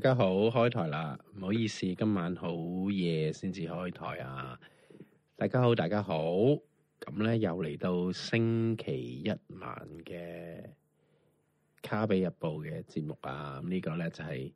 大家好，開台啦！唔好意思，今晚好夜先至開台啊！大家好，大家好，咁咧又嚟到星期一晚嘅《卡比日報》嘅節目啊！咁、這個、呢個咧就係、是、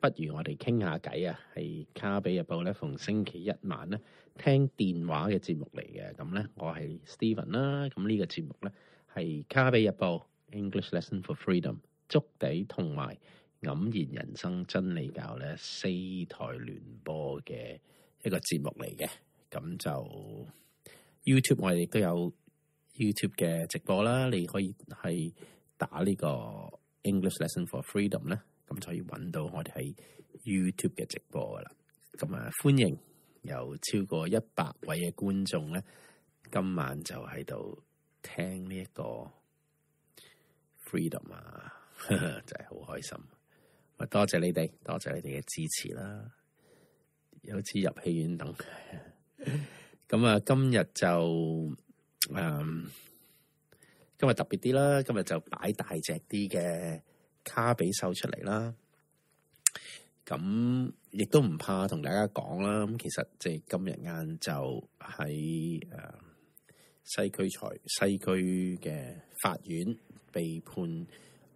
不如我哋傾下偈啊！係《卡比日報》咧，逢星期一晚咧聽電話嘅節目嚟嘅。咁咧，我係 Steven 啦。咁呢個節目咧係《卡比日報》English Lesson for Freedom 足底同埋。黯然人生真理教咧，四台聯播嘅一個節目嚟嘅，咁就 YouTube 我哋亦都有 YouTube 嘅直播啦，你可以係打呢個 English Lesson for Freedom 咧，咁就可以揾到我哋喺 YouTube 嘅直播噶啦。咁啊，歡迎有超過一百位嘅觀眾咧，今晚就喺度聽呢一個 Freedom 啊， 真係好開心。多謝你哋，多謝你哋嘅支持啦，有次入戲院等，咁 啊、嗯，今日就誒，今日特別啲啦，今日就擺大隻啲嘅卡俾秀出嚟啦，咁亦都唔怕同大家講啦。咁其實即係今日晏晝喺誒西區財，西區嘅法院被判，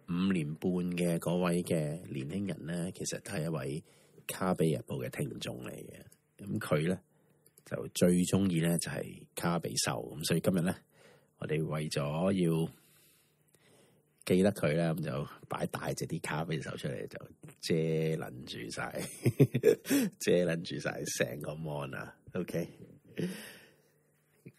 五年半嘅嗰位嘅年輕人咧，其實都係一位《卡比日報》嘅聽眾嚟嘅。咁佢咧就最中意咧就係、是、卡比秀，咁所以今日咧我哋為咗要記得佢咧，咁就擺大隻啲卡比秀出嚟，就遮撚住晒，遮撚住晒成個 mon 啊。OK，誒、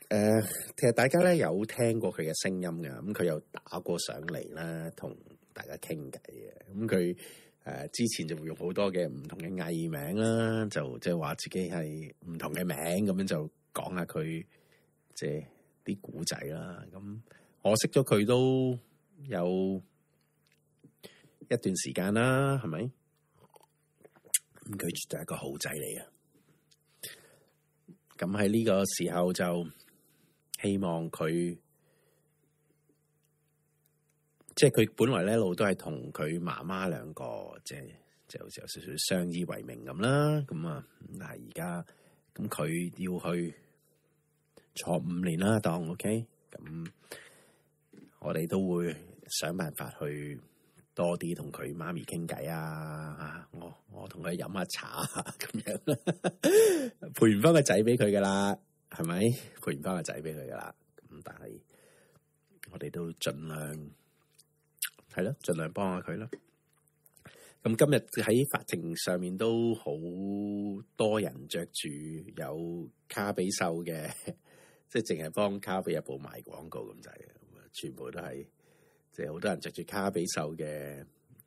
uh,，其實大家咧有聽過佢嘅聲音噶，咁佢有打過上嚟啦，同。大家傾偈嘅，咁佢誒之前就會用好多嘅唔同嘅藝名啦，就即係話自己係唔同嘅名咁樣，就講下佢即係啲古仔啦。咁我識咗佢都有一段時間啦，係咪？咁佢就係一個好仔嚟嘅。咁喺呢個時候就希望佢。即係佢本來咧，一路都係同佢媽媽兩個，即係即係好似有少少相依為命咁啦。咁啊，但係而家咁佢要去坐五年啦，當 OK 咁，我哋都會想辦法去多啲同佢媽咪傾偈啊。我我同佢飲下茶啊，咁樣 賠唔返個仔俾佢噶啦，係咪賠唔返個仔俾佢噶啦？咁但係我哋都盡量。係咯，盡量幫下佢咯。咁今日喺法庭上面都好多人着住有卡比秀嘅，即係淨係幫卡比日報賣廣告咁滯，咁全部都係即係好多人着住卡比秀嘅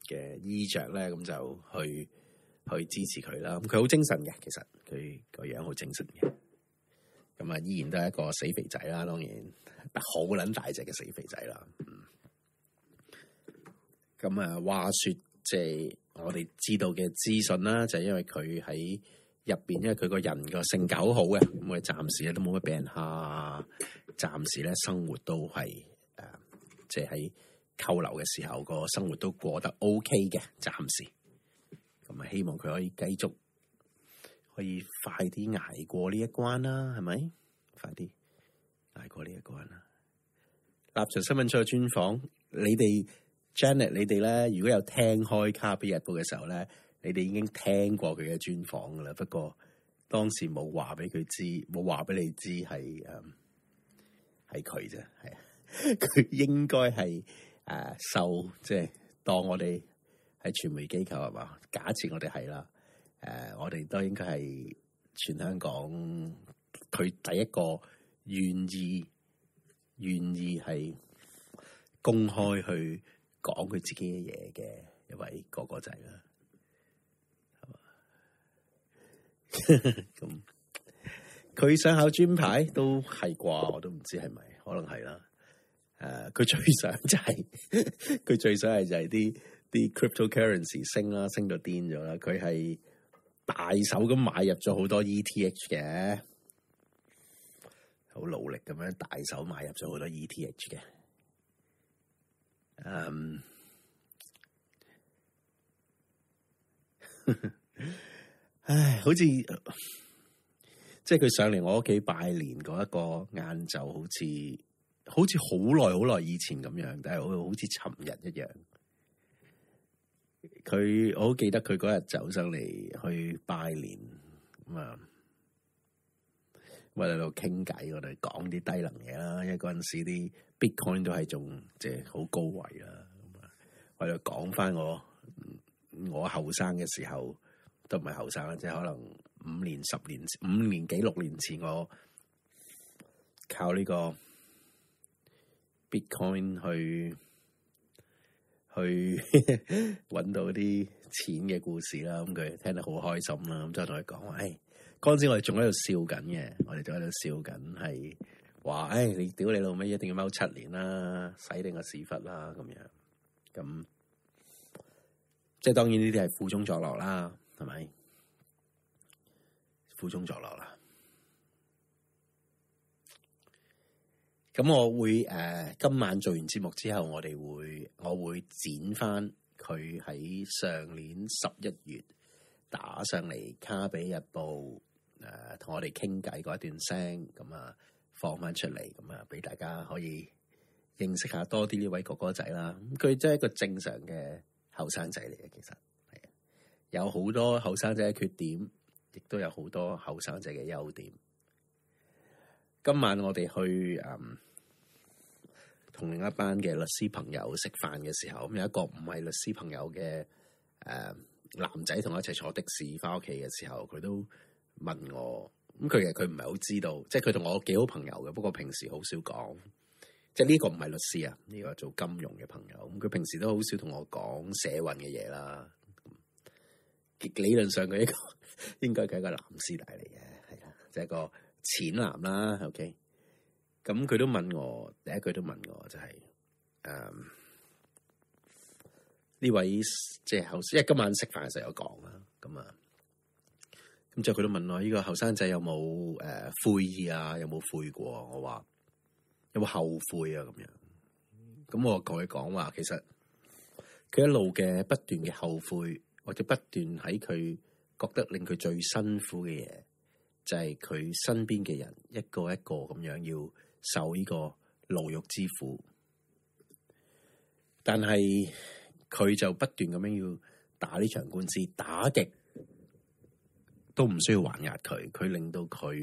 嘅衣着咧，咁就去去支持佢啦。咁佢好精神嘅，其實佢個樣好精神嘅。咁啊，依然都係一個死肥仔啦，當然，好捻大隻嘅死肥仔啦。嗯。咁啊，話說即係、就是、我哋知道嘅資訊啦，就係、是、因為佢喺入邊，因為佢個人個性格好好嘅，咁啊暫時咧都冇乜病。人、啊、蝦，暫時咧生活都係誒，即係喺扣留嘅時候個生活都過得 OK 嘅，暫時。咁啊，希望佢可以繼續可以快啲捱過呢一關啦，係咪？快啲捱過呢一關啦！立場新聞出去專訪你哋。Janet，你哋咧，如果有聽開《卡比日報》嘅時候咧，你哋已經聽過佢嘅專訪噶啦。不過當時冇話俾佢知，冇話俾你知係誒係佢啫。係啊，佢、嗯、應該係誒收，即、呃、係、就是、當我哋喺傳媒機構係嘛。假設我哋係啦，誒、呃、我哋都應該係全香港佢第一個願意願意係公開去。講佢自己嘅嘢嘅一位哥哥仔啦，係嘛？咁佢想考專牌都係啩？我都唔知係咪，可能係啦。誒，佢最想就係、是、佢 最想係就係啲啲 crypto currency 升啦，升到癲咗啦。佢係大手咁買入咗好多 ETH 嘅，好努力咁樣大手買入咗好多 ETH 嘅。嗯，um, 唉，好似即係佢上嚟我屋企拜年嗰一個晏晝，好似好似好耐好耐以前咁樣，但係我好似尋日一樣。佢我好記得佢嗰日走上嚟去拜年咁啊。嗯我哋喺度傾偈，我哋講啲低能嘢啦。因為嗰陣時啲 Bitcoin 都係仲好高位啦。咁啊，我哋講翻我我後生嘅時候，都唔係後生啦，即係可能五年、十年、五年幾、六年前，我靠呢個 Bitcoin 去去揾 到啲錢嘅故事啦。咁佢聽得好開心啦。咁之後同佢講話，誒。嗰陣時我哋仲喺度笑緊嘅，我哋仲喺度笑緊，係話、哎：你屌你老味，一定要踎七年啦，洗定個屎忽啦咁樣。咁即係當然呢啲係苦中作樂啦，係咪？苦中作樂啦。咁我會、呃、今晚做完節目之後，我哋會我會剪翻佢喺上年十一月打上嚟《卡比日報》。誒，同我哋傾偈嗰一段聲咁啊，放翻出嚟咁啊，俾大家可以認識下多啲呢位哥哥仔啦。咁佢真係一個正常嘅後生仔嚟嘅，其實係有好多後生仔嘅缺點，亦都有好多後生仔嘅優點。今晚我哋去誒、同、嗯、另一班嘅律師朋友食飯嘅時候，咁有一個唔係律師朋友嘅誒、嗯、男仔，同我一齊坐的士翻屋企嘅時候，佢都。問我，咁佢其實佢唔係好知道。即係佢同我幾好朋友嘅，不過平時好少講。即係呢個唔係律師啊，呢個係做金融嘅朋友。咁佢平時都好少同我講社運嘅嘢啦。理論上佢一個應該係一個藍絲帶嚟嘅。係啦，就係、是、個淺藍啦。OK，咁佢都問我，第一句都問我就係、是，誒、嗯、呢位即係後，因為今晚食飯嘅時候有講啦，咁啊。咁就佢都問我：呢、這個後生仔有冇誒、呃、悔意啊？有冇悔過、啊？我話有冇後悔啊？咁樣咁、嗯、我同佢講話，其實佢一路嘅不斷嘅後悔，或者不斷喺佢覺得令佢最辛苦嘅嘢，就係、是、佢身邊嘅人一個一個咁樣要受呢個牢獄之苦。但係佢就不斷咁樣要打呢場官司，打極。都唔需要橫壓佢，佢令到佢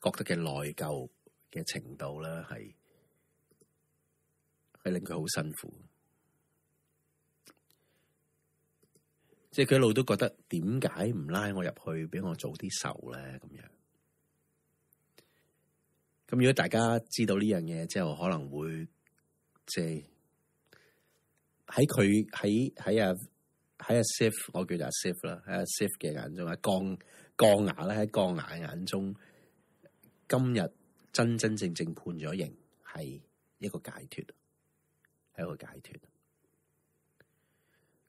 覺得嘅內疚嘅程度咧，係係令佢好辛苦。即係佢一路都覺得點解唔拉我入去，俾我早啲受咧。咁樣咁，如果大家知道呢樣嘢，之後可能會即係喺佢喺喺啊喺啊 Safe，我叫做 Safe 啦，喺阿 Safe 嘅眼中，阿江，鋼牙呢，喺鋼牙眼中，今日真真正正判咗刑，係一個解脫，係一個解脫。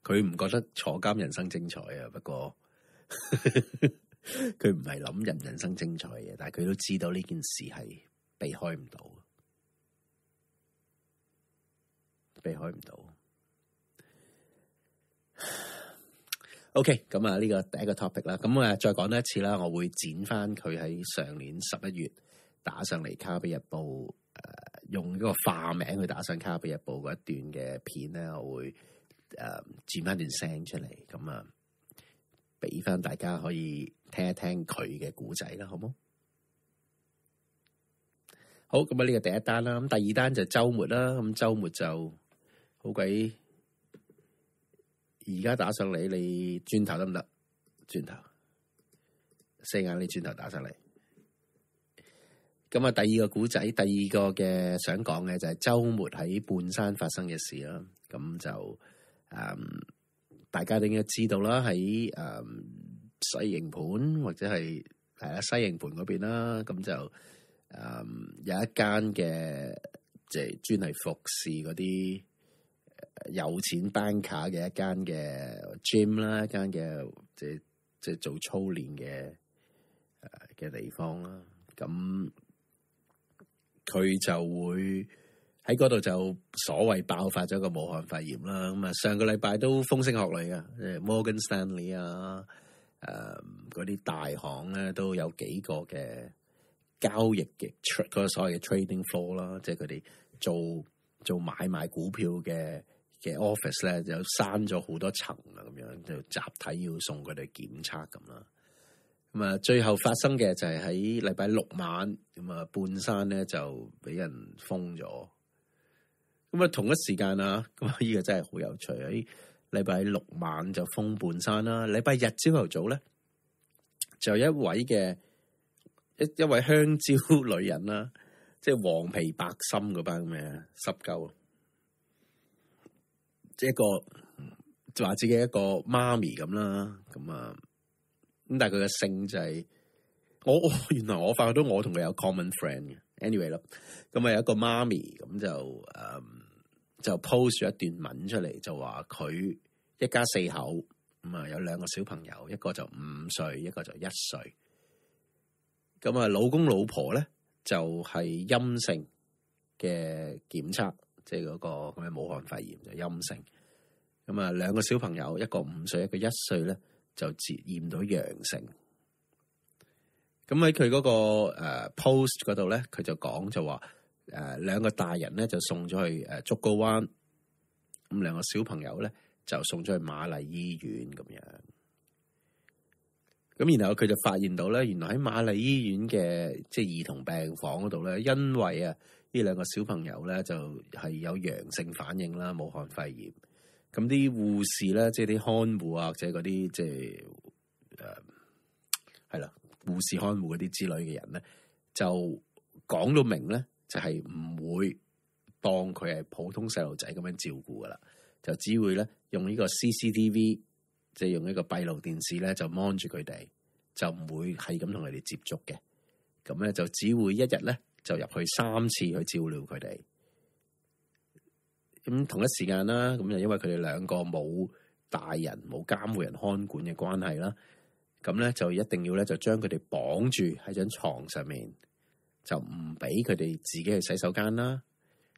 佢唔覺得坐監人生精彩啊，不過佢唔係諗人人生精彩嘅，但係佢都知道呢件事係避開唔到，避開唔到。OK，咁啊呢個第一個 topic 啦，咁啊再講多一次啦，我會剪翻佢喺上年十一月打上嚟《卡比日報》，誒用呢個化名去打上《卡比日報》嗰一段嘅片咧，我會誒剪翻段聲出嚟，咁啊俾翻大家可以聽一聽佢嘅故仔啦，好唔好？好，咁啊呢個第一單啦，咁第二單就週末啦，咁週末就好鬼。而家打上嚟，你轉頭得唔得？轉頭四眼，你轉頭打上嚟。咁啊，第二個古仔，第二個嘅想講嘅就係週末喺半山發生嘅事啦。咁就誒、嗯，大家應該知道啦，喺誒西營盤或者係係啊西營盤嗰邊啦。咁就誒、嗯、有一間嘅即係專嚟服侍嗰啲。有錢 banker 嘅一間嘅 gym 啦，一間嘅即即做操練嘅誒嘅地方啦。咁、啊、佢就會喺嗰度就所謂爆發咗個武漢肺炎啦。咁啊上個禮拜都風聲鶴唳啊，Morgan Stanley 啊，誒嗰啲大行咧都有幾個嘅交易嘅嗰個所謂嘅 trading floor 啦，啊，即係佢哋做。做買賣股票嘅嘅 office 咧，就閂咗好多層啊。咁樣就集體要送佢哋檢測咁啦。咁啊，最後發生嘅就係喺禮拜六晚，咁啊半山咧就俾人封咗。咁啊同一時間啊，咁啊呢個真係好有趣啊！禮拜六晚就封半山啦，禮拜日朝頭早咧就有一位嘅一一位香蕉女人啦。即係黃皮白心嗰班咩濕鳩，即係一個就話自己是一個媽咪咁啦，咁啊咁但係佢嘅性就係，我我原來我發覺到我同佢有 common friend 嘅，anyway 啦，咁啊有一個媽咪咁就誒、嗯、就 post 咗一段文出嚟，就話佢一家四口咁啊有兩個小朋友，一個就五歲，一個就一歲，咁啊老公老婆咧，就係陰性嘅檢測，即係嗰個咩武漢肺炎就陰性。咁啊，兩個小朋友，一個五歲，一個一歲咧，就檢驗到陽性。咁喺佢嗰個 post 嗰度咧，佢就講就話誒兩個大人咧就送咗去誒竹篙灣，咁兩個小朋友咧就送咗去瑪麗醫院咁樣。咁然後佢就發現到咧，原來喺瑪麗醫院嘅即係兒童病房嗰度咧，因為啊呢兩個小朋友咧就係有陽性反應啦，武漢肺炎。咁啲護士咧，即係啲看護啊，或者嗰啲即係誒係啦，護士看護嗰啲之類嘅人咧，就講到明咧，就係唔會當佢係普通細路仔咁樣照顧噶啦，就只會咧用呢個 CCTV。即係用一個閉路電視咧，就望住佢哋，就唔會係咁同佢哋接觸嘅。咁咧就只會一日咧就入去三次去照料佢哋。咁同一時間啦，咁就因為佢哋兩個冇大人冇監護人看管嘅關係啦，咁咧就一定要咧就將佢哋綁住喺張床上面，就唔俾佢哋自己去洗手間啦，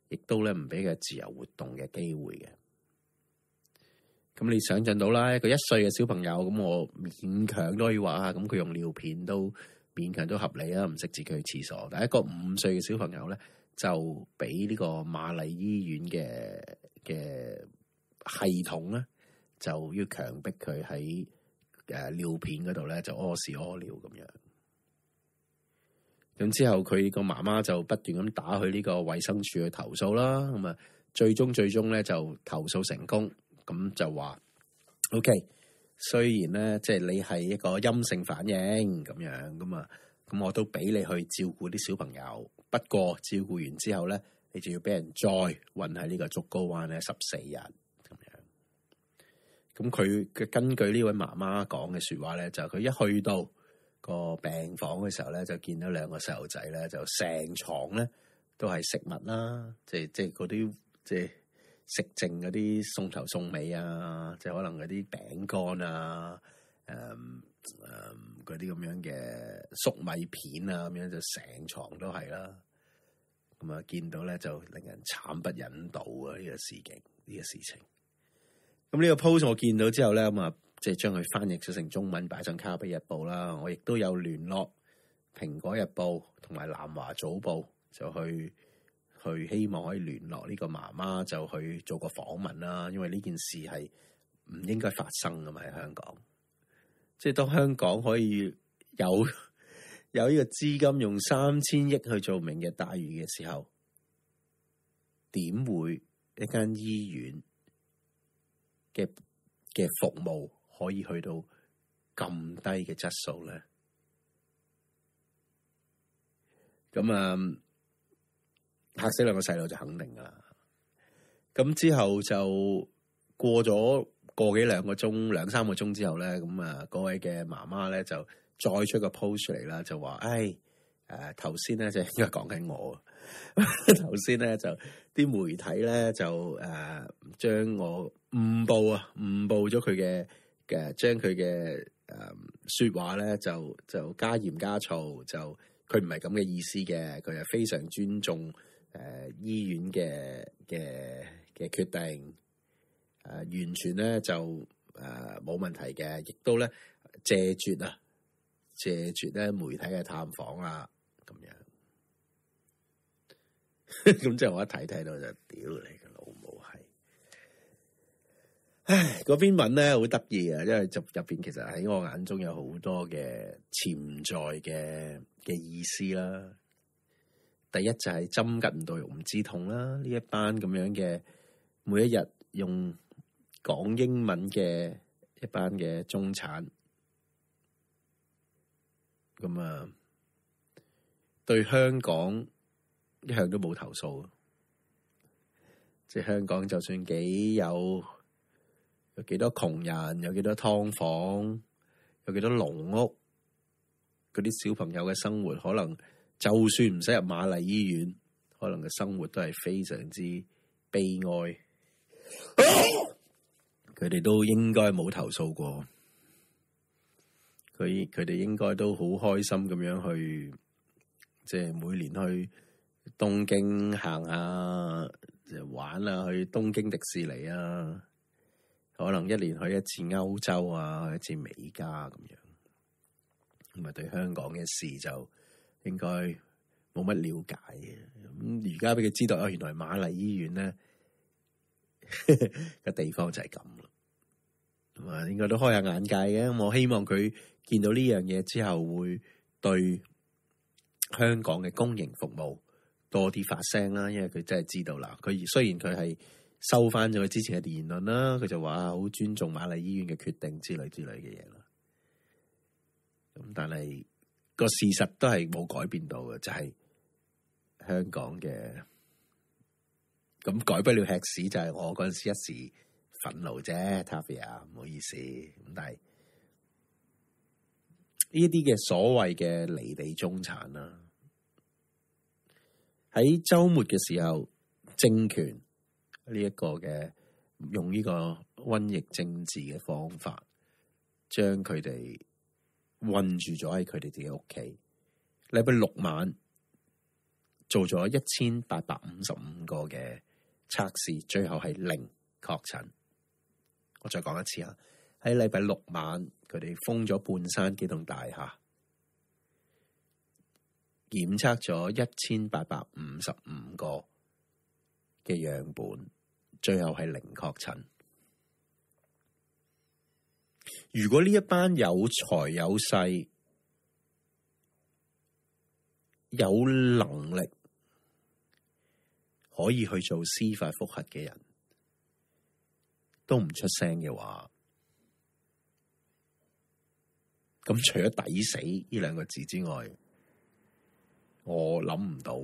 亦都咧唔俾佢自由活動嘅機會嘅。咁你想象到啦，一個一歲嘅小朋友，咁我勉強都可以話，咁佢用尿片都勉強都合理啦，唔識自己去廁所。但係一個五歲嘅小朋友咧，就俾呢個瑪麗醫院嘅嘅系統咧，就要強迫佢喺誒尿片嗰度咧就屙屎屙尿咁樣。咁之後佢個媽媽就不斷咁打去呢個衛生署去投訴啦，咁啊最終最終咧就投訴成功。咁就話，OK，雖然咧，即係你係一個陰性反應咁樣，咁啊，咁我都俾你去照顧啲小朋友。不過照顧完之後咧，你就要俾人再運喺呢個竹篙灣咧十四日咁樣。咁佢嘅根據呢位媽媽講嘅說話咧，就係佢一去到個病房嘅時候咧，就見到兩個細路仔咧，就成床咧都係食物啦，即係即係嗰啲即係。就是食剩嗰啲送頭送尾啊，即係可能嗰啲餅乾啊，誒誒嗰啲咁樣嘅粟米片啊，咁樣就成床都係啦。咁啊，見到咧就令人慘不忍睹啊！呢個事件，呢個事情。咁呢個 post 我見到之後咧，咁啊，即係將佢翻譯咗成中文，擺上《卡比日報》啦。我亦都有聯絡《蘋果日報》同埋《南華早報》，就去。佢希望可以聯絡呢個媽媽，就去做個訪問啦。因為呢件事係唔應該發生噶嘛，喺香港。即係當香港可以有有呢個資金，用三千億去做明日大嶼嘅時候，點會一間醫院嘅嘅服務可以去到咁低嘅質素咧？咁啊。嚇死兩個細路就肯定噶啦，咁之後就過咗個幾兩個鐘、兩三個鐘之後咧，咁啊各位嘅媽媽咧就再出個 post 嚟啦，就話：唉，誒頭先咧就應該講緊我，頭先咧就啲媒體咧就誒將、呃、我誤報啊，誤報咗佢嘅嘅，將佢嘅誒說話咧就就加鹽加醋，就佢唔係咁嘅意思嘅，佢係非常尊重。誒、呃，醫院嘅嘅嘅決定，誒、呃，完全咧就誒冇、呃、問題嘅，亦都咧謝絕啊，謝絕咧、啊、媒體嘅探訪啊，咁樣。咁即係我一睇睇到就，屌你嘅老母係！唉，嗰篇文咧好得意啊，因為就入邊其實喺我眼中有好多嘅潛在嘅嘅意思啦。第一就係針拮唔到肉唔知痛啦，呢一,一班咁樣嘅每一日用講英文嘅一班嘅中產，咁啊對香港一向都冇投訴，即係香港就算幾有有幾多窮人，有幾多劏房，有幾多農屋，嗰啲小朋友嘅生活可能。就算唔使入瑪麗醫院，可能嘅生活都係非常之悲哀。佢哋 都應該冇投訴過，佢佢哋應該都好開心咁樣去，即係每年去東京行下，就玩啊，去東京迪士尼啊，可能一年去一次歐洲啊，去一次美加咁樣。咁啊，對香港嘅事就。應該冇乜了解嘅，咁而家畀佢知道啊，原來瑪麗醫院咧個地方就係咁啦，同埋應該都開下眼界嘅。我希望佢見到呢樣嘢之後，會對香港嘅公營服務多啲發聲啦。因為佢真係知道啦，佢雖然佢係收翻咗佢之前嘅言論啦，佢就話好尊重瑪麗醫院嘅決定之類之類嘅嘢啦。咁但係。個事實都係冇改變到嘅，就係香港嘅，咁改不了吃屎，就係我嗰陣時一時憤怒啫，Tavia 唔好意思，咁但係呢啲嘅所謂嘅離地中產啦，喺周末嘅時候，政權呢一個嘅用呢個瘟疫政治嘅方法，將佢哋。困住咗喺佢哋自己屋企，禮拜六晚做咗一千八百五十五個嘅測試，最後係零確診。我再講一次啊，喺禮拜六晚佢哋封咗半山幾棟大廈，檢測咗一千八百五十五個嘅樣本，最後係零確診。如果呢一班有財有勢、有能力可以去做司法複核嘅人，都唔出聲嘅話，咁除咗抵死呢兩個字之外，我諗唔到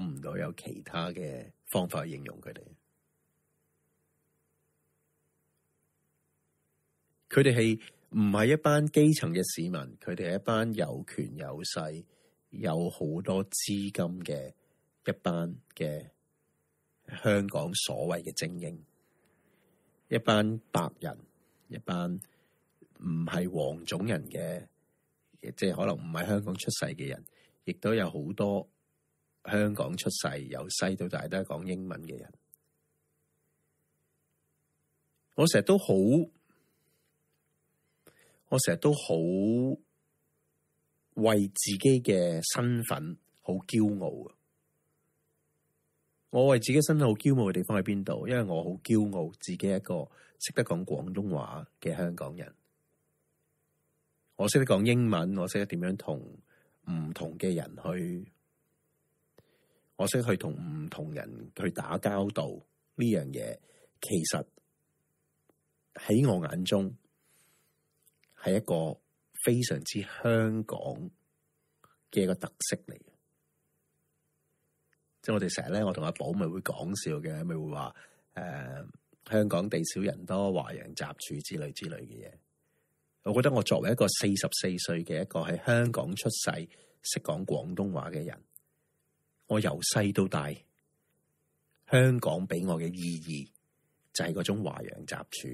諗唔到有其他嘅方法形容佢哋。佢哋係唔係一班基層嘅市民，佢哋係一班有權有勢、有好多資金嘅一班嘅香港所謂嘅精英，一班白人，一班唔係黃種人嘅，即係可能唔係香港出世嘅人，亦都有好多香港出世由細到大都係講英文嘅人。我成日都好。我成日都好為自己嘅身份好驕傲。我為自己身份好驕傲嘅地方喺邊度？因為我好驕傲自己一個識得講廣東話嘅香港人，我識得講英文，我識得點樣同唔同嘅人去，我識得去同唔同人去打交道呢樣嘢。其實喺我眼中。係一個非常之香港嘅一個特色嚟，即係我哋成日咧，我同阿寶咪會講笑嘅，咪會話誒、呃，香港地少人多，華洋雜處之類之類嘅嘢。我覺得我作為一個四十四歲嘅一個喺香港出世，識講廣東話嘅人，我由細到大，香港畀我嘅意義就係嗰種華洋雜處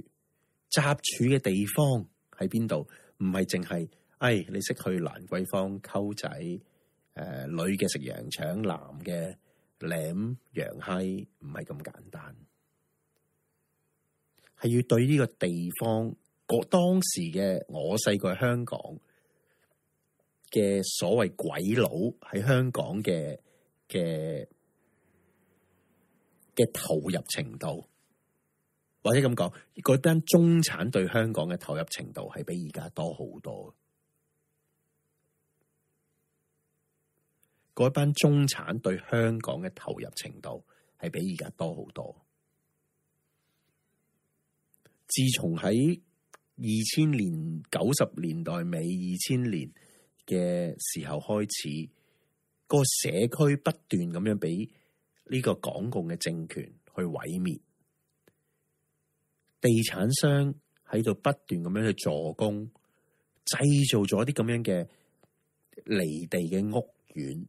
雜處嘅地方。喺邊度？唔係淨係，哎，你識去蘭桂坊溝仔，誒、呃，女嘅食羊腸，男嘅舐羊閪，唔係咁簡單。係要對呢個地方，個當時嘅我細個喺香港嘅所謂鬼佬喺香港嘅嘅嘅投入程度。或者咁講，嗰班中產對香港嘅投入程度係比而家多好多。嗰班中產對香港嘅投入程度係比而家多好多。自從喺二千年九十年代尾，二千年嘅時候開始，個社區不斷咁樣畀呢個港共嘅政權去毀滅。地產商喺度不斷咁樣去做工，製造咗啲咁樣嘅離地嘅屋苑，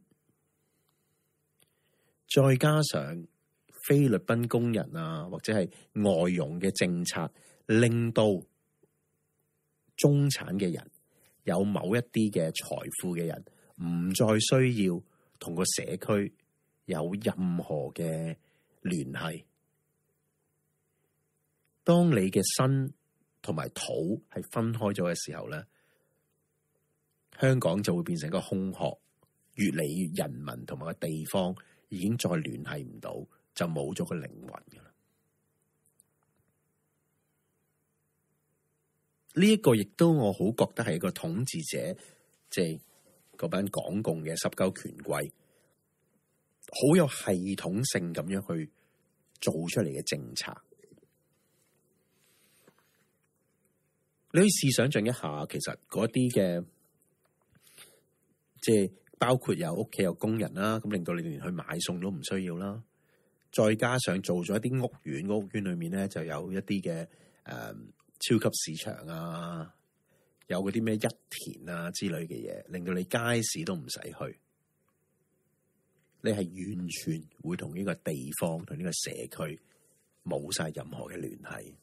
再加上菲律賓工人啊，或者係外傭嘅政策，令到中產嘅人有某一啲嘅財富嘅人，唔再需要同個社區有任何嘅聯繫。當你嘅身同埋土係分開咗嘅時候咧，香港就會變成一個空殼，越嚟越人民同埋個地方已經再聯繫唔到，就冇咗個靈魂噶啦。呢、這、一個亦都我好覺得係一個統治者，即係嗰班港共嘅十九權貴，好有系統性咁樣去做出嚟嘅政策。你可以試想像一下，其實嗰啲嘅，即係包括有屋企有工人啦，咁令到你連去買餸都唔需要啦。再加上做咗一啲屋苑，屋苑裏面咧就有一啲嘅誒超級市場啊，有嗰啲咩一田啊之類嘅嘢，令到你街市都唔使去。你係完全會同呢個地方同呢個社區冇晒任何嘅聯繫。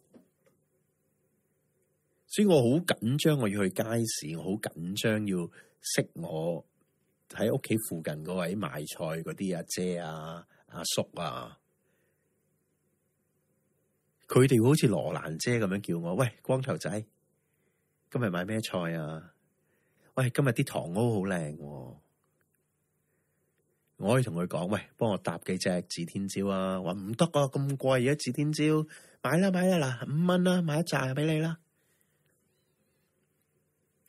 所以我好緊張，我要去街市，我好緊張要識我喺屋企附近嗰位賣菜嗰啲阿姐啊、阿、啊、叔啊，佢哋會好似羅蘭姐咁樣叫我。喂，光頭仔，今日買咩菜啊？喂，今日啲糖蒿好靚。我可以同佢講，喂，幫我搭幾隻指天椒啊？話唔得啊，咁貴而家指天椒買啦，買啦，嗱五蚊啦，買一紮俾你啦。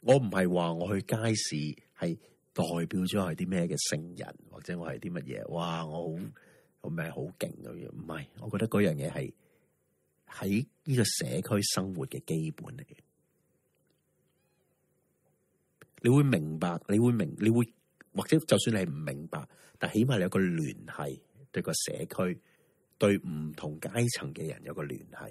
我唔係話我去街市係代表咗我係啲咩嘅聖人，或者我係啲乜嘢？哇！我好我咪好勁咁樣，唔係，我覺得嗰樣嘢係喺呢個社區生活嘅基本嚟嘅。你會明白，你會明，你會或者就算你係唔明白，但起碼你有個聯繫對個社區，對唔同階層嘅人有個聯繫。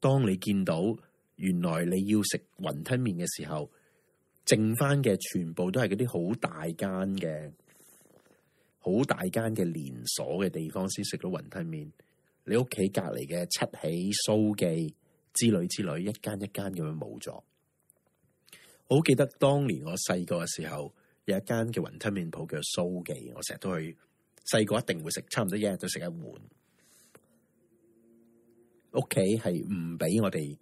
當你見到原來你要食雲吞麵嘅時候，剩翻嘅全部都係嗰啲好大間嘅、好大間嘅連鎖嘅地方先食到雲吞麵。你屋企隔離嘅七喜、蘇記之類之類，一間一間咁樣冇咗。我好記得當年我細個嘅時候，有一間嘅雲吞麵鋪叫蘇記，我成日都去。細個一定會食，差唔多一日就食一碗。屋企係唔畀我哋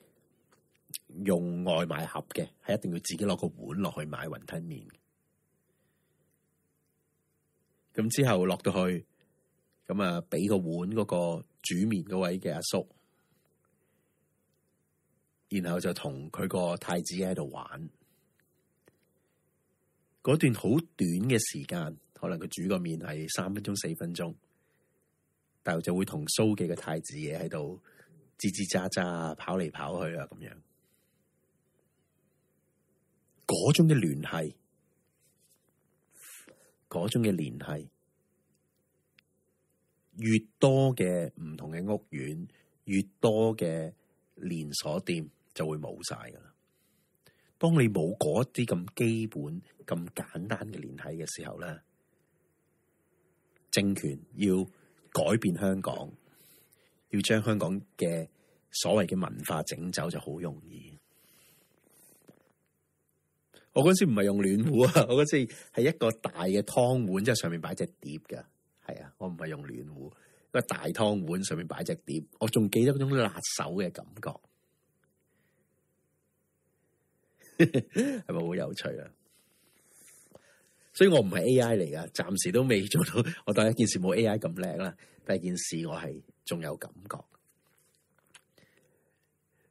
用外賣盒嘅，係一定要自己攞個碗落去買雲吞麵。咁之後落到去，咁啊畀個碗嗰個煮麵嗰位嘅阿叔，叔，然後就同佢個太子爺喺度玩。嗰段好短嘅時間，可能佢煮個麵係三分鐘四分鐘，但係就會同蘇記嘅太子爺喺度。嘰嘰喳喳跑嚟跑去啊，咁樣，嗰種嘅聯繫，嗰種嘅聯繫，越多嘅唔同嘅屋苑，越多嘅連鎖店，就會冇晒㗎喇。當你冇嗰一啲咁基本、咁簡單嘅聯繫嘅時候咧，政權要改變香港。要將香港嘅所謂嘅文化整走就好容易。我嗰時唔係用暖壺啊，我嗰時係一個大嘅湯碗，即係上面擺隻碟噶。係啊，我唔係用暖壺，個大湯碗上面擺隻碟，我仲記得嗰種辣手嘅感覺，係咪好有趣啊？所以我唔係 AI 嚟噶，暫時都未做到。我第一件事冇 AI 咁叻啦，第二件事我係。仲有感覺，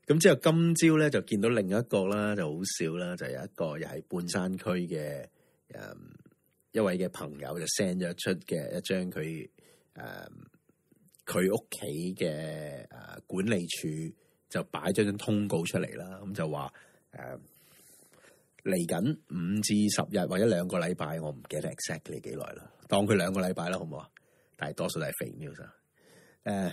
咁之後今朝咧就見到另一個啦，就好少啦，就有一個又係半山區嘅，嗯，一位嘅朋友就 send 咗出嘅一張佢，誒、嗯，佢屋企嘅誒管理處就擺咗張通告出嚟啦，咁就話誒嚟緊五至十日或者兩個禮拜，我唔記得 exactly 幾耐啦，當佢兩個禮拜啦，好唔好啊？但係多數都係 fake news 誒，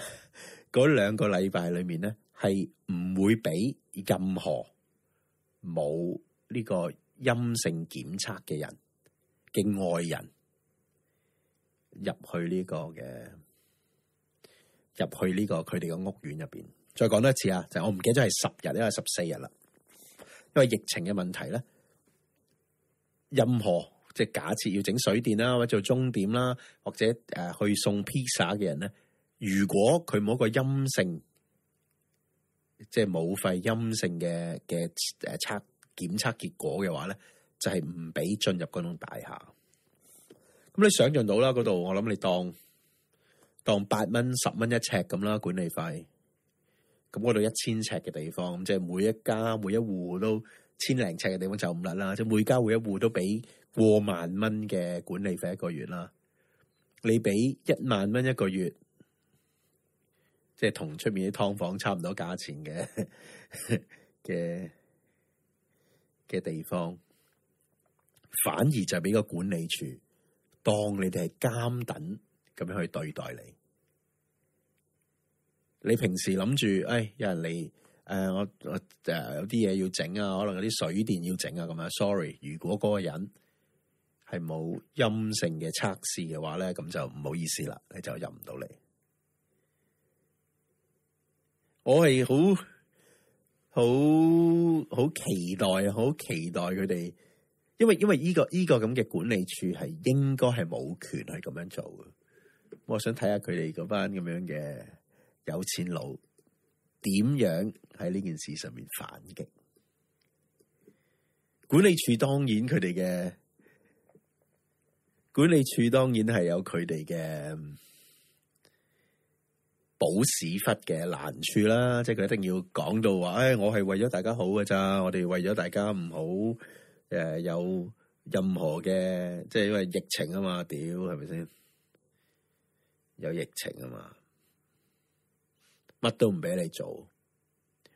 嗰兩個禮拜裏面咧，係唔會畀任何冇呢個陰性檢測嘅人嘅外人入去呢個嘅入去呢個佢哋嘅屋苑入邊。再講多一次啊，就我唔記得咗係十日，因為十四日啦，因為疫情嘅問題咧，任何即係假設要整水電啦，或者做鐘點啦，或者誒去送披薩嘅人咧。如果佢冇一個陰性，即係冇肺陰性嘅嘅誒測檢測結果嘅話咧，就係唔俾進入嗰種大廈。咁你想象到啦，嗰度我諗你當當八蚊十蚊一尺咁啦，管理費咁嗰度一千尺嘅地方，即係每一家每一戶都千零尺嘅地方就唔甩啦。即係每家每一戶都俾過萬蚊嘅管理費一個月啦。你俾一萬蚊一個月。即係同出面啲劏房差唔多價錢嘅嘅嘅地方，反而就俾個管理處當你哋係監躉咁樣去對待你。你平時諗住，哎，有人嚟，誒、呃，我我誒、呃、有啲嘢要整啊，可能有啲水電要整啊，咁樣。Sorry，如果嗰個人係冇陰性嘅測試嘅話咧，咁就唔好意思啦，你就入唔到嚟。我係好好好期待，好期待佢哋，因為因為呢個呢個咁嘅管理處係應該係冇權係咁樣做嘅。我想睇下佢哋嗰班咁樣嘅有錢佬，點樣喺呢件事上面反擊？管理處當然佢哋嘅管理處當然係有佢哋嘅。冇屎忽嘅難處啦，即係佢一定要講到話，誒、哎，我係為咗大家好㗎咋，我哋為咗大家唔好誒，有任何嘅，即係因為疫情啊嘛，屌係咪先？有疫情啊嘛，乜都唔俾你做。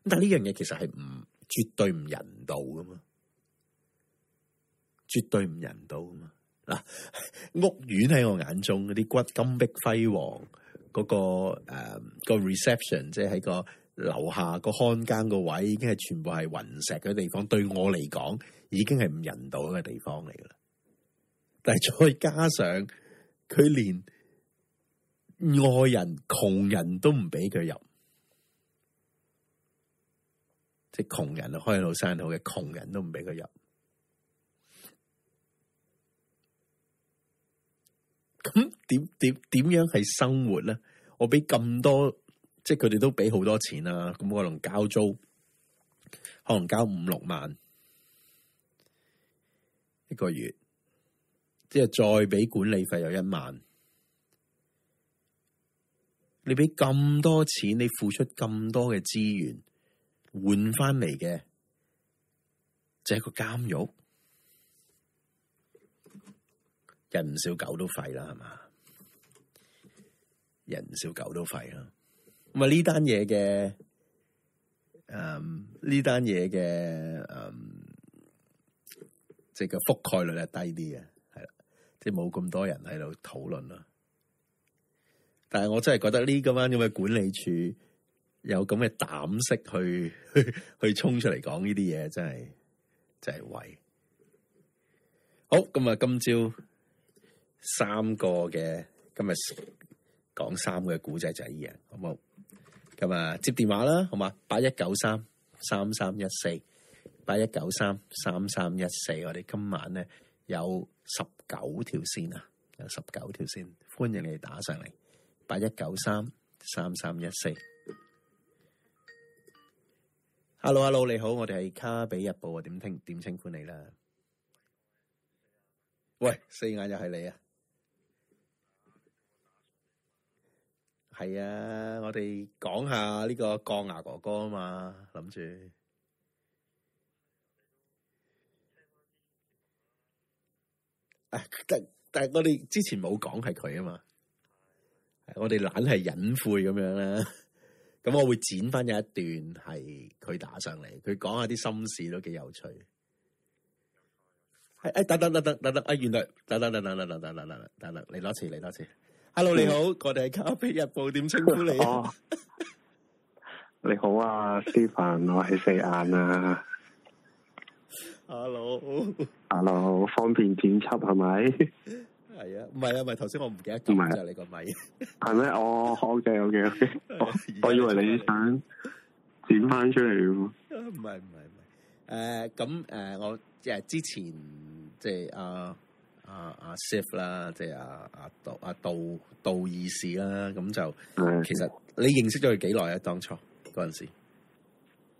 但係呢樣嘢其實係唔絕對唔人道噶嘛，絕對唔人道噶嘛。嗱、啊，屋苑喺我眼中啲骨金碧輝煌。嗰、嗰個誒、嗯嗰個 reception，即係喺個樓下、嗰個看更個位，已經係全部係雲石嘅地方。對我嚟講，已經係唔人道嘅地方嚟噶啦。但係再加上佢連外人、窮人、就是、人，到到窮人都唔畀佢入。即係窮人開到山口嘅，窮人都唔畀佢入。咁點點點樣係生活咧？我畀咁多，即係佢哋都畀好多錢啦。咁我可能交租，可能交五六萬一個月，即係再畀管理費又一萬。你畀咁多錢，你付出咁多嘅資源換翻嚟嘅，就係個監獄。人唔少狗都吠啦，係嘛？人少狗都吠啦。咁啊呢單嘢嘅，嗯，呢單嘢嘅，嗯，即係個覆蓋率係低啲嘅，係啦，即係冇咁多人喺度討論啦。但係我真係覺得呢，咁樣咁嘅管理處有咁嘅膽識去 去衝出嚟講呢啲嘢，真係真係喂，好，咁啊，今朝。三個嘅今日講三個古仔仔嘅，好冇？咁啊接電話啦，好嘛？八一九三三三一四，八一九三三三一四。14, 我哋今晚咧有十九條線啊，有十九條線，歡迎你哋打上嚟。八一九三三三一四。Hello，Hello，hello, 你好，我哋係卡比日報啊，點聽點稱呼你啦？喂，四眼又係你啊？係啊，我哋講下呢個降牙哥哥啊嘛，諗住，啊，但係我哋之前冇講係佢啊嘛，我哋懶係隱晦咁樣啦，咁我會剪翻有一段係佢打上嚟，佢講下啲心事都幾有趣。誒等等等等等等，啊原來等等等等等等等等等等，你攞錢，你攞錢。Hello，你好，嗯、我哋係《咖啡日報》，點稱呼你？、哦，、 你好啊，Steven，我係四眼啊。Hello，Hello，Hello，方便剪輯係咪？係啊，唔係啊，唔係，頭先我唔記得撳咗你個咪，係咩？哦，okay，okay，okay，我我以為你想剪翻出嚟噶，唔係唔係唔係，誒、 啊，咁誒、啊啊，我、啊、之前即係、就是、啊。阿阿 s a 啦、啊，即係阿阿杜阿杜杜易士啦、啊，咁就其實你認識咗佢幾耐啊？當初嗰陣時，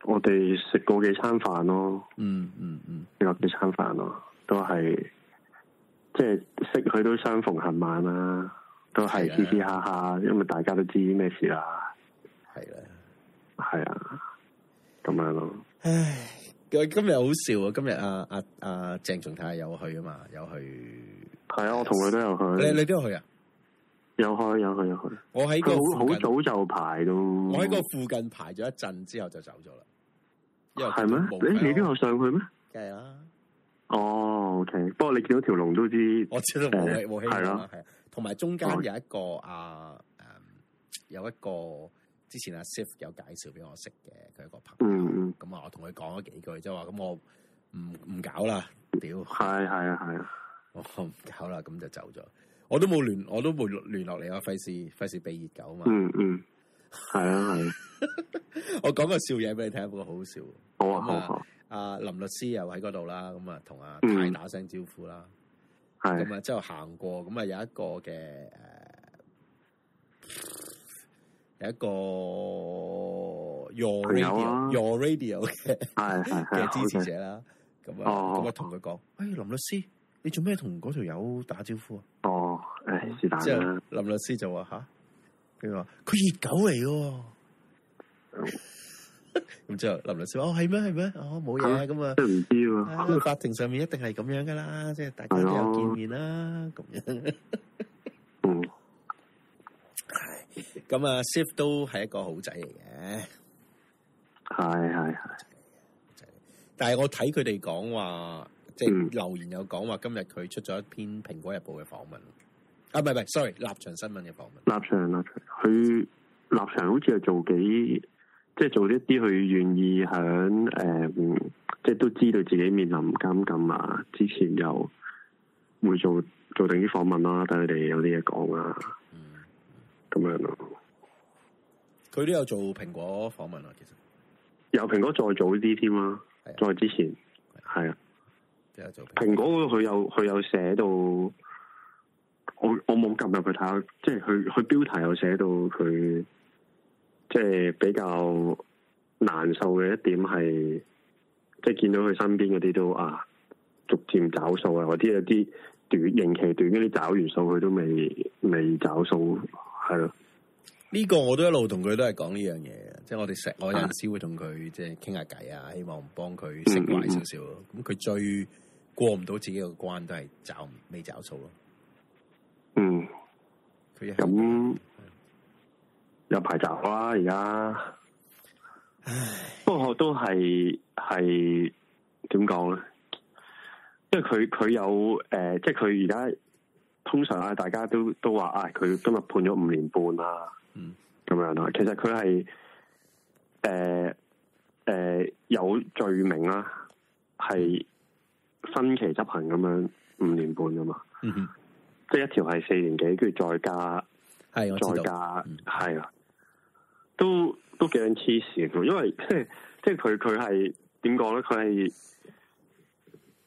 我哋食過幾餐飯咯，嗯嗯嗯，食、嗯嗯、過幾餐飯咯，都係即係識佢都相逢恨晚啦、啊，都係嘻，嘻嘻哈哈，因為大家都知咩事啦，係啦，係啊，咁、嗯嗯嗯啊、樣咯。唉今日好笑啊！今日阿阿阿鄭松泰有去啊嘛，有去。係啊，我同佢都有去。你你都有去啊？有去有去有去。我喺個好早就排到。我喺個附近排咗一陣之後就走咗啦。又係咩？是嗎我你你都有上去咩？梗係啊哦，OK。不過你見到條龍都知道，我知道冇氣冇氣啦，係、嗯。同埋的中間有一個、oh. 啊，誒，有一個。之前阿 Sif 有介紹俾我識嘅，佢一個朋友。咁啊、嗯，我同佢講咗幾句，即係話咁我唔唔搞啦，屌的。係係啊，係。我唔搞啦，咁就走咗。我都冇聯，我都冇聯絡你啊，費事費事俾熱狗啊嘛。嗯嗯。係啊，係。 的 我講個笑嘢俾你睇，不過好笑。好啊好啊。阿林律師又喺嗰度啦，咁啊同阿泰打聲招呼啦。係、嗯。咁啊之後行過，咁啊的有一個嘅誒。有一個 Your Radio，Your Radio 嘅嘅支持者啦，咁啊，咁啊同佢講，喂，林律師，你做咩同嗰條友打招呼啊？哦，誒，是但啦。即係林律師就話吓，佢話佢熱狗嚟嘅。咁之後林律師話：哦，係咩？係咩？哦，冇嘢。咁啊，即係唔知啊。法庭上面一定係咁樣噶啦，即係大家都有見面啦，咁樣。咁啊 Sif 都係一個好仔嚟嘅，係係係，是是但係我睇佢哋講話，即、就、係、是、留言有講話，今日佢出咗一篇《蘋果日報》嘅訪問，啊，唔係唔係，sorry，立場新聞嘅訪問立，立場立場，佢立場好似又做幾，即、就、係、是、做呢啲佢願意響誒，即、嗯、係、就是、都知道自己面臨監禁啊，之前又會做做定啲訪問啦，等佢哋有啲嘢講啊。咁樣咯，啊，佢都有做蘋果訪問啊，其實有蘋果再早啲添啦，再之前係啊，蘋果佢有佢有寫到，我我冇撳入去睇，下、就是。即係佢佢標題有寫到佢，即、就、係、是、比較難受嘅一點係，即、就、係、是、見到佢身邊嗰啲都啊，逐漸找數啊，或者有啲短刑期短嗰啲找完數，佢都未未找數。係咯，呢個我都一路同佢都係講呢樣嘢，即係我哋食，我有陣時會同佢即係傾下偈啊，希望幫佢釋懷少少。咁佢最過唔到自己個關，都係找未找數咯。嗯，佢、嗯、咁有排找啦，而家。唉，不過我都係係點講咧？因為佢佢有誒，即係佢而家。就是通常啊，大家都都話啊，佢、哎、今日判咗五年半啦，啊，咁、嗯、樣啦。其實佢係誒誒有罪名啦，係分期執行咁樣五年半噶嘛。即係、嗯、哼一條係四年幾，跟住再加係是再加係啦，嗯。都都幾樣黐線嘅，因為即係即係佢佢係點講咧？佢係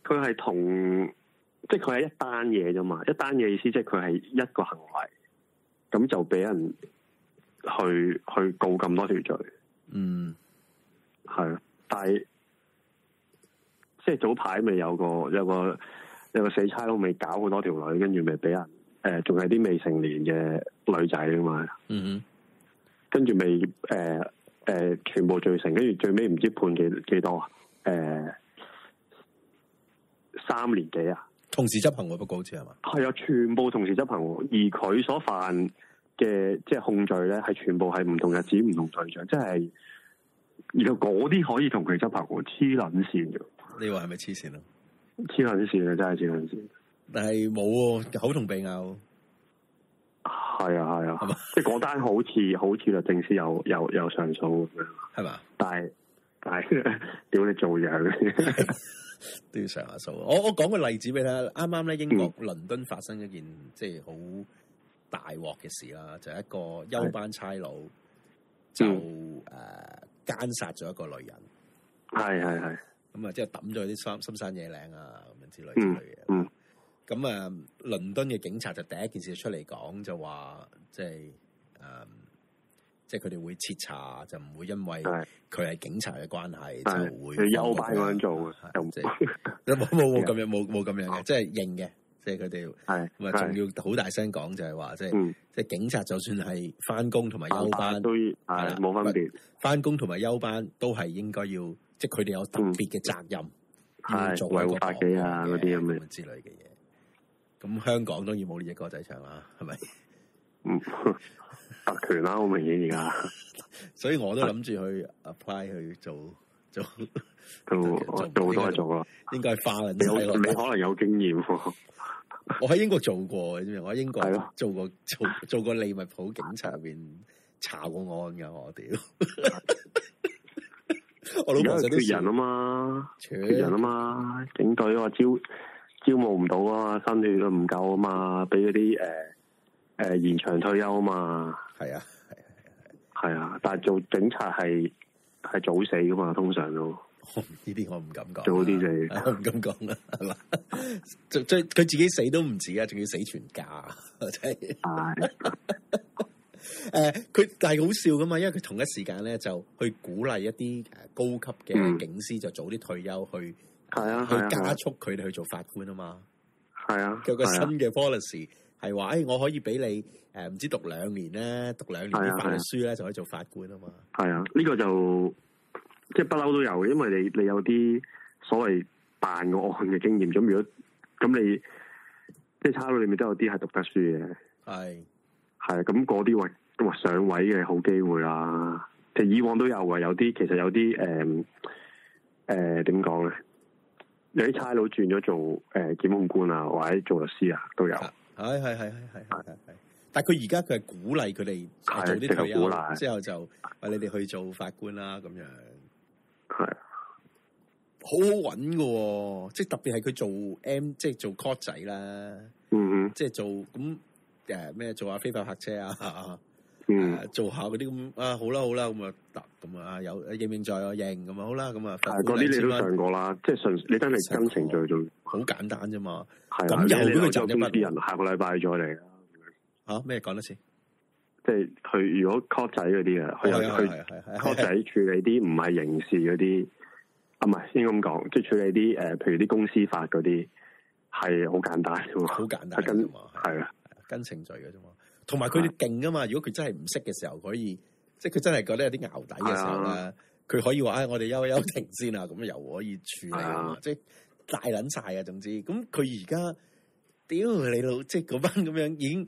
佢係同。即係佢係一單嘢啫嘛，一單嘢意思即係佢係一個行為，咁就俾人去去告咁多條罪。嗯，係啊，但係即係早排咪有個有個有個死差佬未搞好多條女，跟住咪俾人誒，仲係啲未成年嘅女仔啊嘛。嗯跟住未誒誒，全部罪成，跟住最尾唔知判幾幾、呃、多啊？誒，三年幾啊？同時執行喎，不過好似係嘛，係啊，全部同時執行，而佢所犯嘅即係控罪咧，係全部係唔同日子、唔同對象，即係然後嗰啲可以同佢執行，黐捻線嘅。你話係咪黐線咯？黐捻線啊，真係黐捻線。但係冇口同鼻拗，係啊係啊，是啊是吧即係嗰單好似好似律政司有有有上訴咁樣，係嘛吧？但係但係屌你做嘢。 都要上下數，我我講個例子俾你睇，啱啱咧英國倫敦發生一件、嗯、即係好大鑊嘅事啦，就係、是、一個休班差佬就誒奸殺咗一個女人，係係係，咁啊之後抌咗啲山深山野嶺啊咁樣之類之類嘅、嗯，嗯，咁啊倫敦嘅警察就第一件事出嚟講就話，即係誒。嗯即係佢哋會徹查，就唔會因為佢係警察嘅關係就會去休班咁樣做嘅，冇冇冇咁樣，冇冇咁樣嘅，即係認嘅。即係佢哋係，唔係仲要好大聲講，就係話即係，即係警察就算係返工同埋休班，都係冇分別。返工同埋休班都係應該要，即係佢哋有特別嘅責任，要做一自己打啊，嗰啲咁樣之類嘅嘢。咁香港當然冇呢隻歌仔唱啦，係咪？嗯。特權啦、啊，好明顯而家， 所以我都諗住去 apply 去做做都 做做多都做咯。應該係華人嚟咯，你，有我你可能有經驗。 我喺英國做過嘅啫，我喺英國做過做做個利物浦警察入邊查過案噶，我屌！而家缺人啊嘛，缺人啊嘛，警隊話招招募唔到啊嘛，新血都唔夠啊嘛，俾嗰啲誒誒延長退休啊嘛。係啊，係係係啊，但係做警察係係早死噶嘛，通常都，呢啲我唔敢講，早啲就唔敢講啦，係嘛？最最佢自己死都唔止啊，仲要死全家，真 係、啊。誒， 佢但係好笑噶嘛？因為佢同一時間咧，就去鼓勵一啲誒高級嘅警司，就早啲退休去，係啊，去加速佢哋、啊、去做法官啊嘛。係啊，佢個新嘅 policy。係話誒，我可以俾你誒，唔、呃、知讀兩年咧，讀兩年啲法律書咧，啊啊、就可以做法官啊嘛。係啊，呢、這個就即係不嬲都有，因為你你有啲所謂辦個案嘅經驗。咁如果咁你即係差佬裏面都有啲係讀得書嘅，係係咁嗰啲話話上位嘅好機會啦。即係以往都有啊，有啲其實有啲誒誒點講咧？有啲差佬轉咗做誒檢、呃、控官啊，或者做律師啊，都有。係係係係係係係，但係佢而家佢係鼓勵佢哋做啲退休，之後就話你哋去做法官啦咁樣。係是，好好揾噶、哦，即係特別係佢做 M，即係做 court 仔啦。嗯，嗯，即係做咁誒咩？做下、啊、非法泊車啊。 嗯啊、做下嗰啲咁啊，好啦好啦，咁啊，答。咁啊，有應唔應在我罪啊？咁啊，好啦，咁啊，嗰啲你都上過啦，即係純，你真係跟程序做，好簡單啫嘛。係啊，咁又就係公司人，下個禮拜再嚟啊。嚇咩？講得先？即係佢如果 court 仔嗰啲啊，佢有去 court 仔處理啲唔係刑事嗰啲，啊唔係先咁講，即係處理啲誒，譬如啲公司法嗰啲，係好簡單的，好簡單的，跟係就啊，啊，啊，跟程序嘅啫嘛。同埋佢哋勁啊嘛！如果佢真係唔識嘅時候，可以即係佢真係覺得有啲淆底嘅時候咧，佢 Yeah. 可以話，唉，我哋休一休停先啦，咁 又可以處理。Yeah. 即係大捻晒啊！總之，咁佢而家屌你老，即係嗰班咁樣已經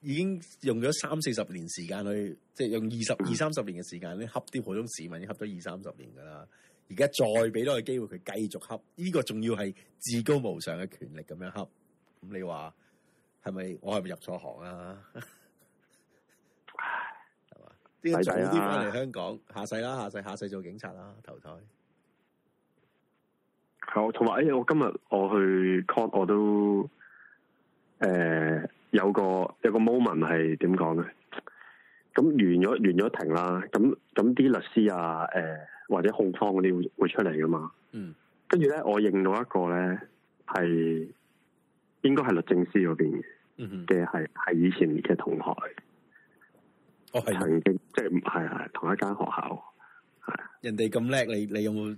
已經用咗三四十年時間去，即係用二十二三十年嘅時間咧，恰啲普通市民已經恰咗二三十年噶啦。而家再俾多個機會佢繼續恰，呢個仲要係至高無上嘅權力咁樣恰，咁你話？係咪我係咪入錯行啊？係 嘛唉，啲祖先返嚟香港，弟弟啊、下世啦，下世下世做警察啦，投胎。好，同埋，哎，我今日我去 court，我都，誒、呃，有個有個 moment 係點講咧？咁完咗，完咗庭啦。咁咁啲律師啊，誒、呃，或者控方嗰啲會會出嚟噶嘛？嗯。跟住咧，我認到一個咧，係。應該係律政司嗰邊嘅嘅係係以前嘅同學，我係、哦，係曾經即係係係同一間學校，係人哋咁叻，你你有冇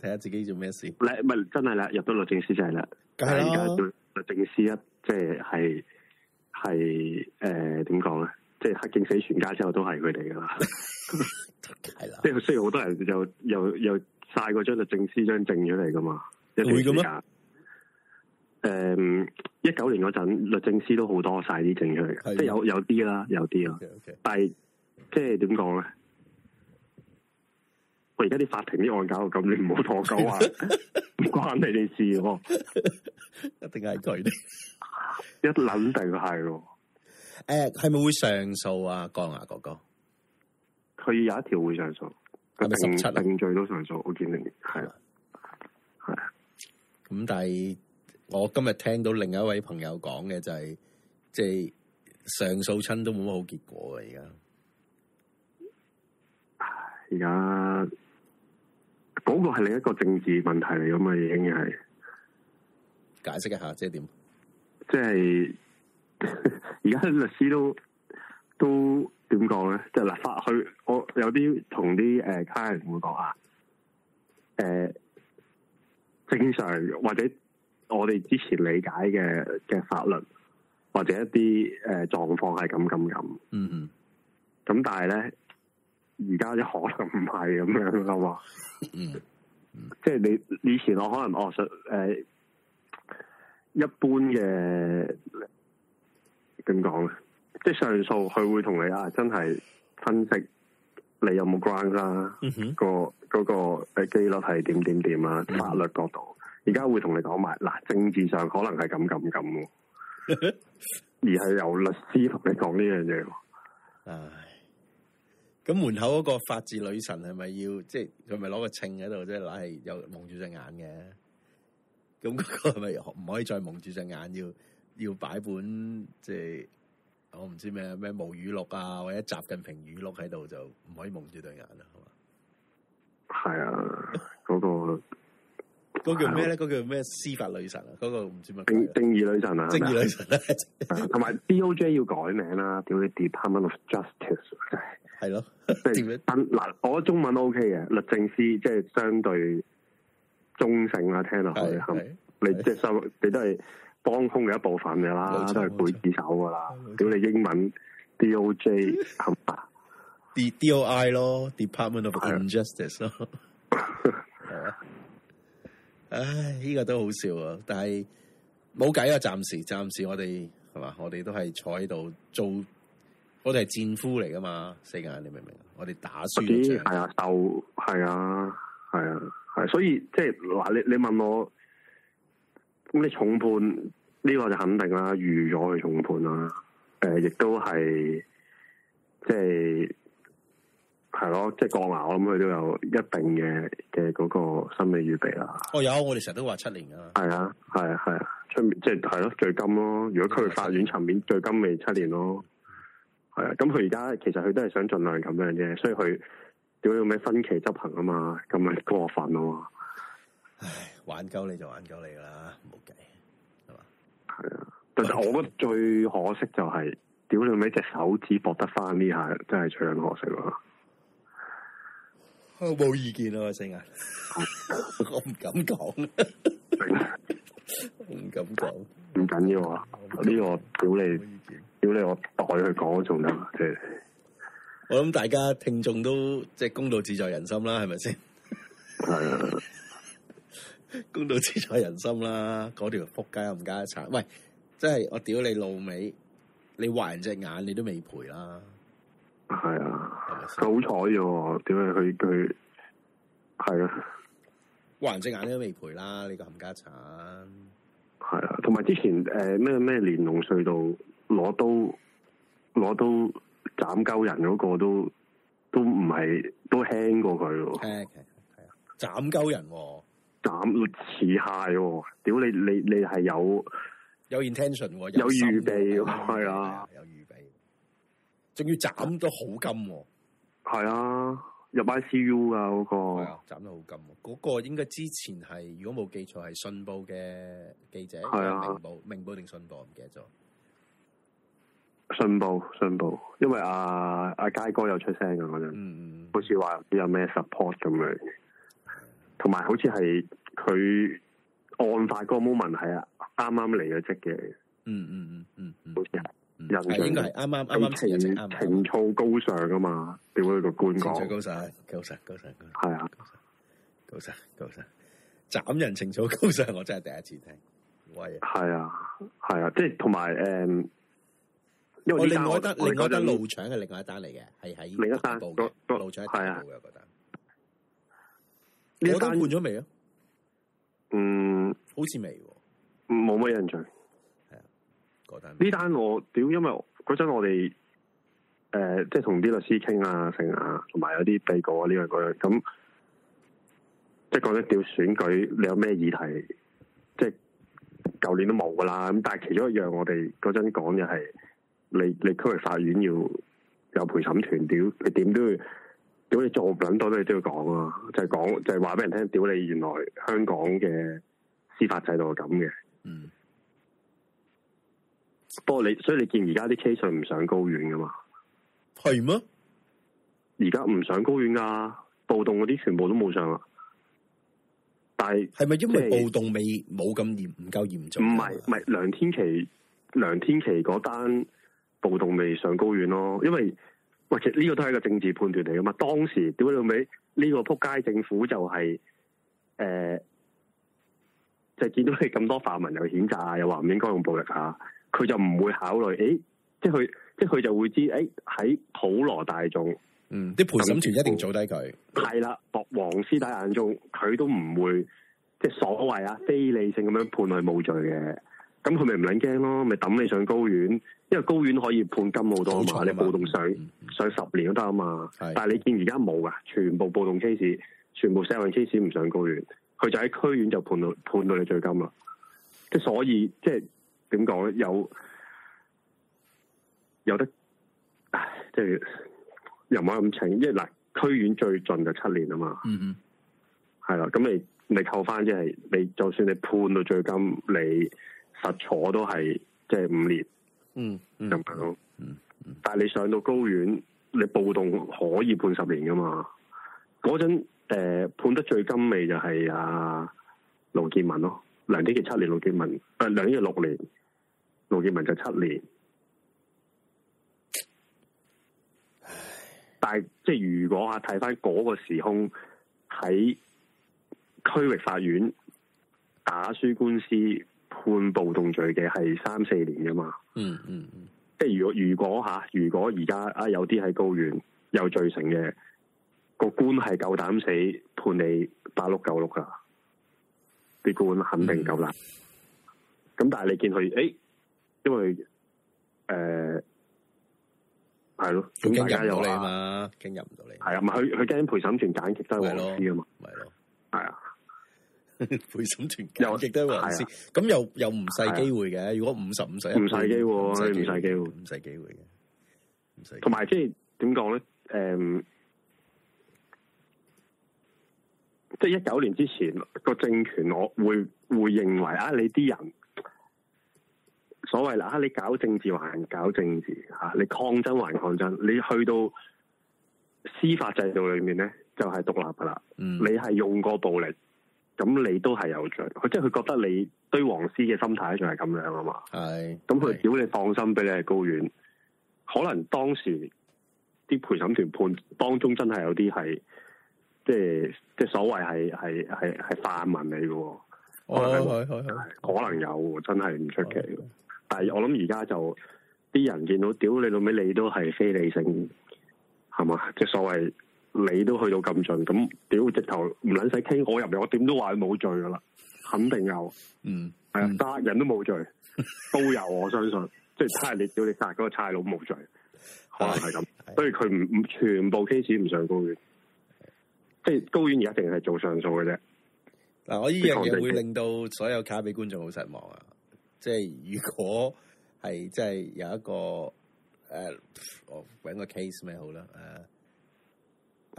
睇下自己做咩事？叻唔係真係啦，入到律政司就係啦，梗係而家律政司一即係係係誒點講咧？即係黑警死全家之後都係佢哋噶啦，係啦 的，即係需要好多人又又又晒過張律政司張證咗嚟噶嘛？會誒，一九、um, 年嗰陣律政司都好多晒啲證據嘅，即係有有啲啦，有啲啦。但係即係點講咧？我而家啲法庭啲案搞到咁， 你唔好同我講話啊！唔 關你哋事的，我 一定係佢一諗定係喎。誒、欸，係咪會上訴啊，江牙哥哥？佢有一條會上訴，係十七定，定罪都上訴？我見係啦，係啊。咁但係的。的我今日聽到另一位朋友講嘅就係、是，即係上訴親都冇乜好結果嘅而家。而家嗰個係另一個政治問題嚟噶嘛？已經係解釋一下即係點？即係而家律師都都點講咧？即、就、係、是、立法去，我有啲同啲誒客人會講啊，誒、欸，正常或者。我哋之前理解嘅嘅法律或者一啲誒、呃、狀況係咁咁咁，嗯嗯哼，咁但係咧而家咧可能唔係咁樣啦嘛、嗯，嗯，即係你以前我可能我想誒一般嘅點講咧，即係上訴佢會同你啊真係分析你有冇關 u n 啦，那個、那個誒機率係點點點啊，法律角度。而家會同你講埋嗱，政治上可能係咁咁咁喎，而係由律師同你講呢樣嘢。 唉，咁門口嗰個法治女神係咪要即係佢咪攞個秤喺度即啫？嗱、即係，係又蒙住隻眼嘅，咁嗰個係咪唔可以再蒙住隻眼？要要擺本即係、即係、我唔知咩咩毛語錄啊，或者習近平語錄喺度就唔可以蒙住對眼啦，係嘛？係啊，嗰、嗰個。 .嗰叫咩咧？嗰叫咩司法女神啊？嗰個唔知乜定正義女神啊？定義女神咧，同埋 D O J 要改名啦。屌你 Department of Justice，係咯，即係但嗱，我中文 O K 嘅律政司，即係相對中性啦，聽落去，你即係收你都係幫兇嘅一部分嘅啦，都係劊子手噶啦。屌你英文 D O J，係嘛？D D O I 咯，Department of Injustice 咯。唉，呢、這個都好笑啊！但係冇計啊，暫時暫時我哋係嘛，我哋都係坐喺度做，我哋係戰夫嚟噶嘛，四眼你明唔明啊？我哋打輸係啊鬥係啊係啊係，所以即係嗱你你問我咁你重判呢、這個就肯定啦，預咗去重判啦，誒、呃、亦都係即係。就是係咯，即係過硬，我諗佢都有一定嘅嘅嗰個心理預備啦。哦，有，我哋成日都話七年噶。係啊，係啊，係啊，出即係係咯，最金咯。如果佢去法院層面的最金未七年咯，係啊。咁佢而家其實佢都係想盡量咁樣啫，所以佢屌你咩分期執行啊嘛，咁咪過分啊嘛。唉，玩鳩你就玩鳩你啦，冇計係啊，但係我覺得最可惜就係屌你咩隻手指駁得翻呢下，真係最可惜咯。我冇意見啊，四眼啊！我唔 敢講，唔 敢講，唔緊要啊！呢我屌你，屌你我代佢講仲得，即係、就是、我諗大家聽眾都即係、就是、公道自在人心啦，係咪先？係 的 公道自在人心啦，嗰條撲街冚家鏟，喂！即係我屌你老味，你壞人隻眼，你都未賠啦，係啊！佢好彩嘅，屌佢佢佢係啊？哇！人隻眼都未賠啦，呢個冚家鏟係啊！同埋之前誒咩咩連儂隧道攞刀攞刀斬鳩人嗰個都都唔係都輕過佢咯。係係斬鳩人，斬亂似蟹，屌你你你係有有 intention，有預備係啊，有預備，仲要斬到好金。係啊，入 I C U 啊，嗰、那個，斬、哦、得好咁嗰個應該之前係，如果冇記錯係信報嘅記者，係啊、明報明報定信報唔記得咗。信報信報，因為阿、啊、阿、啊、佳哥有出聲嘅嗰陣，嗯嗯好似話有咩 support 咁樣。同埋、嗯嗯、好似係佢案發嗰個 moment 係啊，啱啱嚟咗職嘅。嗯嗯嗯嗯嗯。好似係印象應該係啱啱啱啱情情操高尚噶嘛，點解你個官講？情操高尚，高尚高尚，係啊，高尚高尚，斬人情操高尚，我真係第一次聽，喂！係啊係啊，即係同埋誒，因為另外得另外得路搶嘅另外一單嚟嘅，係係另一單怒搶係啊，我覺得呢單換咗未啊？嗯，好似未，冇乜印象。呢單我屌，因為嗰陣我哋誒、呃，即係同啲律師傾啊，成啊，同埋有啲被告啊，呢樣嗰樣，咁即係講得屌選舉，你有咩議題？即係舊年都冇㗎喇，咁但係其中一樣我，我哋嗰陣講嘅係你你區域法院要有陪審團屌，你點都要，屌你做唔到，你都要講啊，就係、是、講就係話俾人聽，屌你原來香港嘅司法制度係咁嘅，嗯。不過你所以你見而家啲 case 上唔上高院噶嘛？係咩嗎？而家唔上高院㗎？暴動嗰啲全部都冇上啊！但係係咪因為暴動未冇咁嚴，唔夠嚴重？唔係唔係，梁天琦。梁天琦嗰單暴動未上高院咯。因為喂，其實呢個都係一個政治判斷嚟噶嘛。當時屌你老味呢個扑街政府就係、是、誒、呃，就係、見到你咁多泛民又譴責啊，又話唔應該用暴力吓。佢就唔會考慮，誒，即係，即係佢就會知道，誒，喺普羅大眾，嗯，啲陪審團一定做低佢，係啦、嗯，博皇師大眼中，佢都唔會，即係所謂啊，非理性咁樣判佢冇罪嘅，咁佢咪唔撚驚咯，咪抌你上高院，因為高院可以判金好多嘛，你暴動上、嗯、上十年都得啊嘛，是的 但係你見而家冇噶，全部暴動 case，全部 seven case 唔上高院，佢就喺區院就判到判到你罪金啦，即係所以即係。點講咧？有有得，即係、就是、又冇咁清，因為嗱，區院最盡就七年啊嘛。嗯嗯哼，係啦。咁你你扣翻即係你，就算你判到最甘，你實坐都係即係五年。嗯咁樣。但係你上到高院，你暴動可以判十年噶嘛？嗰陣誒，判得最甘咪就係阿盧建文咯。梁天琦七年，盧建民，誒、哎，梁天琦六年，盧建民就七年。但係即係如果吓睇翻嗰個時空，喺區域法院打輸官司判暴動罪嘅係三四年㗎嘛。嗯嗯，即係如果如果吓，如果而家啊有啲喺高院有罪成嘅，嗰個官係夠膽死判你八六九六噶。啲冠肯定夠啦，咁但係你見佢誒，因為誒係咯，更加入唔到嚟嘛，驚入唔到嚟，係啊，唔係佢佢驚陪審團揀極都係王師啊嘛，係咯，係啊，陪審團又極都係王師，咁又又唔細機會嘅，如果五十五歲唔細機會，唔細機會，唔細機會嘅，唔晒，同埋即係點講咧？誒。即係一九年之前，那個政權，我會會認為啊，你啲人所謂啊你搞政治還搞政治吓，啊，你抗爭還抗爭，你去到司法制度裏面咧，就係、是、獨立噶啦。嗯、你係用過暴力，咁你都係有罪。佢即係佢覺得你對黃絲嘅心態仲係咁樣啊嘛。係是。咁佢只要你放心俾你係高院，是可能當時啲陪審團判當中真係有啲係。即係即係所謂係係係係泛民嚟嘅，可能可能可能有，真係唔出奇。但係我諗而家就啲人見到屌你老味，你都係非理性，係嘛？即係所謂你都去到咁盡，咁屌直頭唔撚使傾，我入嚟，我點都話佢冇罪噶啦，肯定有。嗯，係啊，殺人都冇罪，都有我相信。即係睇下你屌你殺嗰個差佬冇罪，可能係咁。所以佢唔唔全部 case 唔上高院。即係高院而家定係做上訴嘅啫。嗱，我呢樣嘢會令到所有卡比觀眾好失望啊！即係如果係即係有一個誒、 呃，我搵個 case 咩好啦誒，係、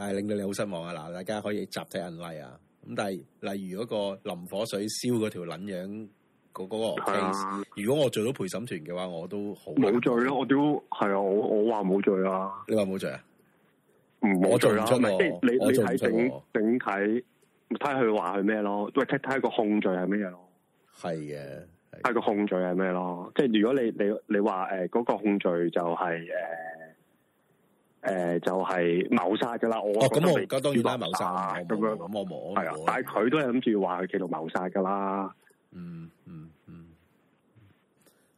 呃、令到你好失望啊！嗱，大家可以集體 unlike 啊。咁但係例如嗰個淋火水燒嗰條撚樣，嗰嗰個 case、啊、如果我做到陪審團嘅話，我都好冇罪咯。我屌係啊！我我話冇罪啊！你話冇罪啊？唔冇罪啦，即係你你睇整整體，睇佢話佢咩咯？喂，睇睇個控罪係咩咯？係嘅，睇個控罪係咩咯？即係如果你你你話誒嗰個控罪就係誒誒就係謀殺噶啦，我咁我而家當然話謀殺咁樣，我冇係啊，但係佢都係諗住話佢企圖謀殺噶啦。嗯嗯嗯，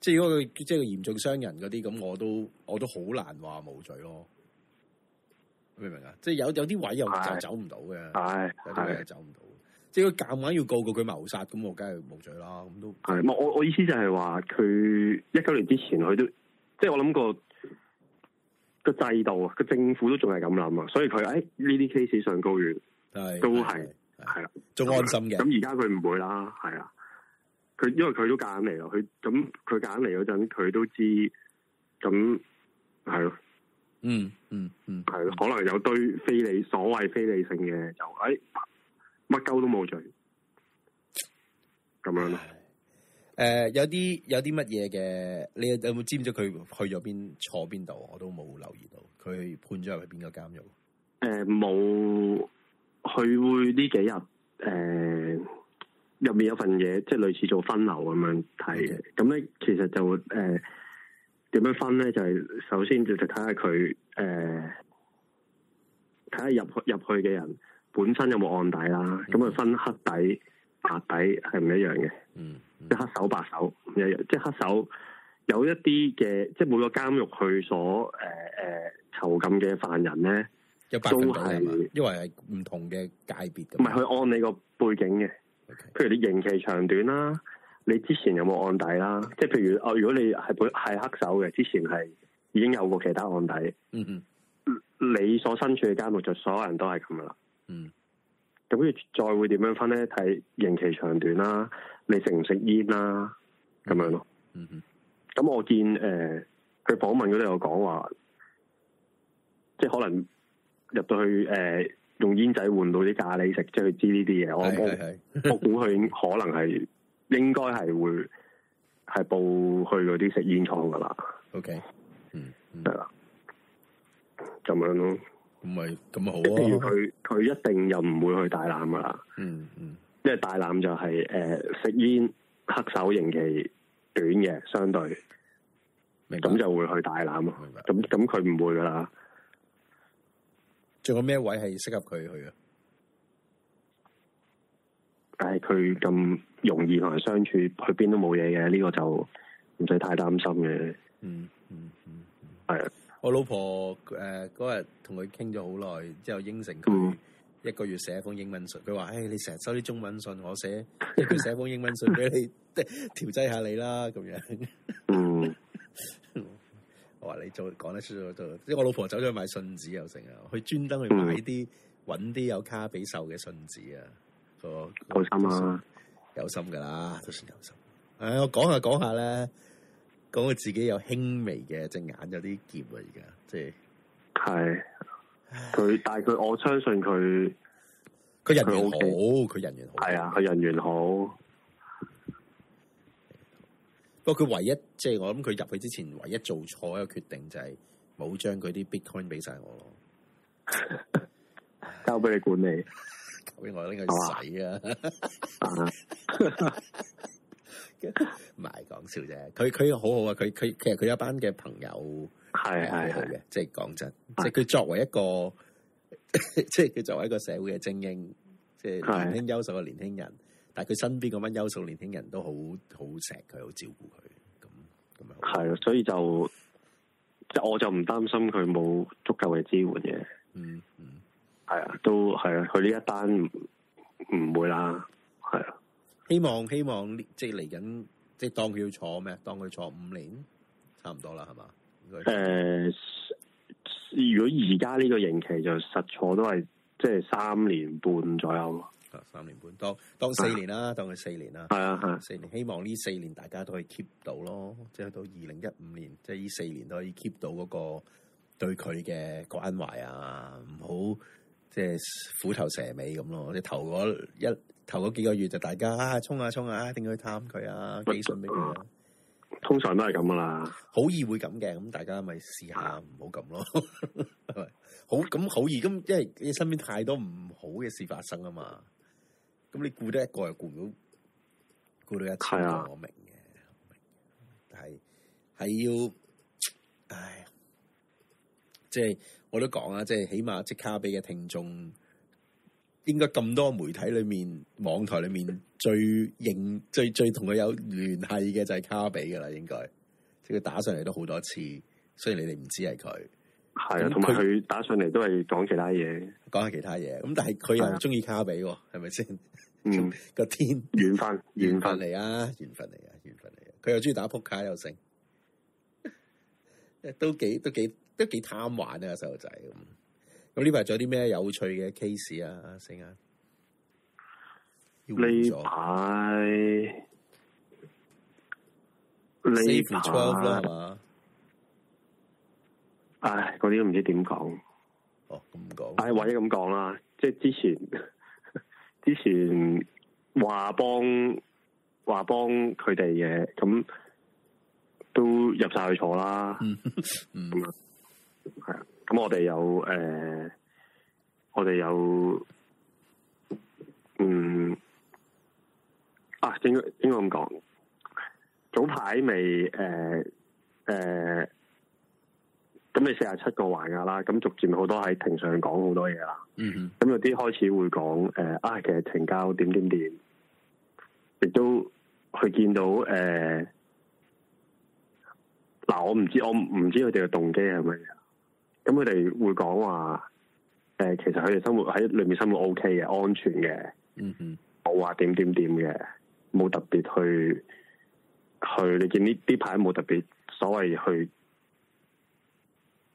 即係如果佢即係嚴重傷人嗰啲，咁我都我都好難話冇罪咯。明唔明啊？即係有有啲位又就走唔到嘅，有啲係走唔到。即係佢夾硬要告告佢謀殺咁，我梗係冇罪啦。咁都係。我我意思就係話佢一九年之前佢都即係我諗過個制度個政府都仲係咁諗啊，所以佢誒呢啲 case 上高院係都係係啦，都係係仲安心嘅。咁而家佢唔會啦，係啊。佢因為佢都夾硬嚟啦，佢咁佢夾硬嚟嗰陣，佢都知咁係咯。嗯嗯嗯，係咯，可能有堆非理所謂非理性嘅就誒乜鳩都冇罪，咁樣咯。誒、呃，有啲有啲乜嘢嘅，你有冇知唔知佢去咗邊坐邊度？我都冇留意到，佢判咗入去邊個監獄？誒、呃，冇，佢會呢幾日誒入面有份嘢，即、就、係、是、類似做分流咁樣睇嘅。咁咧，其實就誒。呃點樣分咧？就係、是、首先就睇下佢誒，睇、呃、下入入去嘅人本身有冇案底啦。咁佢、嗯、分黑底白底係唔一樣嘅、嗯。嗯，即黑手白手唔一樣。嗯、即係黑手有一啲嘅，即係每個監獄去所誒誒、呃呃、囚禁嘅犯人咧，都係是因為係唔同嘅界別。唔係佢按你個背景嘅，Okay. 譬如你刑期長短啦。你之前有冇案底啦？即係譬如哦，如果你係本係黑手嘅，之前係已經有過其他案底，嗯嗯哼，你所身處嘅監獄就所有人都係咁噶啦，嗯。咁跟住再會點樣分咧？睇刑期長短啦，你食唔食煙啦，咁樣咯，嗯嗯哼。咁我見誒，佢、呃、訪問嗰度有講話，即係可能入到去誒、呃，用煙仔換到啲咖喱食，即係佢知呢啲嘢，我我估佢可能係。 應該係會係報去嗰啲食煙廠噶啦，OK，嗯，係、嗯、啦，咁樣咯，唔係咁好啊。佢佢一定又唔會去大欖噶啦，嗯嗯，因為大欖就係、是、誒、呃、食煙黑手刑期短嘅，相對，咁就會去大欖，咁咁佢唔會噶啦。仲有咩位係適合佢去啊？但係佢咁。容易同人相處，去邊都冇嘢嘅，呢、這個就唔使太擔心嘅、嗯。嗯嗯嗯，係啊的。我老婆誒嗰日同佢傾咗好耐，之後應承佢一個月寫一封英文信。佢話、嗯：誒、哎，你成日收啲中文信，我寫寫 封英文信俾你，即係調劑下你啦咁樣。嗯。 我話你做講得出咗，即係我老婆走咗去買信紙又成啊！去專登去買啲搵啲有卡比獸嘅信紙啊！個開心啊！有心噶啦，都算有心的。誒、哎，我講下講下咧，講到自己有輕微嘅，隻眼有啲澀啊，而家即係。係，佢但係佢，我相信佢，佢人緣好，佢人緣好，係啊，佢人緣好。不過佢唯一，即、就、係、是、我諗佢入去之前，唯一做錯一個決定就係冇將佢啲 Bitcoin 俾晒我咯， 交俾你管理。俾我拎去洗啊哇！唔係講笑啫等等，佢 佢 好好啊，佢佢其實佢一班嘅朋友係係係，即係講真，是即係佢作為一個， 即係佢作為一個社會嘅精英，即係年輕優秀嘅年輕人。是但係佢身邊咁樣優秀年輕人都好好錫佢，好照顧佢，咁咁樣係咯。所以就即係我就唔擔心佢冇足夠嘅支援嘅。嗯。嗯。係啊，都係啊，佢呢一單唔唔會啦，係啊希，希望希望即係嚟緊，即係當佢要坐咩？當佢坐五年，差唔多啦，係嘛？應該。誒、呃，如果而家呢個刑期就實坐都係即係三年半左右咯。啊，三年半，當當四年啦，啊、當佢四年啦。係啊，係啊、啊啊、四年。希望呢四年大家都可以 keep 到咯，即、就、係、是、到二零一五年，即係呢四年都可以 keep 到嗰個對佢嘅關懷啊，唔好。即係虎頭蛇尾咁咯，你頭嗰一頭嗰幾個月就大家啊沖下沖下，一定要去探佢啊，寄信俾佢，啊嗯。通常都係咁噶啦，好易會咁嘅，咁大家咪試下唔好咁咯。 好咁好易，咁因為你身邊太多唔好嘅事發生啊嘛。咁你顧得一個又顧唔到，顧到一千個的我明嘅，但係係要，唉，即係。我都講啊，即係起碼即係卡比嘅聽眾，應該咁多媒體裏面、網台裏面最認、最最同佢有聯繫嘅就係卡比噶啦，應該即係佢打上嚟都好多次，雖然你哋唔知係佢，係啊，同埋佢打上嚟都係講其他嘢，講下其他嘢。咁但係佢又中意卡比，係咪先？個天緣份，緣份嚟啊，緣分嚟啊，緣分嚟啊，佢、啊啊、又中意打撲卡又成， 都幾都幾。都幾貪玩的這的個啊，細路仔咁。咁呢排仲有啲咩有趣嘅 case 啊？阿星啊呢排呢排，唉，嗰啲、哎、都唔知點講。哦，咁唔講。唉、哎，或者咁講啦，即係之前之前話幫話幫佢哋嘅，咁都入晒去坐啦。嗯。 係啊，咁、嗯、我哋有誒、呃，我哋有，嗯，啊，應該應該咁講。早排未誒誒，咁、呃呃、你四廿七個壞牙啦，咁逐漸好多喺庭上講好多嘢啦。咁、嗯、哼有啲開始會講誒、呃，啊，其實成交點點點，亦都去見到誒，嗱、呃，我唔知我唔知佢哋嘅動機係乜嘢。咁佢哋會講話，誒，其實佢哋生活喺裏面生活 O K 嘅，安全嘅，嗯嗯、mm，我話點點點嘅，冇特別去去，你見呢啲排冇特別所謂去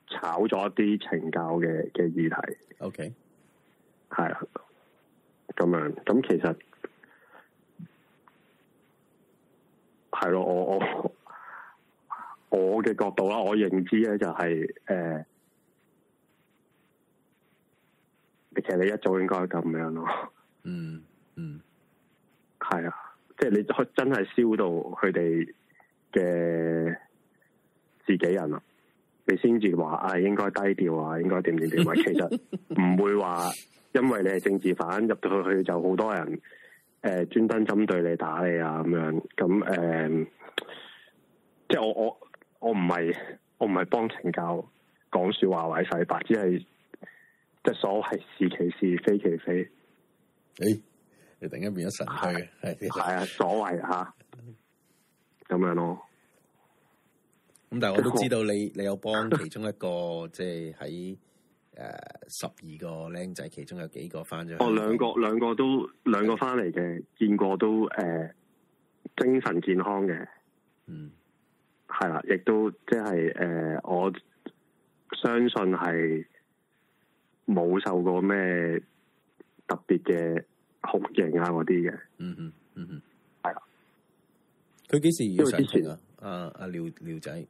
炒咗一啲懲教嘅嘅議題，O K，係啊，咁 Okay. 樣，咁其實係咯，我我我嘅角度啦，我認知咧就係、是，誒、呃。其實你一早應該咁樣咯、嗯，嗯嗯，係啊，即係你真真係燒到佢哋嘅自己人啊。你先至話啊，應該低調啊，應該點點點。 其實唔會話因為你係政治犯，入到去就好多人誒、呃、專登針對你打你啊咁樣。咁誒、嗯，即係我我我唔係我唔係幫懲教講說話或者洗白，只係。即係所謂是其是非其非。誒、哎，你突然間變咗神態。係係啊，所謂吓，咁樣咯。咁但係我都知道你，你你有幫其中一個， 即係喺誒十二個僆仔，其中有幾個翻咗。哦，兩個兩個都兩個翻嚟嘅，的見過都誒、呃、精神健康嘅，嗯，係啦，亦都即係誒、呃，我相信係。冇受過咩特別嘅酷刑啊，嗰啲嘅，嗯嗯嗯嗯，係啦、啊。佢幾時要、啊？因為之前啊，阿、啊、廖廖仔，誒、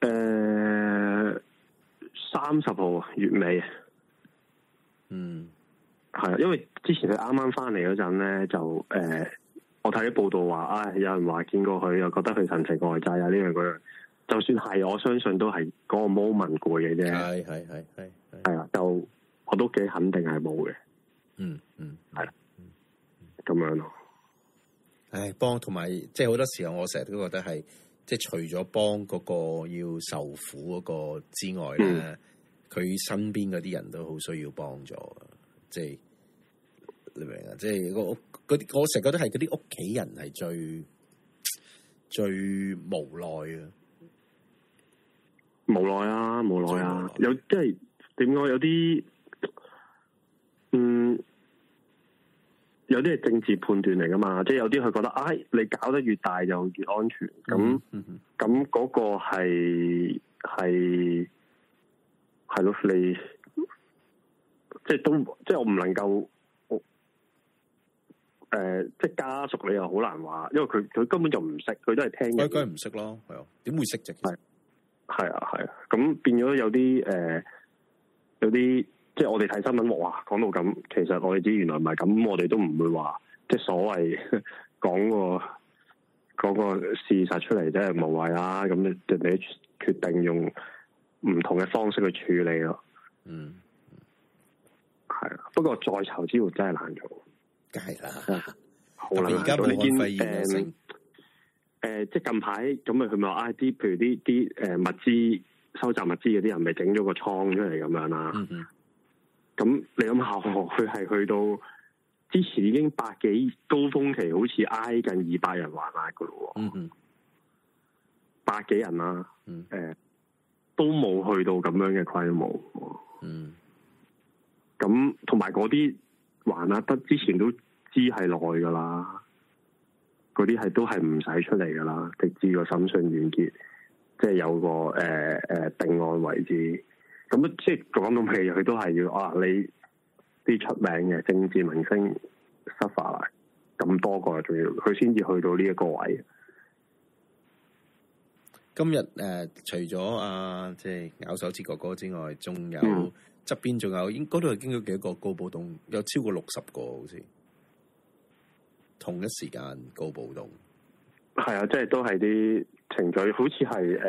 呃，三十號月尾，嗯，係啊，因為之前佢啱啱翻嚟嗰陣咧，就誒、呃，我睇啲報道話，啊、哎，有人話見過佢，又覺得佢神情呆滯啊，呢樣嗰樣。就算係，我相信都係嗰個 moment 攰嘅啫。係係係係係啊！就我都幾肯定係冇嘅。嗯的嗯，係、嗯、啦。咁樣咯。唉，幫同埋即係好多時候，我成日都覺得係即係除咗幫嗰個要受苦嗰個之外咧，佢、嗯、身邊嗰啲人都好需要幫助嘅。即係你明啊？即係個屋嗰啲，我成日都覺得係嗰啲屋企人係最最無奈啊！無奈啊，無奈啊，真係無奈啊。有即係點解，有啲嗯，有啲係政治判斷嚟噶嘛，即係有啲佢覺得，唉、哎，你搞得越大就越安全，咁咁個係係係咯，你即係都即係我唔能夠，我誒、呃，即係家屬你又好難話，因為佢佢根本就唔識，佢都係聽嘅，佢梗係唔識咯，係啊，點會識就係。係啊，係啊，咁變咗有啲誒、呃，有啲即係我哋睇新聞，哇，講到咁，其實我哋知原來唔係咁，我哋都唔會話即係所謂講個個事實出嚟，真係無謂啦、啊。咁你你決定用唔同嘅方式去處理咯。嗯，係啊。不過再籌資源真係難做，梗係啦，好難，難做。而家物管誒、呃，即係近排咁啊，佢咪話啲，譬如啲啲誒物資收集物資嗰啲人，咪整咗個倉出嚟咁樣啦。咁、hmm. 你諗下，佢係去到之前已經百幾高峰期，好似挨近二百人還阿噶咯。嗯嗯、mm，hmm. 百幾人啦、啊。嗯、mm。誒、hmm. 呃，都冇去到咁樣嘅規模。嗯、mm。咁同埋嗰啲還阿得，之前都知係耐噶啦。嗰啲係都係唔使出嚟噶啦，直至個審訊完結，即係有個誒誒、呃呃、定案為止。咁即係講到尾，佢都係要啊，你啲出名嘅政治明星 suffer 咁多個還，仲要佢先至去到呢一個位。今日誒、呃，除咗啊，即、就、係、是、咬手指哥哥之外，仲有側邊仲有，應該都係經過幾個高波動，有超過六十個好似。同一時間高波動，係啊，即係都係啲程序，好似係誒，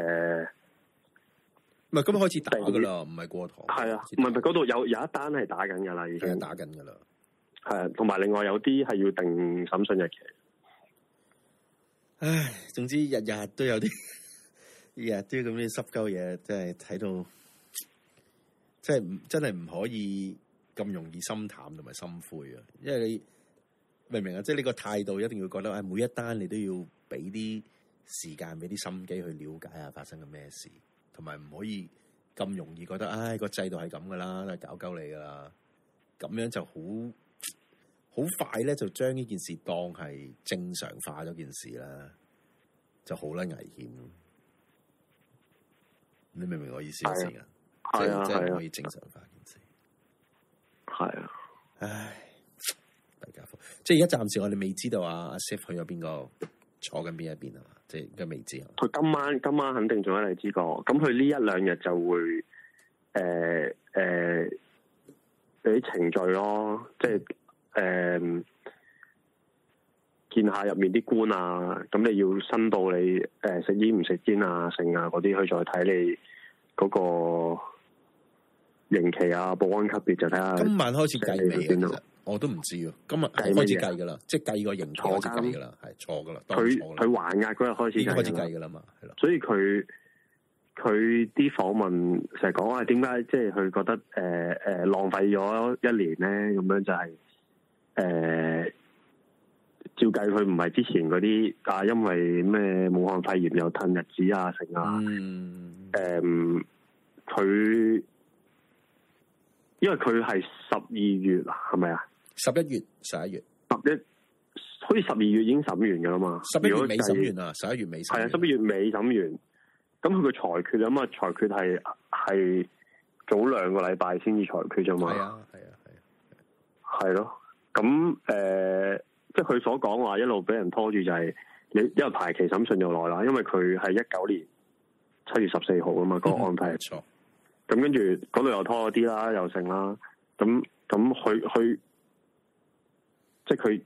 唔、呃、係今日開始打噶啦，唔係過堂，係啊，唔係嗰度有有一單係打緊噶啦，已經打緊噶啦，係啊，同埋另外有啲係要定審訊日期，唉，總之日日都有啲日都啲咁嘅濕鳩嘢，即係睇到，即係唔真係唔可以咁容易心淡同埋心灰啊，因為你。明唔明啊？即係呢個態度一定要覺得，哎，每一單你都要俾啲時間，俾啲心機去了解下發生緊咩事，同埋唔可以咁容易覺得，唉，個制度係咁噶啦，都係搞鳩你噶啦，咁樣就好好快咧，就將呢件事當係正常化咗件事啦，就好啦，危險。你明唔明我意思先啊？啊即係、啊啊、即係唔可以正常化件事。係啊，唉。即係而家暫時我哋未知道啊，阿 Safe 去咗邊個坐緊邊一邊啊，即係而家未知。佢今晚今晚肯定仲喺荔枝角，咁佢呢一兩日就會誒誒啲程序咯，即係誒、呃、見下入面啲官啊，咁你要申報你誒、呃、食煙唔食煙啊，剩啊嗰啲，佢再睇你嗰、嗰個。刑期啊，保安級別就睇下。今晚開始計尾了其我實、哦、都唔知咯。今日計開始計噶啦，即係計個刑錯噶啦，係錯噶啦。佢佢還押嗰日開始計他開始計噶啦嘛，係啦。的所以佢佢啲訪問成日講啊，點解即係佢覺得誒誒、呃呃、浪費咗一年咧？咁樣就係、是、誒、呃，照計佢唔係之前嗰啲啊，但因為咩武漢肺炎又褪日子啊，成啊。嗯。誒、呃，佢。因為佢係十二月啊，係咪啊？十一月，十一月，十一好似十二月已經審完噶啦嘛？十一月尾審完啦，十一月尾係啊，十一月尾審完。咁佢個裁決啊嘛，裁決係係早兩個禮拜先至裁決啫嘛。係啊，係啊，係啊，係咯、啊。咁誒、啊呃，即係佢所講話一路俾人拖住、就是，就係你因為排期審訊又耐啦，因為佢係一九年七月十四號啊嘛，個案排錯。嗯咁跟住嗰度又拖咗啲啦，又剩啦。咁咁佢佢即係佢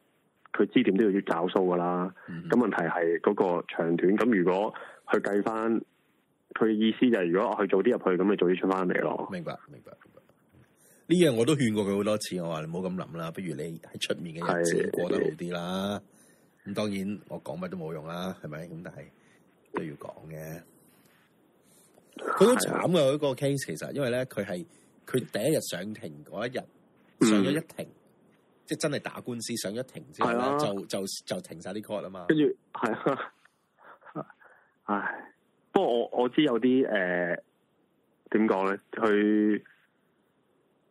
佢知點都要要找數噶啦。咁、嗯、哼問題係嗰個長短。咁如果佢計翻，佢意思就係、是、如果我去早啲入去，咁咪早啲出翻嚟咯。明白，明白。呢樣我都勸過佢好多次，我話你唔好咁諗啦，不如你喺出面嘅日子過得好啲啦。咁的當然我講乜都冇用啦，係咪？咁但係都要講嘅。佢好慘噶，佢、啊、個 case 其實，因為咧佢係佢第一日上庭嗰一日上咗一庭，嗯、即係真係打官司上咗庭之後咧、啊，就就就停晒啲 call 啊嘛。跟住係啊，唉，不過我我知有啲誒，點講咧？佢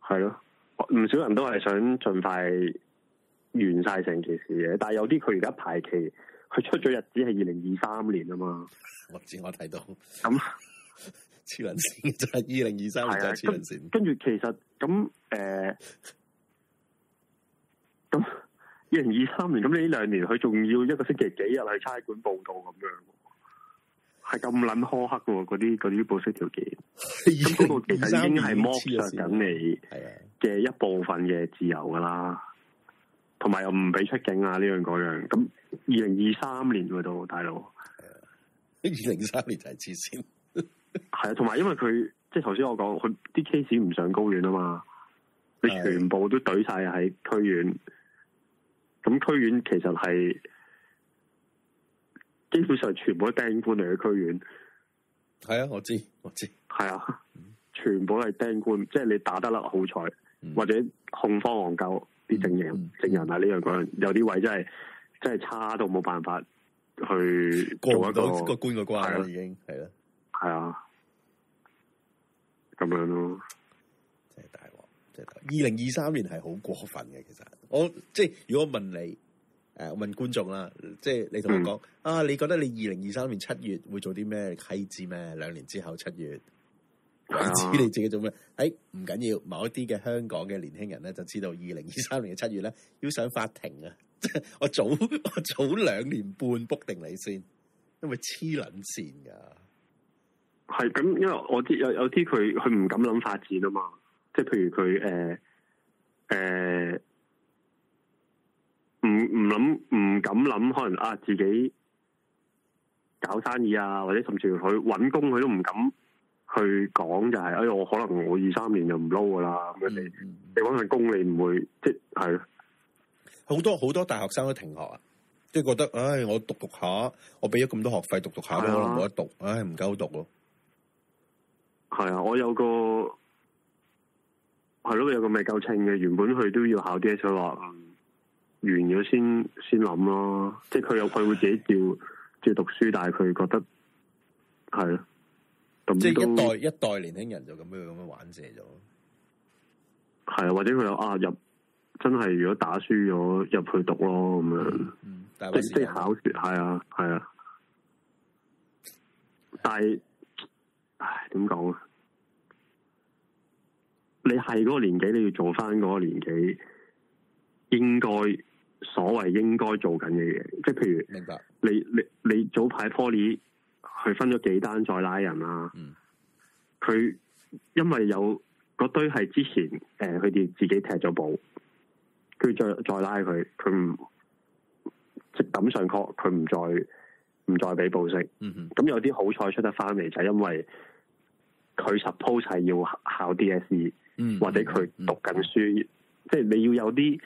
係咯，唔、啊、少人都係想盡快完晒成件事嘅，但係有啲佢而家排期，佢出咗日子係二零二三年啊嘛。我知我睇到咁。嗯黐捻 線，就係二零二三年黐捻線。跟住其實咁誒，咁二零二三年，咁你呢兩年佢仲要一個星期幾日去差館報道咁樣，係咁捻苛刻嘅喎，嗰啲啲保釋條件，呢個其實已經係剝削緊你嘅一部分嘅自由噶啦，同埋又唔俾出境啊呢樣嗰樣。咁二零二三年去到大佬，二零三年就係、是、黐線。係啊，同埋 因為佢即係頭先我講，佢啲 case 唔上高院啊嘛，你全部都懟晒喺區院，咁區的院其實係基本上全部都釘官嚟嘅區院。係啊，我知我知，係啊的， 全部都係釘官，即、就、係、是、你打得甩好彩，嗯、或者控方戇鳩啲證人證、嗯嗯、人啊，呢樣樣，有啲位真係真係差到冇辦法去過到個官嘅關啊，已經係啦，係啊。咁樣咯、啊，即係大鑊！真係二零二三年係好過分嘅，其實我即係如果問你，誒、呃、我問觀眾啦，即係你同佢講啊，你覺得你二零二三年七月會做啲咩鬼知咩？兩年之後七月，鬼知你自己做咩？誒唔緊要，某一啲嘅香港嘅年輕人咧，就知道二零二三年嘅七月咧，要上法庭啊！ 我早我早兩年半卜定你先，因為黐捻線噶。係咁，因為我知有有啲佢佢唔敢諗發展啊嘛，即係譬如佢誒誒，唔唔諗唔敢諗，可能啊自己搞生意啊，或者甚至佢搵工佢都唔敢去講，就係、是、哎我可能我二三年就唔撈㗎喇，咁樣，嗯、你你搵份工你唔會即係咯，好多好多大學生都停學啊，即係覺得唉、哎、我讀讀下，我俾咗咁多學費讀讀下都的可能冇得讀，唉唔夠讀咯。係啊，我有個係咯，是啊、有個未夠稱嘅，原本佢都要考 D S E 話完咗先先諗咯。即係佢有佢會自己要要讀書，但係佢覺得係咯，咁、啊、即係一代都一代年輕人就咁樣咁樣玩死咗。係啊，或者佢又啊入真係，如果打輸咗入去讀咯咁樣，嗯、即係考係啊係啊，但係唉點講啊？你係嗰個年紀，你要做翻嗰個年紀應該所謂應該做緊嘅嘢，即係譬如，明白你你你早排 Poly 佢分咗幾單再拉人啦、啊，佢、嗯、因為有嗰堆係之前誒佢哋自己踢咗保，佢再再拉佢，佢唔即抌上確佢唔再唔再俾保息，咁、嗯、哼有啲好彩出得翻嚟就係因為佢 suppose 係要考 DSE。或者佢讀緊書，嗯嗯、即係你要有啲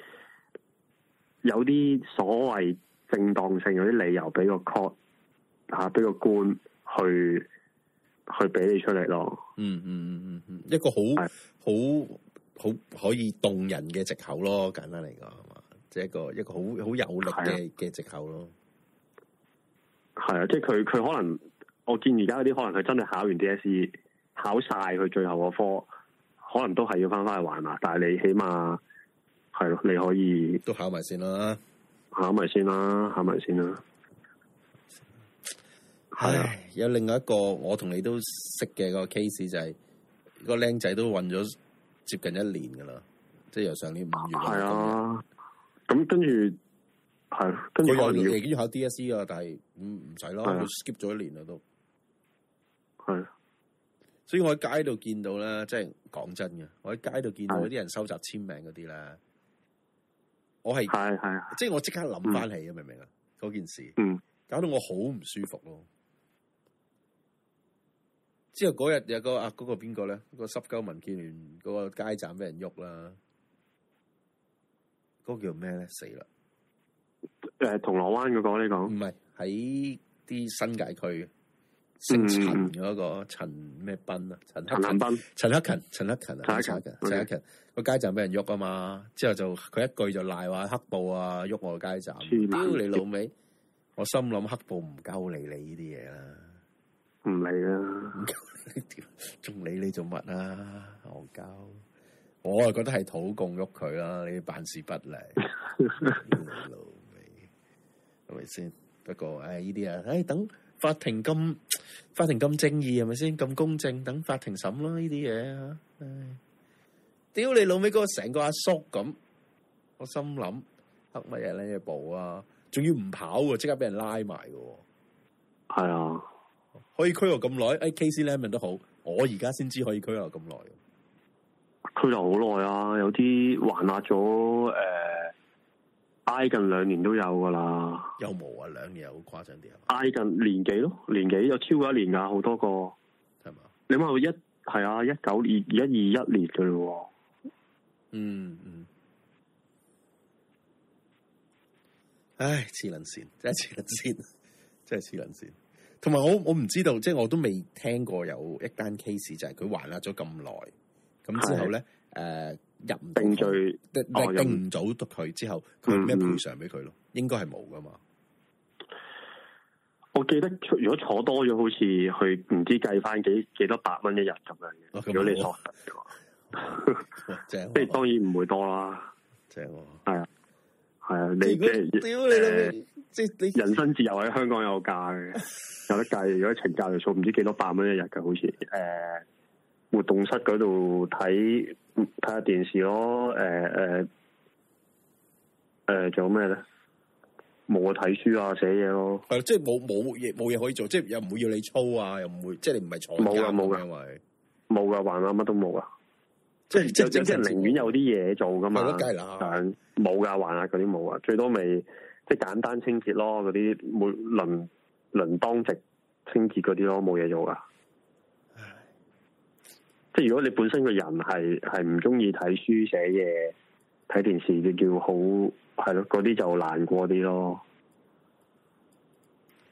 有啲所謂正當性，有啲理由個 court，啊，俾個 court 吓，俾個官去去俾你出嚟咯。嗯嗯嗯嗯嗯，一個好好好可以動人嘅借口咯，簡單嚟講係嘛，即係一個一個好好有力嘅嘅借口咯。係啊，即係佢佢可能我見而家嗰啲可能佢真係考完 D S E，考晒佢最後個科。可能都係要翻翻去還嘛，但係你起碼係咯，你可以都考埋先啦，考埋先啦，考埋先啦。係、啊、有另外一個我同你都識嘅個 case 就係、個僆仔都混咗接近一年噶啦，即係由上年五月係啊，咁跟住係跟住佢已要考 DSE 啊，了但係唔唔使咯，佢 skip 咗一年了啊都係。所以我喺街度見到咧，即係講真嘅，我喺街度見到啲人收集簽名嗰啲啦，是的我係係係，是的即係我即刻諗翻起，嗯、明唔明啊？嗰件事，嗯，搞到我好唔舒服咯。之後嗰日有、嗰個啊，嗰、嗰個邊個咧？嗰個濕鳩民建聯嗰個街站俾人喐啦，嗰、嗰個叫咩咧？死啦！誒，銅鑼灣嗰、嗰個你講，唔係喺啲新界區。姓陳嗰個陳咩斌啊？陳陳斌，陳克勤，陳克勤啊，陳克勤，陳克勤個街站俾人喐啊嘛，之後就佢一句就賴話黑暴啊，喐我個街站，刁你老味，我心諗黑暴唔鳩理你呢啲嘢啦，唔理啦，仲理你做乜啊？戇鳩，我啊覺得係土共喐佢啦，你辦事不力，你老味，係咪先？不過唉，呢啲啊，唉等。法庭咁法庭咁正義係咪先咁公正？等法庭審啦呢啲嘢吓，唉！屌你老尾個成個阿叔咁，我心諗黑乜嘢呢？部啊，仲要唔跑啊？即刻俾人拉埋嘅，係啊，可以拘留咁耐。c A K C Lemon 都好，我而家先知可以拘留咁耐。拘留好耐啊！有啲還押咗誒。呃挨近兩年都有噶啦，有冇啊？兩年好誇張啲啊！挨近年幾咯，年幾就超過一年噶，好多個係嘛？吧你問我一係啊，一九二一二一年嘅咯喎。嗯嗯。唉，黐撚線真係黐撚線，真係黐撚線。同埋我我唔知道，即係我都未聽過有一單 case 就係佢還押咗咁耐，咁之後咧誒。的入定罪，定定唔到佢之後，佢咩賠償俾佢咯？應該係冇噶嘛？我記得如果坐多咗，好似去唔知計翻幾幾多百蚊一日咁樣嘅，如果你屬實嘅話，即係當然唔會多啦。正喎，係啊，係啊，你即係，即係你人身自由喺香港有價嘅，有得計。如果懲教嘅數唔知幾多百蚊一日嘅，好似誒。活動室嗰度睇睇下電視咯，誒誒誒，仲、呃呃、有咩咧？冇啊，睇書啊，寫嘢咯。係、啊、即係冇冇嘢冇嘢可以做，即係又唔會要你操啊，又唔會即係你唔係坐監。冇噶冇噶，因為冇噶還啊乜都冇噶，即係即係即係寧願有啲嘢做噶嘛。但係冇噶還啊，嗰啲冇啊，最多咪即係簡單清潔咯，嗰啲每輪輪當值清潔嗰啲咯，冇嘢做噶。即係如果你本身個人係係唔中意睇書寫嘢、睇電視，就叫好係咯，嗰啲就難過啲咯。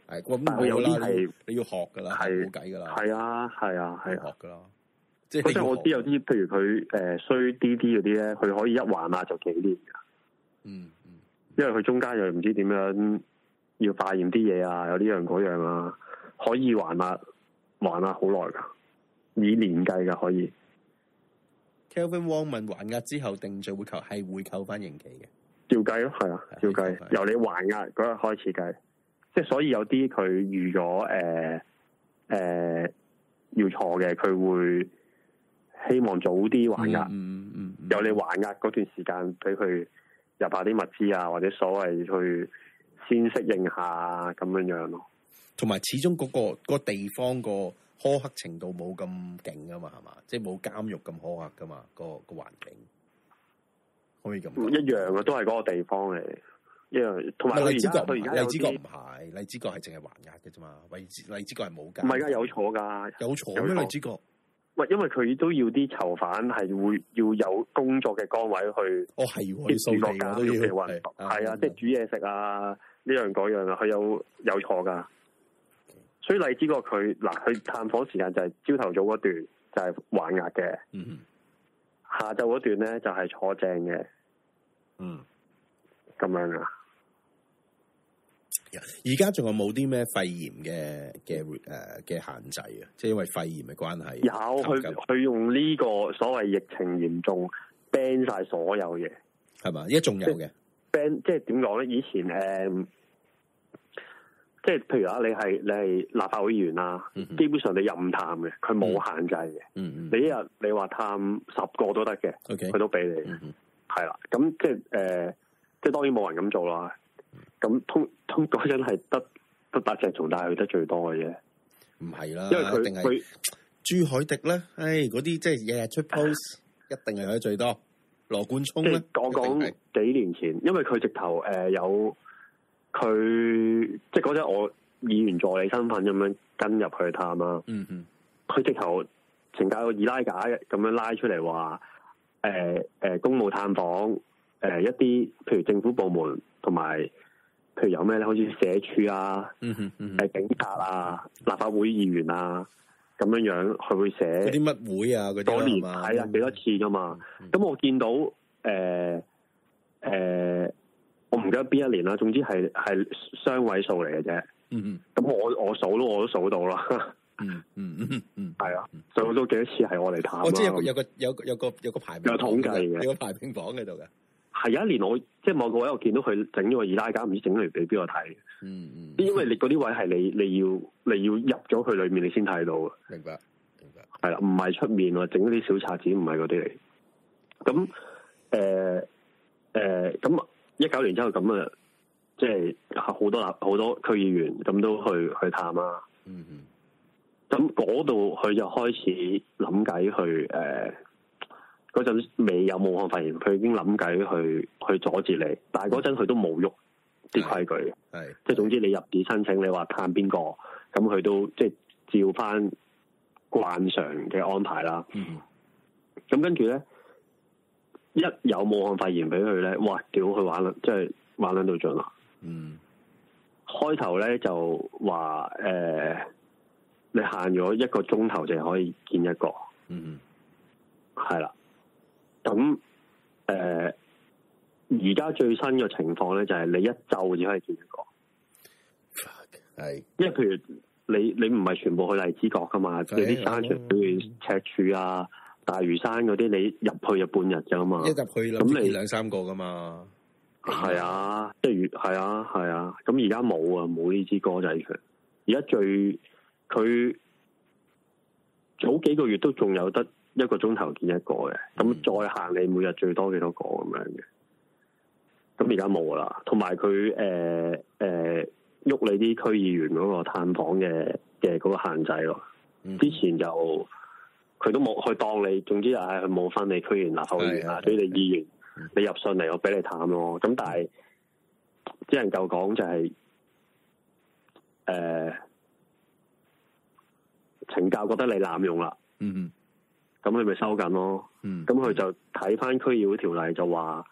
係咁，有啲係你要學噶啦，冇計噶啦。係啊，係啊，係學噶啦。即係即我知有啲，譬如佢誒衰啲啲嗰啲咧，佢可以一還押就幾年噶。嗯嗯，因為佢中間又唔知點樣要化驗啲嘢啊，有呢樣嗰樣啊，可以還押還押好耐噶。以年計嘅可以 Kevin Wong 問還押之後定罪會扣係會扣翻刑期嘅，照計咯，係啊，照的計係的由你還押嗰日開始計，即係所以有啲佢預咗誒誒要坐嘅，佢會希望早啲還押，嗯嗯由、嗯、你還押嗰段時間俾佢入下啲物資啊，或者所謂去先適應下咁樣樣咯，同埋始終嗰、嗰個、嗰個地方、嗰個。苛刻程度冇咁勁㗎嘛，係嘛，即係冇監獄咁苛刻噶嘛，個個環境可以咁？唔一樣啊，都係嗰個地方嚟，一樣。同埋荔枝角唔係，荔枝角唔係，荔枝角係淨係還押嘅啫嘛，荔荔枝角係冇監。唔係，而家有坐噶，有坐咁荔枝角，喂，因為佢都要啲囚犯係會要有工作嘅崗位去。哦，係喎，啲勞工都要去運。係啊，即係煮嘢食啊，呢樣嗰樣啊，佢有有坐噶。所以荔枝個佢嗱，佢探訪時間就係朝頭早嗰段就係還押嘅，嗯哼嗯，下晝嗰段咧就係坐正嘅，嗯，咁樣噶。而家仲有冇啲咩肺炎嘅嘅誒嘅限制啊？即係因為肺炎嘅關係，有佢佢用呢個所謂疫情嚴重 ban 晒所有嘢，係嘛？而家仲有嘅 ban，即係點講咧？以前誒。呃即係譬如啊，你係你係立法會議員啊，嗯嗯，基本上你任探嘅，佢冇限制嘅。嗯嗯，你一日你話探十個都得嘅，佢 Okay 都俾你。係、嗯嗯呃、啦，咁即係誒，即係當然冇人咁做啦。咁通通嗰陣係得得白正從帶去得最多嘅啫，唔係啦，因為佢佢他朱海迪咧，唉、哎，嗰啲即係日日出 post， 一定係去得最多。羅冠聰咧，我講幾年前，因為佢直頭誒、呃、有。佢即係嗰陣我議員助理身份咁樣跟入去探啊。嗯嗯哼，佢直頭成架二拉架咁樣拉出嚟話，誒、呃、誒、呃、公務探訪，誒、呃、一啲譬如政府部門同埋，譬如有咩咧，好似社署啊，嗯哼嗯哼，誒警察啊，立法會議員啊，咁樣樣佢會寫嗰啲乜會啊，嗰啲係啊，幾多次噶嘛？咁、嗯、哼我見到誒誒。呃呃我唔記得邊一年啦，總之係係雙位數嚟嘅啫。嗯 嗯，咁我我數都我都數到啦。嗯嗯嗯嗯，係啊，所以我都幾多次係我嚟探啊。我知有個有有個有個有個排名有統計嘅，有個排名榜喺度嘅。係有一年、啊、我即係某個位我見到佢整咗個二拉間，唔知整嚟俾邊個睇、嗯。嗯嗯，因為你嗰啲位係你你要你要入咗去裏面你先睇到嘅。明白明白，係啦、啊，唔係出面喎，整啲小冊子，唔係嗰啲嚟。咁誒誒咁。呃呃呃一九年之後咁啊，即係好多好多區議員咁都去去探啦。嗯嗯、mm。咁嗰度佢就開始諗計去誒，嗰陣未有武漢肺炎，佢已經諗計去去阻止你。但係嗰陣佢都冇喐啲規矩，係即係總之你入紙申請，你話探邊個，咁佢都即係、就是、照翻慣常嘅安排啦。嗯嗯、mm。咁、hmm. 跟住咧。一有武漢肺炎俾佢咧，哇！屌佢玩捻，即係玩捻到盡啦。嗯，開頭咧就話誒、呃，你限咗一個鐘頭就可以見一個。嗯，係啦。咁誒，而、呃、家最新嘅情況咧就係你一晝只可以見一個。係是，因為譬如你你唔係全部去荔枝角噶嘛，的你啲山場譬的如赤柱啊。大嶼山嗰啲你入去就半日咋嘛，一入去咁你兩三個噶嘛，係啊，即係如係啊係啊，咁而家冇啊，冇呢、啊啊、支歌仔佢，而家最佢早幾個月都仲有得一個鐘頭見一個嘅，咁再限你每日最多幾多個咁樣嘅，咁而家冇啦，同埋佢誒誒，喐、呃、你啲區議員嗰個探訪嘅嘅嗰個限制咯，嗯、之前就。佢都冇去當你，總之啊，佢冇返你區議員、立法會議員所以你議員，的你入上嚟，我俾你探咯。咁但係只能夠講就係、就是，誒、呃，懲教覺得你濫用啦。咁你咪收緊囉。咁佢、嗯、就睇返區議會條例就話，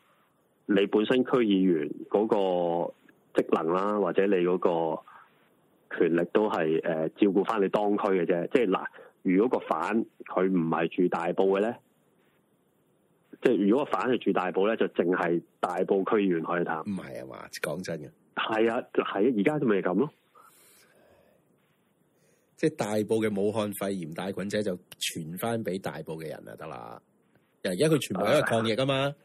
你本身區議員嗰個職能啦，或者你嗰個權力都係、呃、照顧返你當區嘅啫。即係嗱。如果個反佢唔係住大埔嘅咧，即係如果個反係住大埔咧，就淨係大埔區議員去打。唔係啊嘛，講真嘅，係啊，係啊，而家就咪咁咯。即係大埔嘅武漢肺炎帶菌者就傳翻俾大埔嘅人啊，得啦。而家佢全部喺度抗疫啊嘛，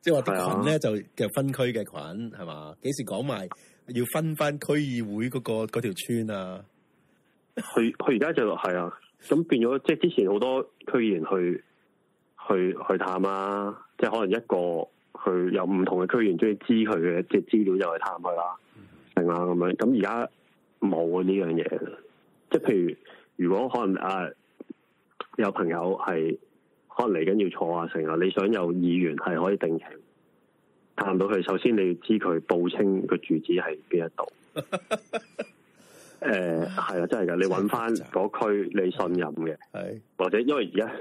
即係話啲菌咧的就嘅分區嘅菌係嘛？幾時講埋要分翻區議會嗰個嗰條村啊？佢佢而家就係啊！咁變咗，即係之前好多區議員去去去探啦，即係可能一個去有唔同嘅區議員中意知佢嘅即係資料就去探佢啦，係嘛咁樣？咁而家冇呢樣嘢，即係譬如如果可能誒、啊、有朋友係可能嚟緊要坐下成啊，你想有議員係可以定期探到佢，首先你要知佢報稱佢住址係邊一度。 誒，係啊、呃，真係噶，你搵翻嗰區你信任嘅，係或者因為而家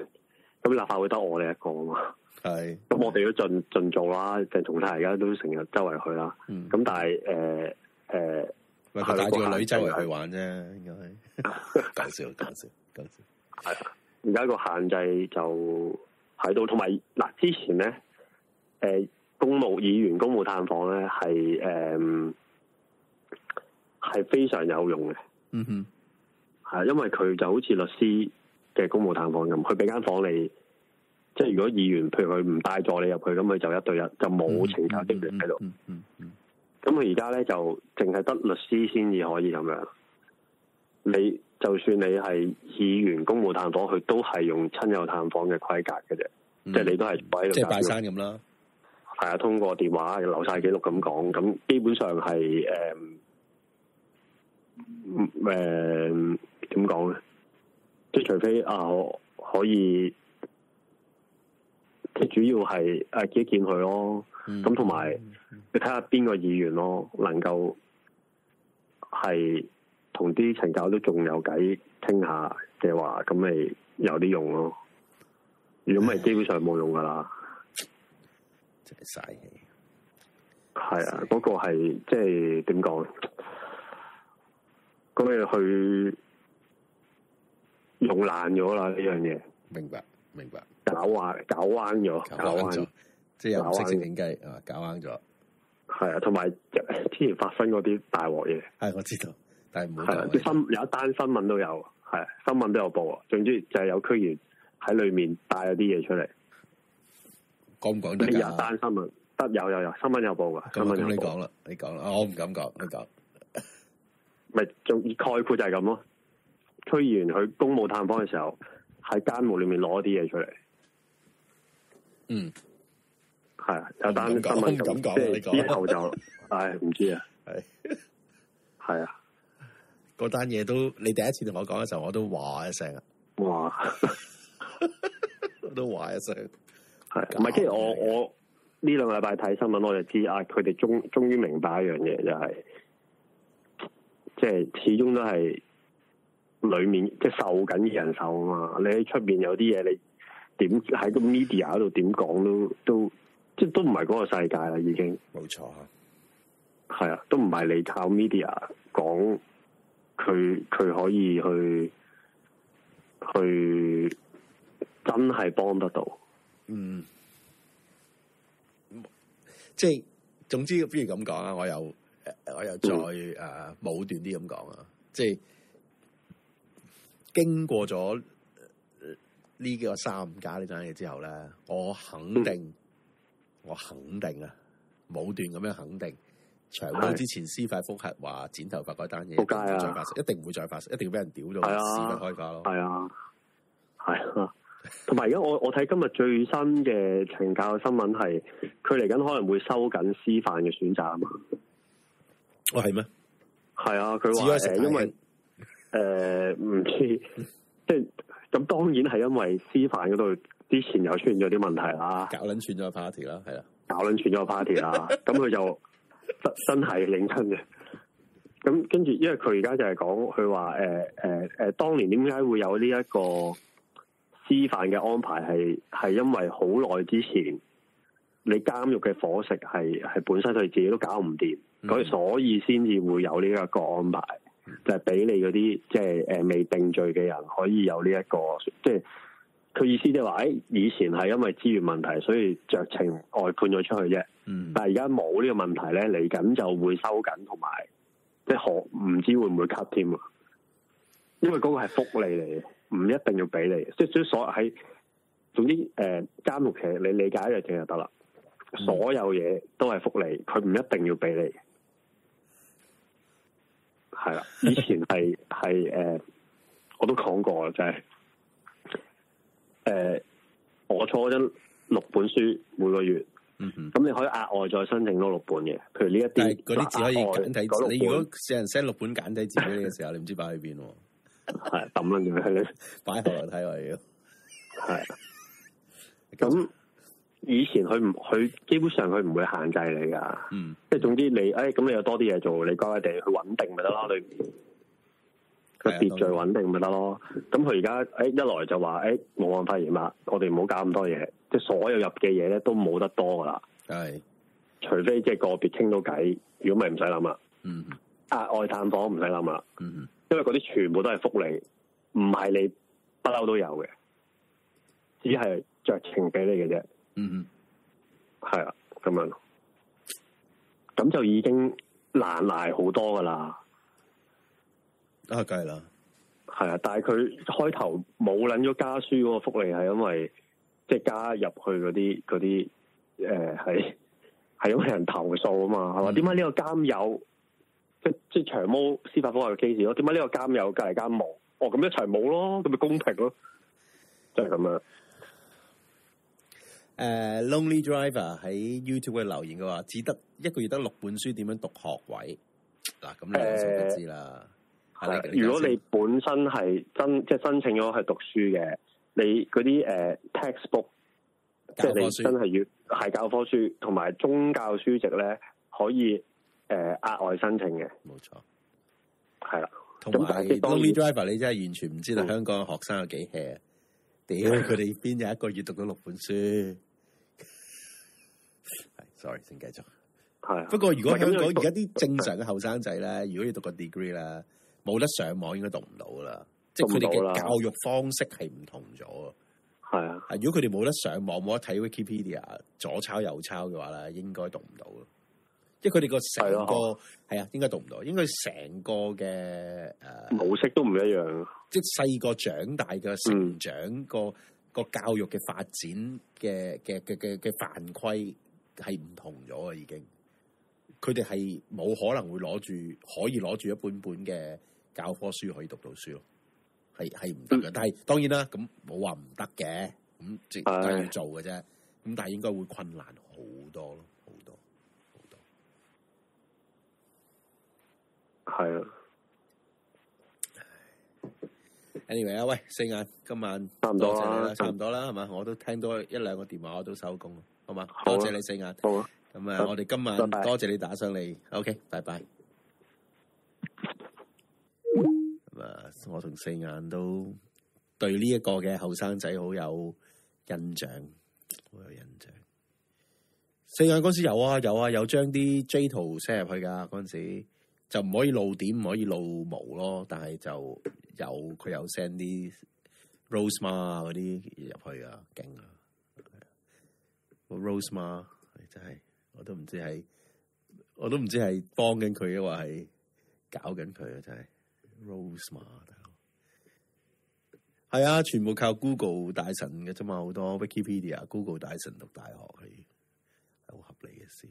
咁立法會得我哋一個啊嘛，係，咁我哋都盡盡做啦，即係同埋而家都成日周圍去啦，咁、嗯、但係誒誒，帶住個女周圍去玩啫，講笑講笑講笑，係啊，而家個限制就喺度，同埋嗱之前咧，誒、呃，公務議員公務探訪咧係誒。係非常有用嘅，嗯哼，係因為佢就好似律師嘅公務探訪咁，佢俾間房你，即係如果議員，譬如佢唔帶助理你入去，咁佢就一對一，就冇懲教機力喺度。嗯嗯嗯。咁佢而家咧就淨係得律師先至可以咁樣。你就算你係議員公務探訪，佢都係用親友探訪嘅規格嘅啫，即係你都係擺喺度擺山咁啦。係啊，通過電話留晒記錄咁講，咁基本上係誒。誒，點講咧？即係除非啊，我可以即係主要係啊，見一見佢咯。咁同埋你睇下邊個議員咯，能夠係同啲懲教都仲有偈傾下嘅話，咁咪有啲用咯。如果唔係，基本上冇用噶啦。即係嘥氣。係啊，嗰個係即係點講咧？咁你去用爛咗啦呢樣嘢，明白明白，搞彎搞彎咗，搞彎，搞搞即係有識整餅啊，搞彎咗。係啊，同埋之前發生嗰啲大鑊嘢。係我知道，但係唔係新有一單新聞都有，係新聞都有報啊。總之就係有區議員喺裏面帶咗啲嘢出嚟。講唔講啲啊？一單新聞，得有有有新聞有報噶。咁你講啦報，你講啦，我唔敢講，你講。咪仲概括就係咁咯。雖完佢公務探訪嘅時候喺監牢裏面攞啲嘢出嚟，嗯，係啊，有單新聞咁講嘅，你講之後就，唉，唔知啊，係，係啊，嗰單嘢都，你第一次同我講嘅時候，我都話一聲啊，哇，都話一聲，係，唔係即係我我呢兩個禮拜睇新聞，我就知啊，佢哋終終於明白一樣嘢，就係。即係始終都係裏面即係受緊嘅人受啊嘛！你喺出邊有啲嘢，你點喺個 media 嗰度點講都都即係都唔係嗰個世界啦，已經冇錯吓，係啊，都唔係你靠 media 講，佢佢可以去去真係幫得到，嗯，即係總之不如咁講啊，我又。我又再誒、嗯呃、武斷啲咁講啊，即係經過咗呢、呃、幾個三家呢單嘢之後咧，我肯定、嗯、我肯定啊，武斷咁樣肯定長安之前司法覆核話剪頭髮嗰單嘢再發的一定唔會再發生，一定要俾人屌咗啊！司法的開發咯，係啊，係啊。同埋而家我我睇今日最新嘅懲教嘅新聞係佢嚟緊可能會收緊司法嘅選擇啊嘛。喂，係咩？係啊，佢話誒，因為誒唔知，即係咁，當然係因為司法嗰度之前有出現咗啲問題啦，搞撚串咗個 party 啦，係啦，搞撚串咗個 party 啦，咁佢就真真係擰親嘅。咁跟住，因為佢而家就係講，佢話誒誒誒，當年點解會有呢一個司法嘅安排係？係係因為好耐之前，你監獄嘅伙食係係本身佢自己都搞唔掂。佢、嗯、所以先至會有呢一個安排，就係、是、俾你嗰啲即係誒未定罪嘅人可以有呢、這、一個，即係佢意思就係話：，誒、欸、以前係因為資源問題，所以酌情外判咗出去啫。嗯、但係而家冇呢個問題咧，嚟緊就會收緊，同埋即係可唔知會唔會 cut 添啊？因為嗰個係福利嚟嘅，唔一定要俾你。即係所，所有喺總之誒、呃、監獄其實你理解一樣嘢就得啦。嗯、所有嘢都係福利，佢唔一定要俾你。係啦，以前係係誒，我都講過啦，就係、是、誒、呃，我初咗六本書，每個月，嗯嗯哼，咁你可以額外再申請多六本嘅，譬如呢一啲嗰啲字可以外簡體字，你如果成日 send 六本簡體字畀你嘅時候， 你唔知擺喺邊喎，係抌啦，點樣去咧？擺喺度睇我哋咯，係咁 的。續以前佢唔佢基本上佢唔會限制你噶，即係、嗯、總之你誒咁、哎、你有多啲嘢做，你乖乖哋去穩定咪得啦，佢秩序穩定咪得咯。咁佢而家誒一來就話誒冇案發現嘛，我哋唔好搞咁多嘢，即係所有入嘅嘢咧都冇得多噶啦。係的，除非即係個別傾到偈，如果咪唔使諗啦。嗯，額外探訪唔使諗啦。嗯，因為嗰啲全部都係福利，唔係你不嬲都有嘅，只係酌情俾你嘅啫。嗯嗯，係啊，咁樣，咁就已經難挨好多噶啦，啊，梗係啦，係啊，但係佢開頭冇捻咗家書嗰個福利，係因為即係、就是、加入去嗰啲嗰啲，誒，係、呃、係因為人投訴啊嘛，係嘛、嗯？點解呢個監友即即、就是就是、長毛司法科嘅 case 咯？點解呢個監友隔籬監毛？哦，咁一齊冇咯，咁咪公平咯，即係咁樣。誒、uh，Lonely Driver 喺 YouTube 嘅留言嘅話，只得一個月得六本書，點樣讀學位？嗱、啊，咁你可知啦。係、uh, yeah, 如果你本身係申即係申請咗去讀書嘅，你嗰啲誒、uh, textbook，即係你真係要係教科書，同埋宗教書籍咧，可以誒額、呃、外申請嘅。冇錯，係啦。同埋 Lonely Driver，你真係完全唔知道香港學生有幾 hea。屌、嗯，佢哋邊有一個月讀咗六本書？係，sorry，先繼續。係、啊，不過如果香港而家啲正常嘅後生仔咧，啊、如果你讀個 degree 啦，冇、啊、得上網，應該讀唔到啦。即係佢哋嘅教育方式係唔同咗。係啊，如果佢哋冇得上網，冇得睇 Wikipedia，左抄右抄嘅話咧，應該讀唔到咯。即係佢哋個成個係啊，應該讀唔到。應該成個嘅誒、呃、模式都唔一樣。即係細個長大嘅成長、嗯、個個教育嘅發展嘅嘅嘅嘅嘅犯規。係唔同咗啊！已經，佢哋係冇可能會攞住可以攞住一本本嘅教科書可以讀到書咯，係係唔得嘅。嗯、但係當然啦，咁冇話唔得嘅，咁即係但要做嘅啫。咁的但係應該會困難好多咯，好多好多。係啊。的 anyway 啊，喂，四眼，今晚多謝你啦，差唔多啦，係嘛？我都聽多一兩個電話，我都收工。好嘛，多謝你四眼，好啊。咁啊，我哋今晚多謝你打上嚟，OK，拜拜。咁啊，我同四眼都對呢一個嘅後生仔好有印象，好有印象。四眼嗰時有啊有啊，有將啲 J 圖 send 入去噶嗰陣時就唔可以露點，唔可以露毛咯。但係就有佢有 send 啲 Rosemary 啊嗰啲入去啊，勁啊！Rose 嘛，真係我都唔知係，我都唔知係幫緊佢抑或係搞緊佢啊！真係 Rose 嘛，係啊，全部靠 Google 大神嘅啫嘛，好多 Wikipedia、Google 大神讀大學係，好合理嘅事。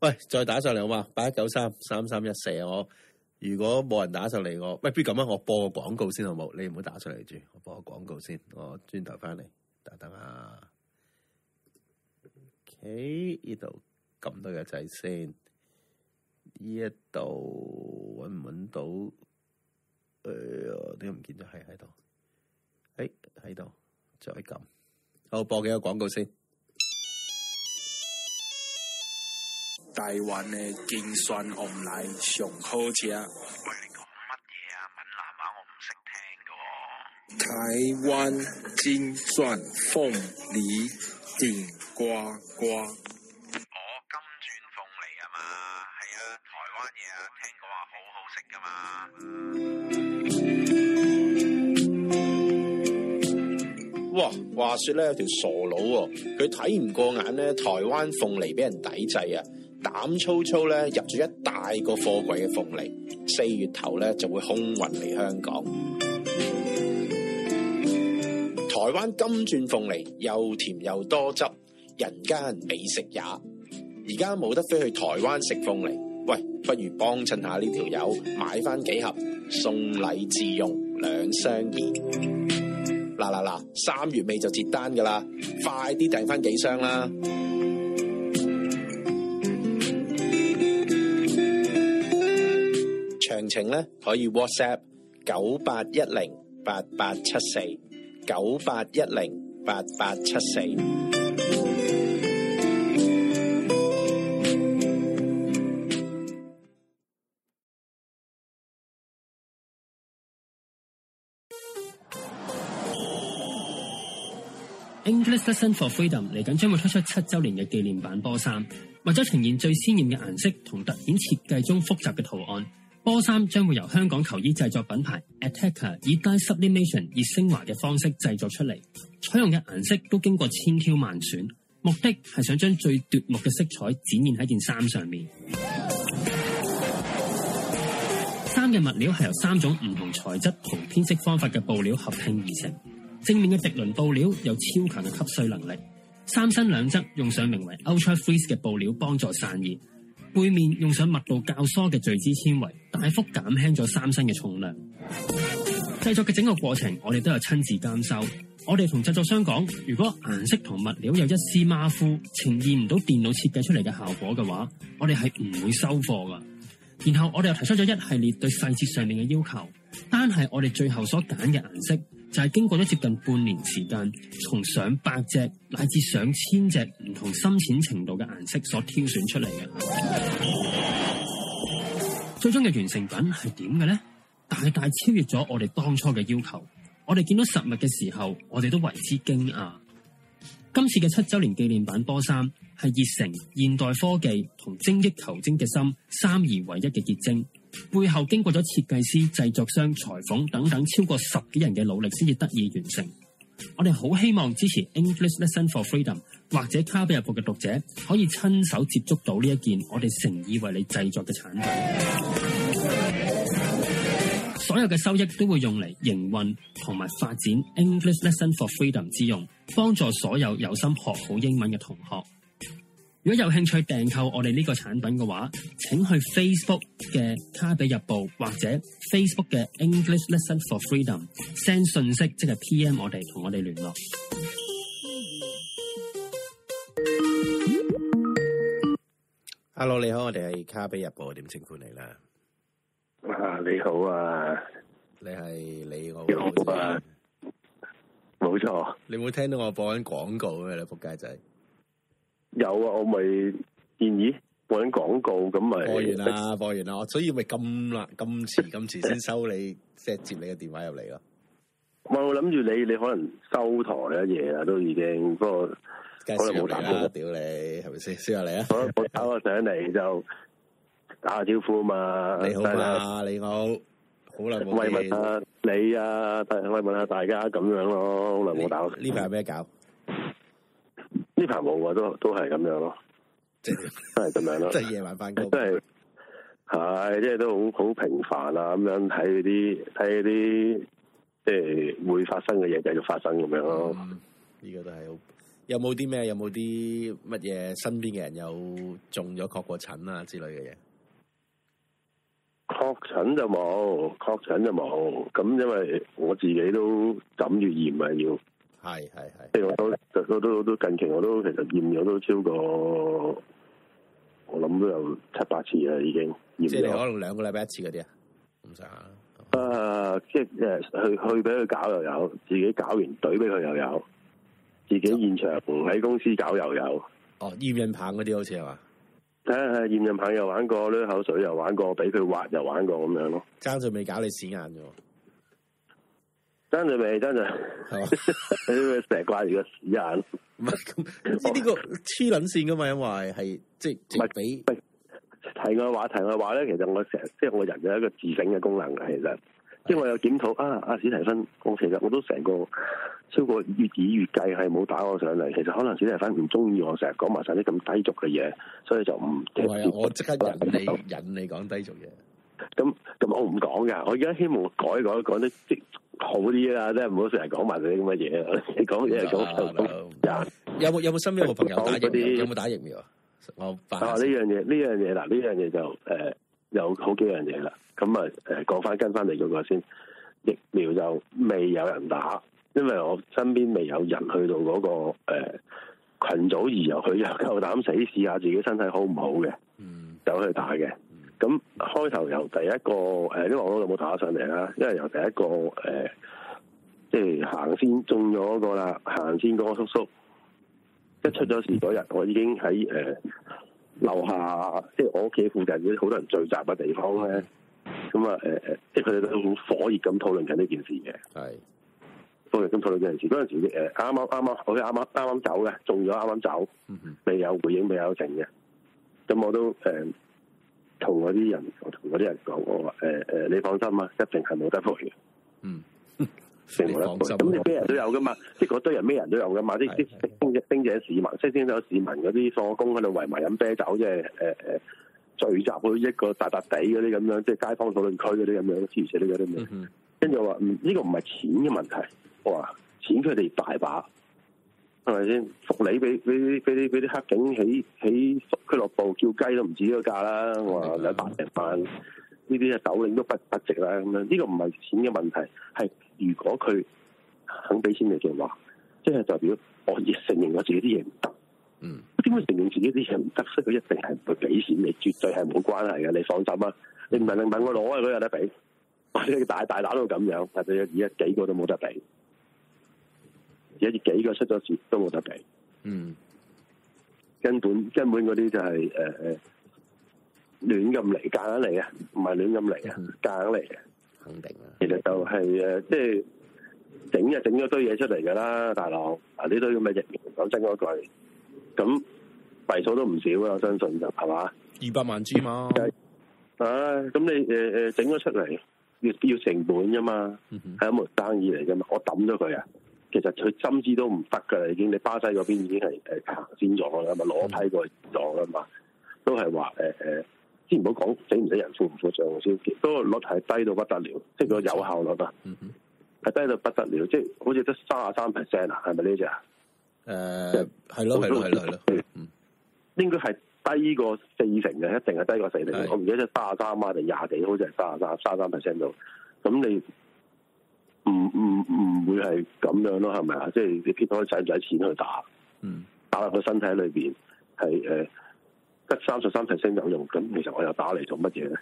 喂，再打上嚟好嘛？八一九三三三一四，我如果冇人打上嚟，我喂，不如咁啊，我播個廣告先好冇？你唔好打上嚟住，我播個廣告先，我轉頭翻嚟，等等啊。喺呢度咁多嘅仔先，呢一度揾唔揾到？誒、呃，點唔見咗？喺喺度，誒，喺度再撳。好，播幾個廣告先。台灣嘅金鑽鳳梨上好食。喂，你講乜嘢啊？閩南話我唔識聽噶喎。台灣金鑽鳳梨。甜瓜瓜，嗯、我金鑽鳳梨係、啊、嘛，係啊，台灣嘢啊，聽講話好好食噶嘛。哇，話說咧有條傻佬，啊，佢睇唔過眼咧，台灣鳳梨俾人抵制啊，膽粗粗咧入咗一大個貨櫃嘅鳳梨，四月頭咧就會空運嚟香港。台灣金鑽鳳梨又甜又多汁，人間美食也。而家冇得飛去台灣食鳳梨，喂，不如幫襯下呢條友，買翻幾盒送禮自用，兩相宜。嗱嗱嗱，三月尾就截單噶啦，快啲訂翻幾箱啦！詳情咧可以 WhatsApp 九八一零八八七四。九八一零八八七四。English lesson for freedom 嚟緊將會推出七周年嘅紀念版波衫，或者呈現最鮮艷嘅顏色同特顯設計中複雜嘅圖案。波衫將會由香港球衣製作品牌 Attacker 以 Dye Sublimation 以升華嘅方式製作出嚟，採用嘅顏色都經過千挑萬選，目的係想將最奪目嘅色彩展現喺件衫上面。衫嘅物料係由三種唔同材質同編織方法嘅布料合拼而成，正面嘅滌綸布料有超強嘅吸水能力，衫身兩側用上名為 Ultra Freeze 嘅布料幫助散熱。背面用上密度較疏嘅聚酯纖維，大幅減輕咗三身嘅重量。製作嘅整個過程，我哋都有親自監修。我哋同製作商講，如果顏色同物料有一絲馬虎，呈現唔到電腦設計出嚟嘅效果嘅話，我哋係唔會收貨㗎。然後我哋又提出咗一系列對細節上面嘅要求，單係我哋最後所揀嘅顏色。就係經過咗接近半年時間，從上百隻乃至上千隻唔同深淺程度嘅顏色所挑選出嚟嘅。最終嘅完成品係點嘅咧？大大超越咗我哋當初嘅要求。我哋見到實物嘅時候，我哋都為之驚訝。今次嘅七周年紀念版波衫係熱誠、現代科技同精益求精嘅心三而為一嘅結晶。背後經過咗設計師、製作商、裁縫等等超過十幾人嘅努力，先至得以完成。我哋好希望支持 English Lesson for Freedom 或者《卡比日報》嘅讀者，可以親手接觸到呢一件我哋誠意為你製作嘅產品。所有嘅收益都會用嚟營運同埋發展 English Lesson for Freedom 之用，幫助所有有心學好英文嘅同學。如果有興趣訂購我哋呢個產品嘅話，請去 Facebook 嘅卡比日報或者 Facebook 嘅 English Lesson for Freedom，send 信息，即係 PM 我哋同我哋聯絡。Hello，你好，我哋係卡比日報，點稱呼你啦？啊，你好啊，你係你我我。啊，冇錯。你冇聽到我播緊廣告咩？你仆街仔！有啊，我咪建議播緊廣告咁咪播完啦，播完啦，所以咪咁啦，咁遲咁遲先收你，即係接你嘅電話入嚟咯。我諗住你，你可能收台一嘢啦，都已經不過可能冇打到啊，屌你，係咪先？先嚟啊！我我打我上嚟就打下招呼嘛。你好啊，你好，好耐冇見。慰問下你啊，慰問下大家咁樣咯，好耐冇打。呢排有咩搞？呢排冇啊，都樣 都係咁樣咯，即係 都係咁樣咯，即係夜晚翻工，就是、都係係，即係都好好平凡啊，咁樣睇啲睇啲，即係、就是、會發生嘅嘢繼續發生咁樣咯。依家、嗯、都係有冇啲咩？有冇啲乜嘢？有有身邊嘅人有中咗確過診啊之類嘅嘢？確診就冇，確診就冇。咁因為我自己都枕住炎啊要。係係係，即係我都，我都，都近期我都其實驗咗都超過，我諗都有七八次啦，已經。即係可能兩個禮拜一次嗰啲啊？唔使啊！啊，即係誒，去去俾佢搞又有，自己搞完隊俾佢又有，自己現場唔喺公司搞又有。哦，驗孕棒嗰啲好似係嘛？係係、啊，驗孕棒又玩過，呢口水又玩過，俾佢滑又玩過，咁樣咯。爭上未搞你屎眼嘅。真係未，真係？你咪成日掛住個怪怪屎眼， 唔係咁呢個黐捻線噶嘛？因為係即係唔係俾題外話，題外話咧，其實我成日，即係我人嘅一個自省嘅功能嘅，其實即係我有檢討啊！阿、啊、史提芬，我其實我都成個超過越以越計係冇打我上嚟，其實可能史提芬唔中意我成日講埋晒啲咁低俗嘅嘢，所以就唔是、嗯、我即刻引你、嗯、引你講低俗嘢。咁咁我唔講嘅，我而家希望改一改講啲即係。好啲啦，即係唔好成日講埋啲咁嘅嘢。你講嘢講唔有冇有冇身邊有冇朋友打疫？有冇打疫苗啊？我呢樣嘢呢樣嘢，嗱，呢樣嘢就誒、呃、有好幾樣嘢啦。咁啊誒講翻跟翻嚟嗰個先，疫苗就未有人打，因為我身邊未有人去到嗰、那個誒、呃、群組而由佢又夠膽死試下自己身體好唔好嘅，走、嗯、去打嘅。咁開頭由第一個誒，因為我老豆冇打上嚟啊，因為由第一個誒，即、呃、係行先中咗個啦，行先嗰個叔叔一出咗事嗰日，我已經喺誒、呃、樓下，即、就、係、是、我屋企附近嗰啲好多人聚集嘅地方咧。咁啊誒誒，即係佢哋都好火熱咁討論緊呢件事嘅。係，都係咁討論緊件事。嗰陣是時啱啱啱啱，我啱啱啱啱走嘅，中咗啱啱走，未有回應，未有剩嘅。咁我都誒。呃同嗰啲人，我同嗰啲人講，我話誒誒，你放心啊，一定係冇得賠嘅。嗯，你放心咁你咩人都有噶嘛？即嗰堆人咩人都有噶嘛？啲啲兵仔、市民、即係啲有市民嗰啲放工喺度圍埋飲啤酒，即係誒誒聚集去一個大笪地嗰啲咁樣，即係街坊討論區嗰啲咁樣，黐線都有一啲嘢。跟住我話：呢個唔係錢嘅問題。我話錢佢哋大把。係咪先？福你俾俾俾啲俾啲黑警起起俱樂部叫雞都唔止嗰價啦！我話兩百零萬，呢啲就斗領都不不值啦！咁樣呢、這個唔係錢嘅問題，係如果佢肯俾錢嚟嘅話，即、就、係、是、代表我亦承認我自己啲嘢唔得。嗯，我點會承認自己啲嘢唔得？所以一定係唔俾錢你，絕對係冇關係嘅。你放心啦，你唔係你問我攞啊，嗰日你俾，你大大打到咁樣，係者而家幾個都冇得俾。有幾幾個出咗事都冇得比，嗯，根本根本嗰啲就係誒誒亂咁嚟，夾硬嚟啊，唔係亂咁嚟啊，夾硬嚟嘅，肯定啊，其實就係誒即係整就整咗堆嘢出嚟噶啦，大佬啊，呢堆咁嘅疫苗，講真嗰句，咁為數都唔少啊，我相信就係嘛，二百萬支嘛，唉，咁你誒誒整咗出嚟，要要成本噶嘛，係一門生意嚟噶嘛，我抌咗佢啊。其實佢針資都唔得噶啦，已經你巴西嗰邊已經係誒行先咗啦，咪攞梯過去做啦嘛，嗯、都係話誒誒，先唔好講死唔死人，付唔付上先，嗰個率係低到不得了，嗯、即係個有效率啊，係、嗯、低到不得了，嗯、即係好似得三十三 percent 啊，係咪呢隻啊？誒、呃，係咯、就是，係咯，係咯，是是是是嗯，應該係低過四成嘅，一定係低過四成。的我唔記得咗三十三啊，定廿幾，好似係三十三，三十三 percent 度。咁你。唔唔唔會係咁樣咯，係咪啊？即、就、係、是、你撇開使唔使錢去打，嗯、打落個身體裏邊係誒得三十三 percent 有用。咁其實我又打嚟做乜嘢咧？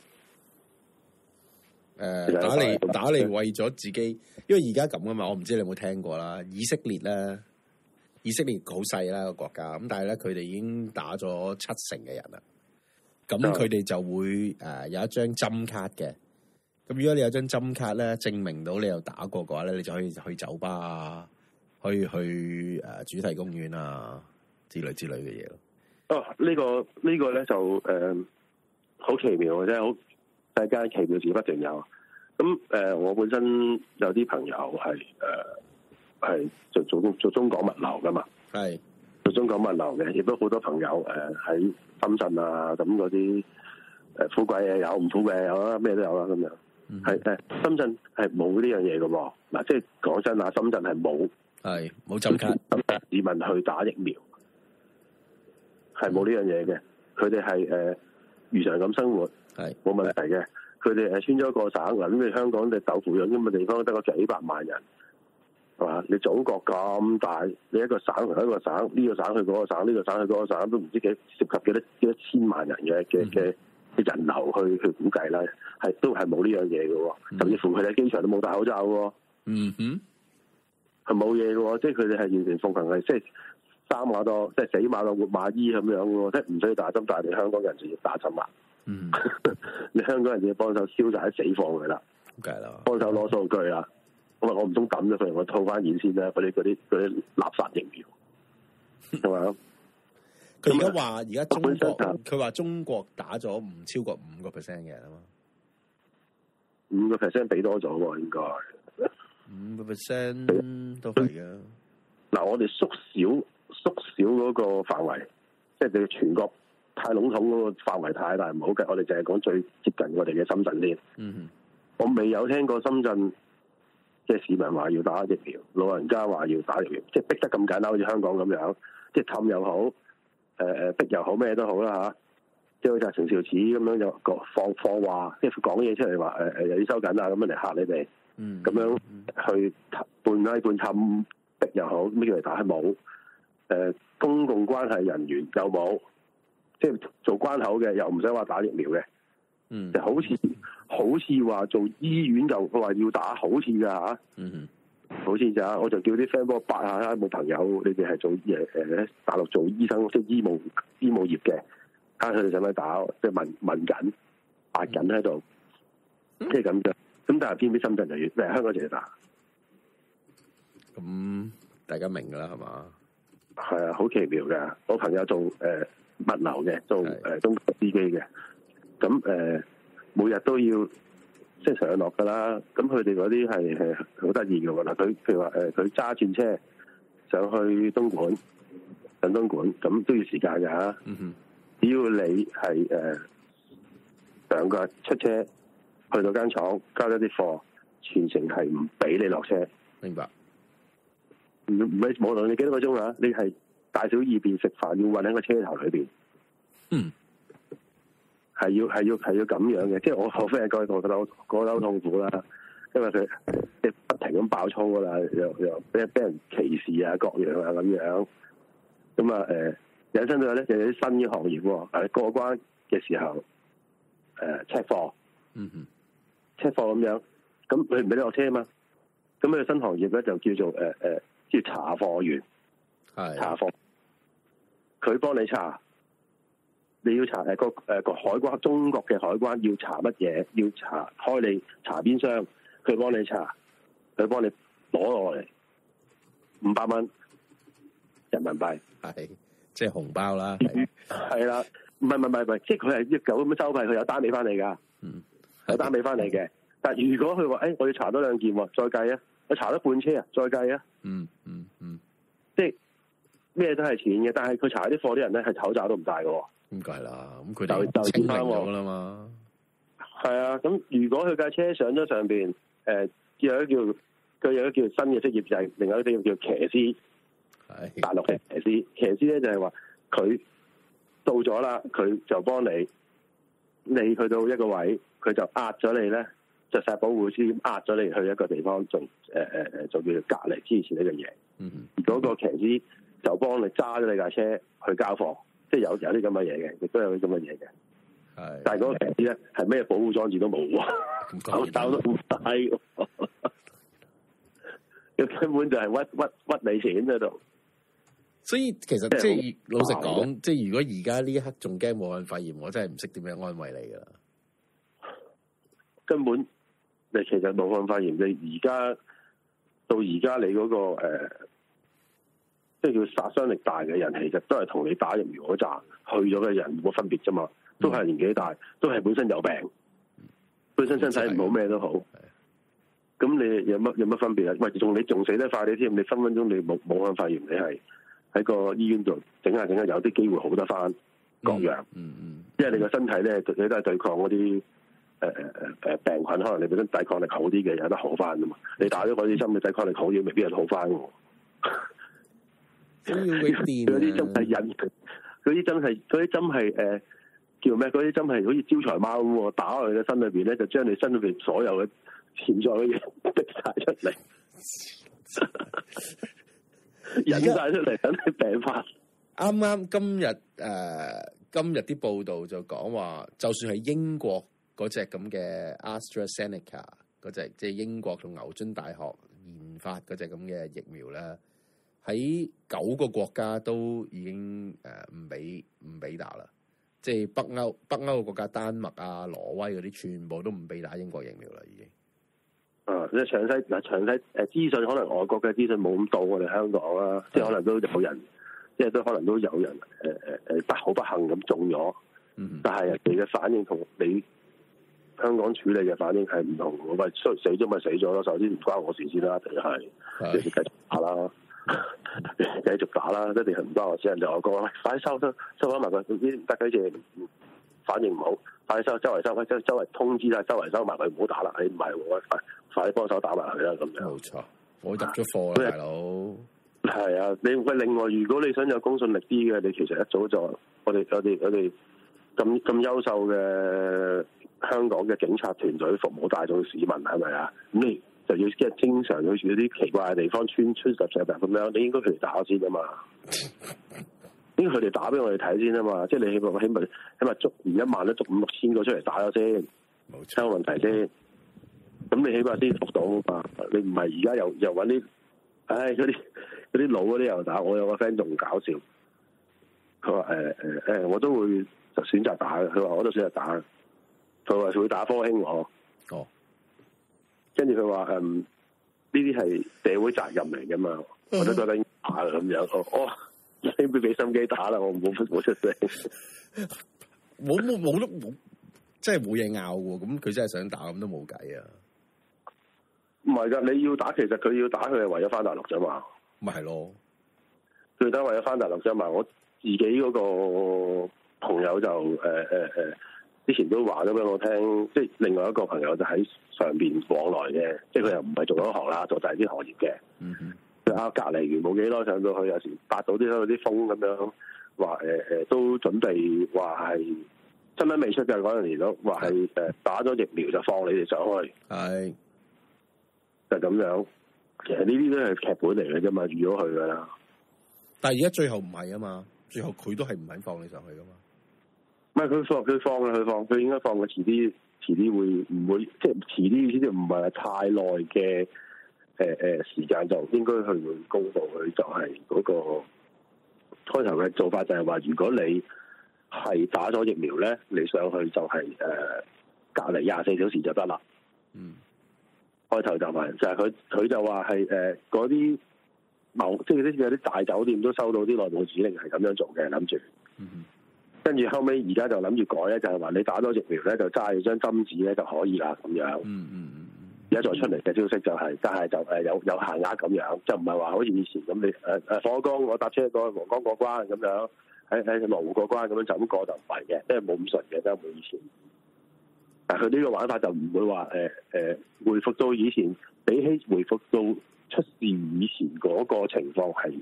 誒、呃，打嚟打嚟來為咗自己，嗯、因為而家咁啊嘛，我唔知你有冇聽過啦。以色列咧，以色列好細啦個國家，咁但係咧佢哋已經打咗七成嘅人啦。咁佢哋就會誒有一張針卡嘅。咁如果你有張針卡咧，證明到你有打過嘅話咧，你就可以去酒吧啊，可以去誒主題公園啊之類之類嘅嘢咯。哦，呢、這個呢、這個咧就誒，好、呃、奇妙嘅啫。好大家奇妙事不斷有。咁誒、呃，我本身有啲朋友係誒係做做做中港物流噶嘛，係是做中港物流嘅，亦都好多朋友誒喺、呃、深圳啊咁嗰啲誒富貴嘅有，唔富貴有、啊，咩都有啦、啊、咁樣。係誒、嗯，深圳係冇呢樣嘢嘅，嗱，即係講真啊，深圳係冇，係冇周街市民去打疫苗，係冇呢樣嘢嘅。佢哋係誒如常咁生活，係冇是問題嘅。佢哋誒穿咗一個省，咁你香港你豆腐樣咁嘅地方得個幾百萬人，係嘛？你祖國咁大，你一個省同一個省呢、這個省去嗰個省，呢、這個省去嗰個省，、這個、省，那個省都唔知幾涉及幾多幾多千萬人嘅嘅嘅。嗯人流去去估計啦，係都係冇呢樣嘢嘅，mm hmm. 甚至乎佢哋喺機場都冇戴口罩嘅、哦，嗯哼、mm，係冇嘢嘅，即係佢哋係完全奉行係即係三馬多，即係死馬當活馬醫咁樣喎、哦，即係唔需要打針，但係你香港人就要打針埋、啊，嗯、mm，hmm. 你香港人就要幫手消殺啲死貨佢啦，唔計啦，幫手攞數據啦，我話我唔通抌咗佢，我套翻現先啦，嗰啲嗰啲嗰啲垃圾疫苗，係嘛？ 佢而家話，而家中國佢話中國打咗唔超過五個 percent 嘅人啊嘛，五個 percent 俾多咗喎，應該五個 percent 都係啊。嗱、嗯，我哋縮小縮小嗰個範圍，即係對全國太籠統嗰個範圍太大，唔好嘅。我哋淨係講最接近我哋嘅深圳啲。嗯哼，我未有聽過深圳即係市民話要打疫苗，老人家話要打疫苗，即係逼得咁簡單，好似香港咁樣，即係氹又好。誒誒，逼又、呃、好咩都好啦嚇，即係好似陳肇始咁樣就放放話，即係講嘢出嚟話，誒、呃、誒又要收緊啊咁樣嚟嚇你哋，咁、嗯、樣去半拉半氹，逼又好，咁咩嚟打冇？誒、呃，公共關係人員又冇？即、就、係、是、做關口嘅，又唔使話打疫苗嘅，嗯、就好似好似話做醫院就話要打，好似㗎嚇。啊嗯好似就啊，我就叫啲 friend 幫我八下啦。冇朋友，你哋係做誒誒喺大陸做醫生，即係醫務醫務業嘅，啱佢哋使乜打，即係問問緊，八緊喺度，即係咁啫。咁、嗯、但係偏偏深圳人，越，誒香港人越打。咁、嗯、大家明噶啦，係嘛？係啊，好奇妙噶！我朋友做誒、呃、物流嘅，做誒、呃、中國司機嘅，咁誒、呃、每日都要。即係上落噶啦，咁佢哋嗰啲係係好得意噶喎，佢譬如話誒，佢揸轉車上去東莞，上東莞咁都要時間噶，嗯，只要你係誒兩個出車去到間廠交咗啲貨，全程係唔俾你落車，明白？唔唔係無論你幾多個鐘啊，你係大小二便食飯要運喺個車頭裏邊，嗯。係要係要係要咁樣嘅，即係我我 friend 過過到好痛苦啦，因為佢即係不停咁爆倉噶啦，又又俾俾人歧視啊，各樣啊咁樣。咁啊，誒、呃，引申到咧，就有啲新嘅行業，誒，過關嘅時候，誒，check 貨，貨嗯嗯，check 貨咁樣，咁佢唔俾你落車啊嘛，咁啊，新行業咧就叫做誒誒、呃，叫查貨員，係的查貨，佢幫你查。你要查誒個誒個海關，中國嘅海關要查乜嘢？要查開你查邊箱，佢幫你查，佢幫你攞落嚟五百蚊人民幣，係即係紅包啦，係啦， 唔係唔係唔係，即係佢係一九咁樣收費，佢有，有，有單俾翻你噶，嗯、有單俾翻你嘅。但如果佢話誒我要查多兩件喎，再計啊！我查多半車啊，再計啊、嗯！嗯嗯嗯，即係咩都係錢嘅，但係佢查啲貨啲人咧係口罩都唔帶噶。唔計啦，咁佢哋清零咗啦嘛。係啊，咁如果佢架車上咗上邊，誒、呃，有一叫佢有一個叫新嘅職業，騎士騎士就係另外一種叫騎師。係大陸嘅騎師，騎師咧就係話佢到咗啦，佢就幫你，你去到一個位，佢就壓咗你咧，就晒保護師咁壓咗你去一個地方做，誒誒誒，做、呃、叫隔離支持呢樣嘢。嗯嗯。嗰個騎師就幫你揸咗你架車去交貨。即係有時候啲咁嘅嘢嘅，亦都有啲咁嘅嘢嘅。係是，但係嗰個投資咧係咩保護裝置都冇，口罩都咁低， 根本就係屈屈屈你錢喺度。所以其實即係老實講，啊、即係如果而家呢一刻仲驚武漢肺炎，我真係唔識點樣安慰你㗎喇。根本你其實武漢肺炎，你而家到而家你嗰、那個、呃即係叫殺傷力大嘅人，其實都係同你打入滅火炸去咗嘅人冇乜分別啫嘛，都係年紀大，都係本身有病，本身身體唔好，咩都好。咁你有乜有乜分別啊？喂，仲你仲死得快啲添，你分分鐘你冇冇武漢肺炎你係喺個醫院度整下整下有啲機會好得翻各樣。嗯嗯，因、嗯、為你個身體咧，你都係對抗嗰啲誒誒誒誒病菌，可能你本身抵抗力好啲嘅有得好翻啊嘛。你打咗嗰啲心理抵抗力好咗，未必係好翻。 有啲針係引，嗰啲針係嗰啲針係誒叫咩？嗰啲針係好似招財貓咁，打落去你嘅身裏邊咧，就將你身裏邊所有嘅潛 在嘅嘢逼晒出嚟，引晒出嚟等你病發。啱啱今日誒、呃，今日啲報道就講話，就算係英國嗰隻咁嘅 AstraZeneca 嗰隻，即係英國同牛津大學研發嗰隻咁嘅疫苗咧。喺九個國家都已經誒唔俾唔俾打啦，即係北歐北歐國家丹麥啊、挪威嗰啲，全部都唔俾打英國疫苗啦，已經。啊，即係詳細嗱，詳細誒資訊可能外國嘅資訊冇咁到我哋香港啦、啊，的即係可能都有人，即係都可能都有人誒誒誒不好不幸咁中咗，嗯嗯但係人哋嘅反應同你香港處理嘅反應係唔同，咪衰死咗咪死咗咯，首先唔關我事先啦，定係繼續打啦。繼、嗯、續打啦，一定唔多。我只人另講啦，快收啦，收翻埋佢。唔得，佢只反應唔好，快收，周圍收翻，周周圍通知啦，周圍收埋佢，唔好打啦。你唔係，快快啲幫手打埋佢啦。咁樣冇錯，我入咗貨啦，啊、大佬哥。係啊，你喂，另外，如果你想有公信力啲嘅，你其實一早就我哋我哋我哋咁咁優秀嘅香港嘅警察團隊服務大眾市民，係咪啊？嗯就要即係經常去住啲奇怪嘅地方，穿穿十成病咁樣，你應該佢哋打先啊嘛，應該佢哋打俾我哋睇先啊嘛，即係你起碼起碼起碼捉完一萬都捉五六千個出嚟打咗先，冇錯，冇問題先。咁你起碼先服到嘛？你唔係而家又又揾啲，唉嗰啲啲老嗰啲又打。我有個 friend 仲搞笑，佢話誒誒誒，我都會就選擇打嘅。佢話我都選擇打嘅。佢話佢會打科興喎。哦。跟住佢話：誒、嗯，呢啲係社會責任嚟㗎嘛，我都覺得打啦咁樣。哦哦，你唔俾心機打啦，我冇冇出聲，冇冇冇都冇，真係冇嘢拗喎。咁佢真係想打，咁都冇計啊！唔係噶，你要打，其實佢要打，佢係為咗翻大陸啫嘛。咪係咯，最緊為咗翻大陸啫嘛。我自己嗰個朋友就誒誒誒。呃呃之前都話咗俾我聽，即係另外一個朋友就喺上面往來嘅，即係佢又唔係做咗行啦，做第二啲行業嘅。嗯哼，佢隔離完冇幾多上到去，有時八到啲嗰啲風咁樣，話、呃、都準備話係，真係未出嘅嗰陣時都話係打咗疫苗就放你哋上去。係是就咁樣，其實呢啲都係劇本嚟嘅啫嘛，預咗去噶啦。但而家最後唔係啊嘛，最後佢都係唔肯放你上去噶嘛。唔係佢放，佢放佢放，佢應該放佢遲啲，遲啲會唔會？即係遲啲意思唔係太耐嘅誒誒時間就應該佢會公布佢就係嗰、那個開頭嘅做法就係話，如果你係打咗疫苗咧，你上去就係、是、誒、呃、隔離廿四小時就得啦。嗯，開頭就問就係、是、佢，佢就話係誒嗰啲某即係啲有啲大酒店都收到啲內部指令係咁樣做嘅，諗住。嗯。跟住後尾而家就諗住改咧，就係話你打多疫苗咧，就揸住張針紙咧就可以啦，咁樣。嗯嗯，而家再出嚟嘅消息就係，但係就誒有有限額咁樣，就唔係話好似以前咁你誒誒，江、啊、我搭車過去黃江過關咁樣，喺喺羅湖嗰關過關咁樣就咁過就唔係嘅，即係冇咁純嘅啦，冇以前。但係佢呢個玩法就唔會話誒誒回復到以前，比起回復到出事以前嗰個情況係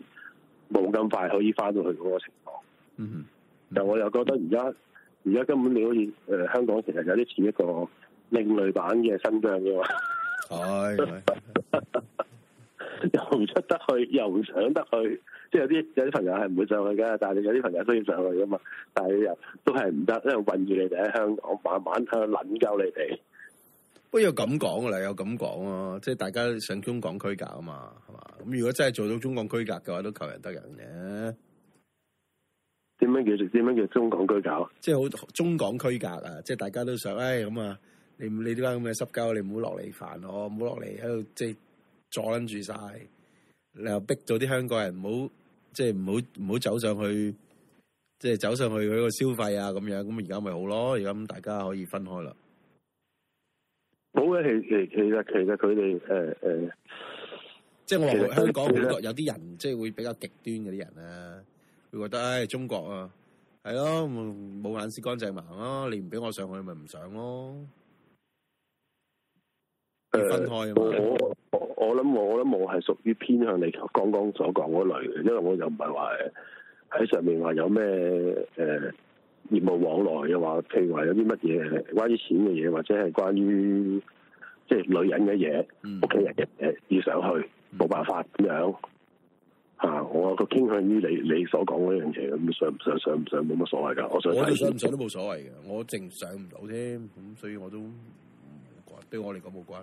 冇咁快可以翻到去嗰個情況。情況嗯。嗯但我又覺得而家而家根本你好似誒香港其實有啲似一個另類版嘅新疆嘅嘛，哎、 又唔出得去，又唔上得去，即係有啲有啲朋友係唔會上去嘅，但係你有啲朋友需要上去嘅嘛，但係又都係唔得，因為困住你哋喺香港，慢慢去撚鳩你哋。不如咁講啦，有咁講啊，即係大家想中港區隔啊嘛，係嘛？咁如果真係做到中港區隔嘅話，都求人得人嘅。點樣叫做點樣叫中港區搞？即係好中港區隔啊！即係大家都想，哎咁啊！你你啲咁嘅濕鳩，你唔好落嚟煩我，唔好落嚟喺度即係阻撚住晒，你又逼咗啲香港人唔好，即係唔好唔好走上去，即係走上去佢個消費啊咁樣。咁而家咪好咯？而家咁大家可以分開啦。好嘅，其其其實、呃呃、其實佢哋誒誒，即係我話香港好多有啲人，即係會比較極端嗰啲人啦、啊。覺得、哎、中國啊，係咯，冇眼屎乾淨盲咯，你唔俾我上去上，咪唔上咯。誒、呃，我我我諗我諗我係屬於偏向你剛剛所講嗰類嘅，因為我又唔係話喺上面話有咩誒、呃、業務往來，又話譬如話有啲乜嘢關於錢嘅嘢，或者係關於即係女人嘅嘢，屋企、嗯、人嘅嘢要上去，冇、嗯、辦法咁樣。吓、啊，我個傾向於你你所講嗰樣嘢，咁上唔上上唔上冇乜所謂噶，我想睇。我上唔上都冇所謂嘅，我淨上唔到添，咁所以我都唔關，對我嚟講冇關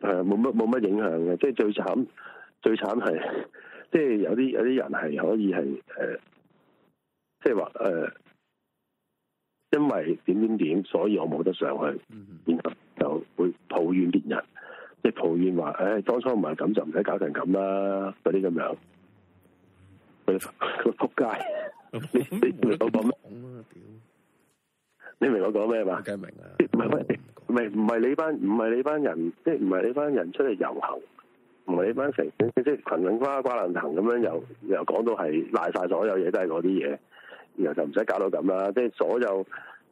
係。唔，冇乜冇乜影響嘅，即係最慘最慘係，即係有啲有啲人係可以係誒、呃，即係話誒，因為點點點，所以我冇得上去，嗯、哼然後就會抱怨別人。即係抱怨話，唉，當初唔係咁就唔使搞成咁啦，嗰啲咁樣，佢佢仆街，你明我講啦、啊、屌，你明我講咩嘛？梗係明啦，唔係唔係你班，唔係你班人，即係唔係你班人出嚟遊行，唔係你班成即係群群瓜瓜爛行咁樣，又又講到係賴晒所有嘢都係啲嘢，然後就唔使搞到咁啦，即係所有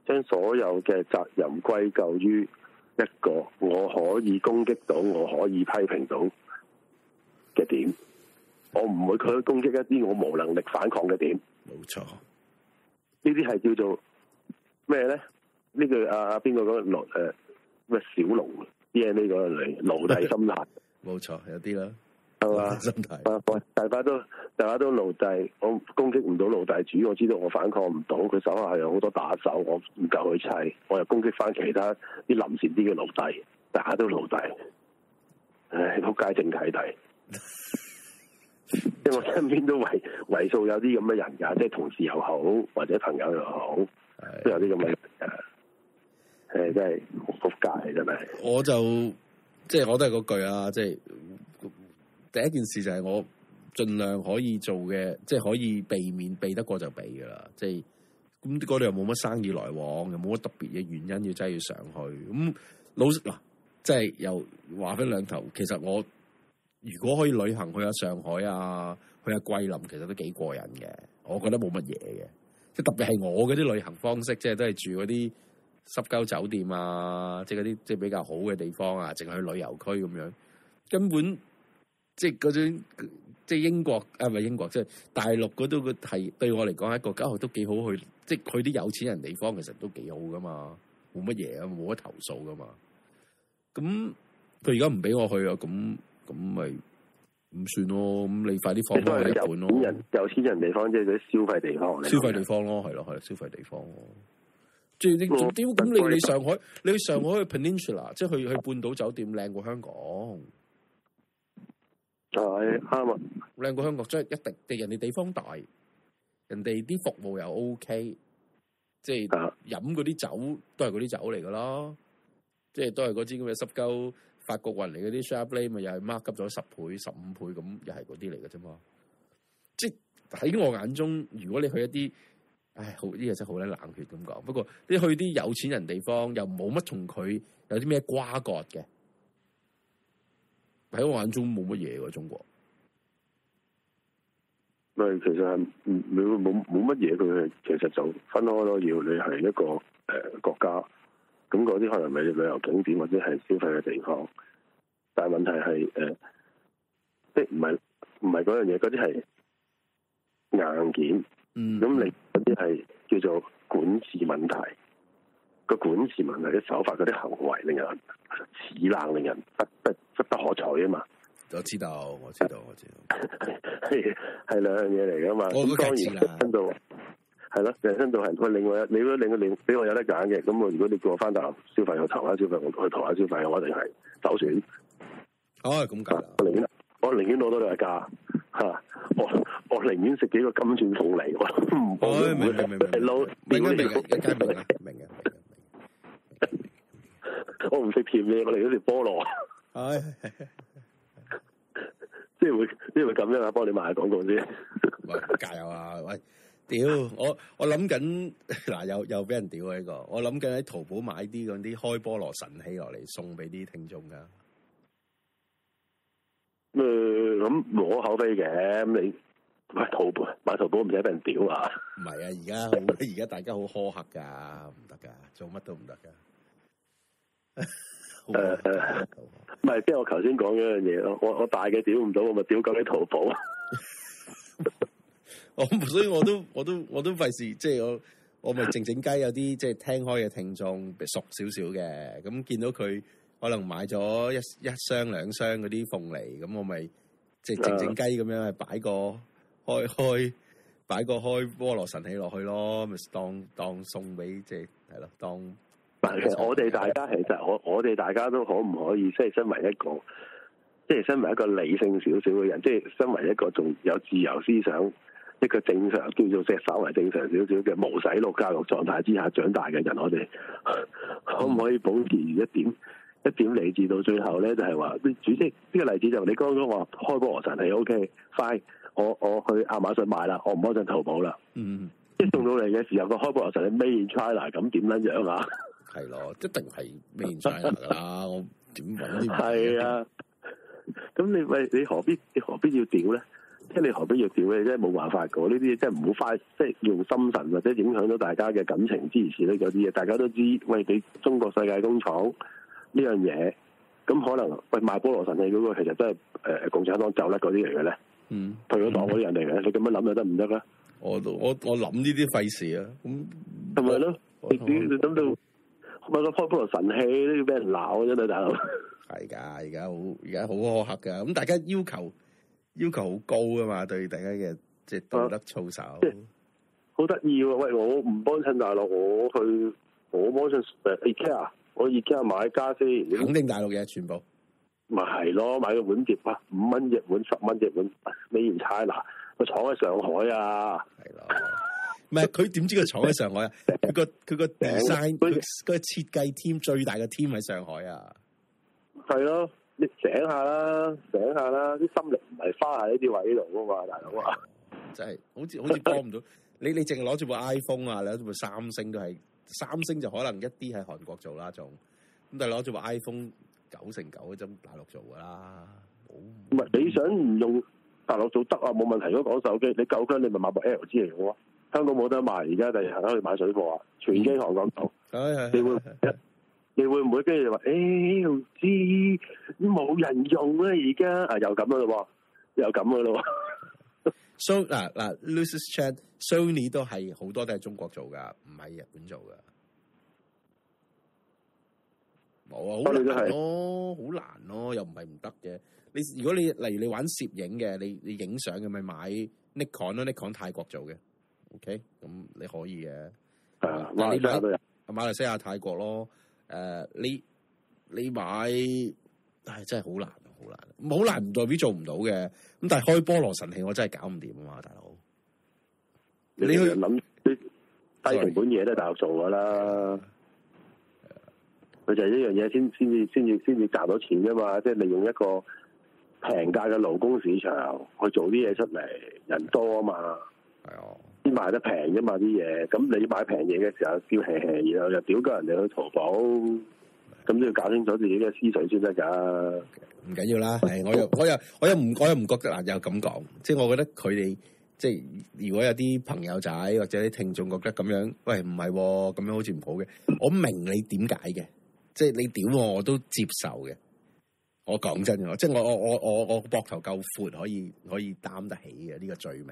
將所有嘅責任歸咎於。一個我可以攻擊到，我可以批評到嘅點，我唔會去攻擊一啲我無能力反抗嘅點。冇錯，呢啲係叫做咩咧？呢句阿阿邊個講龍誒咩小龍嘅？DNA 呢個嚟奴隸心態。冇錯，有啲啦。係嘛？啊態！大家都大家都奴隸，我攻擊唔到奴隸主，我知道我反抗唔到，佢手下有好多打手，我唔夠佢砌，我又攻擊翻其他啲臨時啲嘅奴隸，大家都奴隸，唉，仆街正契弟，因為 我身邊都位位數有啲咁嘅人噶，即係同事又好，或者朋友又好，是都有啲咁嘅，誒，真係好仆街真係。我就即係、就是、我都係嗰句啊，即、就、係、是。嗯第一件事就係我盡量可以做嘅，即係可以避免避得過就避噶啦。即係咁嗰度又冇乜生意來往，又冇乜特別嘅原因要真係要上去咁。老嗱，即係又話翻兩頭，其實我如果可以旅行去下上海啊，去下桂林，其實都幾過癮嘅。我覺得冇乜嘢嘅，即係特別係我嗰啲旅行方式，即係都係住嗰啲濕鳩酒店啊，即係嗰啲即係比較好嘅地方啊，淨係去旅遊區咁樣，根本。即係嗰即係英國係咪、啊、英國？即係大陸嗰度嘅係對我嚟講喺國家去都幾好去。即係去啲有錢人地方其實都幾好噶嘛，冇乜嘢啊，冇得投訴噶嘛。咁佢而家唔俾我去啊，咁咁咪唔算咯。咁你快啲放返去日本咯。有人有錢人，有錢人地方即係啲消費地方。消費地方咯，係咯係咯，消費地方。即係、嗯、你咁？你你上海你去上海去 Peninsula，即係去去半島酒店靚過香港。就係哈嘛，兩個香港真係一定人哋地方大，人哋啲服務又 OK，即係飲嗰啲酒都係嗰啲酒嚟噶咯，即係都係嗰支咁嘅濕鳩法國運嚟嗰啲 Champagne 咪又係 mark 急咗十倍十五倍咁，又係嗰啲嚟嘅啫嘛。即係喺我眼中，如果你去一啲，唉，好呢樣真係好咧冷血咁講。不過你去啲有錢人地方，又冇乜同佢有啲咩瓜葛嘅。喺我眼中冇乜嘢噶中國，唔係，其實係冇冇冇乜嘢。佢其實就分開咯。要你係一個誒國家，咁嗰啲可能係旅遊景點或者係消費嘅地方，但係問題係誒、呃，即係唔係唔係嗰樣嘢，嗰啲係硬件，咁你嗰啲係叫做管治問題。個管治問題、啲手法、嗰啲行為，令人齒冷，令人不不不可取啊嘛！我知道，我知道，我知道，係兩樣嘢嚟噶嘛。咁當然人生道係咯，人生道係。另外，你嗰另外另畀我有得揀嘅。咁我如果你叫我返大陸，消費，又台灣消費，我去台灣消費，我一定係首選。哦，咁解。我寧願我寧願攞多兩日假嚇。我我寧願食幾個金鑽鳳梨。我唔報。明明明。明我唔識甜嘢？我嚟咗條菠蘿，即 係 會即係會咁樣啊？幫你賣下廣告先， 喂，加油啊！喂，屌，我我諗緊嗱，又又俾人屌啊！呢、這個我諗緊喺淘寶買啲咁啲開菠蘿神器落嚟，送俾啲聽眾噶。誒，咁無可厚非嘅，咁你買淘寶買淘寶唔使俾人屌啊？唔 係啊，而家而家大家好苛刻噶，唔得噶，做乜都唔得噶。誒誒，唔係即係我頭先講嗰樣嘢咯，我我,我大嘅屌唔到，我咪屌講你淘寶。 我所以我都我都我都費事，即係我我咪靜靜雞有啲即係聽開嘅聽眾熟少少嘅，咁見到佢可能買咗一一箱兩箱嗰啲鳳梨，咁我咪即係靜靜雞咁樣係擺個、uh. 開開，擺個開菠蘿神器落去咯，咪當當送俾即係係咯當。我哋大家其實，我其實我哋大家都可唔可以即係身為一個，即係身為一個理性少少嘅人，即係身為一個仲有自由思想，一個正常叫做即係稍為正常少少嘅無洗腦教育狀態之下長大嘅人我，我哋可唔可以保持一點一點理智到最後咧？就係、是、話主席呢、這個例子就你剛剛話開波羅神係 OK，快、嗯，我我去亞馬遜買啦，我唔可上淘寶啦。嗯，即係送到嚟嘅時候個開波羅神係 Made in China 咁點樣樣啊？係咯，一定係咩人噶啦？ 我點解？呢係啊，咁你喂，你何必你何必要屌咧？即係你何必要屌咧？真係冇辦法噶，呢啲嘢，真係唔好快，即係用心神或者影響到大家嘅感情之馀，事咧嗰啲嘢，大家都知。喂，你中國世界工廠呢樣嘢，咁可能喂賣菠蘿神器嗰個，其實都係誒、呃、共產黨走甩嗰啲嚟嘅咧。嗯，退咗黨嗰啲人嚟嘅咧，嗯、你咁樣諗又得唔得啊？我都我我諗呢啲費事啊！咁係咪咯？你你等到？買個 p o p 神器都要俾人鬧真係，大佬係噶，而家好而家好苛刻噶，咁大家要求要求好高噶嘛，對大家嘅即係道德操守。啊、好得意喎，喂我唔幫襯大陸，我去我幫襯誒 IKEA，我 IKEA 買家先，肯定大陸嘅全部。咪係咯，買個碗碟啊，五蚊一碗，十蚊一碗，咩亂猜嗱，我廠喺上海啊。唔係？佢點知佢坐喺上海啊？佢、 那個佢個 design 佢 個設計 team 最大嘅 team 喺上海啊！係咯，你醒下啦，醒下啦，啲心力唔係花喺呢啲位度噶嘛，大佬啊！真係、就是、好似好似幫唔到 你，你淨係攞住部 iPhone 啊，你攞住部三星都係三星就可能一啲喺韓國做啦，仲咁但係攞住部 iPhone 九成九都喺大陸做噶啦。唔係不、嗯、你想唔用大陸做得啊？冇問題。如果講手機，你夠姜，你咪買部 LG 嚟好啊。香港冇得賣，而家第日行翻去買水貨機、欸、啊！全機香港做，你會一你會唔會跟住就話？誒，唔知冇人用啦，而家啊，又咁咯喎，又咁噶咯喎。So 嗱嗱，Lexus、啊、Chat、Sony 都係好多都係中國做噶，唔係日本做噶。冇啊，好難咯，哦，好是難咯，哦哦，又唔係唔得嘅。你如果你例如你玩攝影嘅，你你影相嘅咪買 Nikon 咯，Nikon 泰國做嘅。OK，咁你可以嘅。啊，你兩度馬來西亞，馬來西亞泰國咯。誒、呃，你你買但係，哎，真係好難，好難。好難唔代表做唔到嘅。咁但係開菠蘿神器，我真係搞唔掂啊嘛，大佬。你去諗啲低成本嘢都係大陸做噶啦。佢、啊、就係一樣嘢，先先至先至先至賺到錢啫嘛。即、就、係、是、利用一個平價嘅勞工市場去做啲嘢出嚟，人多啊嘛。係啊。哎賣得平啫嘛啲嘢，咁你買平嘢嘅時候笑嘻嘻，然後又屌鳩人哋去淘寶，咁都要搞清楚自己嘅思緒先得㗎。唔緊要啦，係 我又我又我又唔我又唔覺得啊！又咁講，即係我覺得佢哋即係如果有啲朋友仔或者啲聽眾覺得咁樣，喂唔係喎，咁樣好似唔好嘅，我明你點解嘅，即係你屌我我都接受嘅。我講真即係我我我我我膊頭夠闊，可以可以擔得起嘅呢個罪名。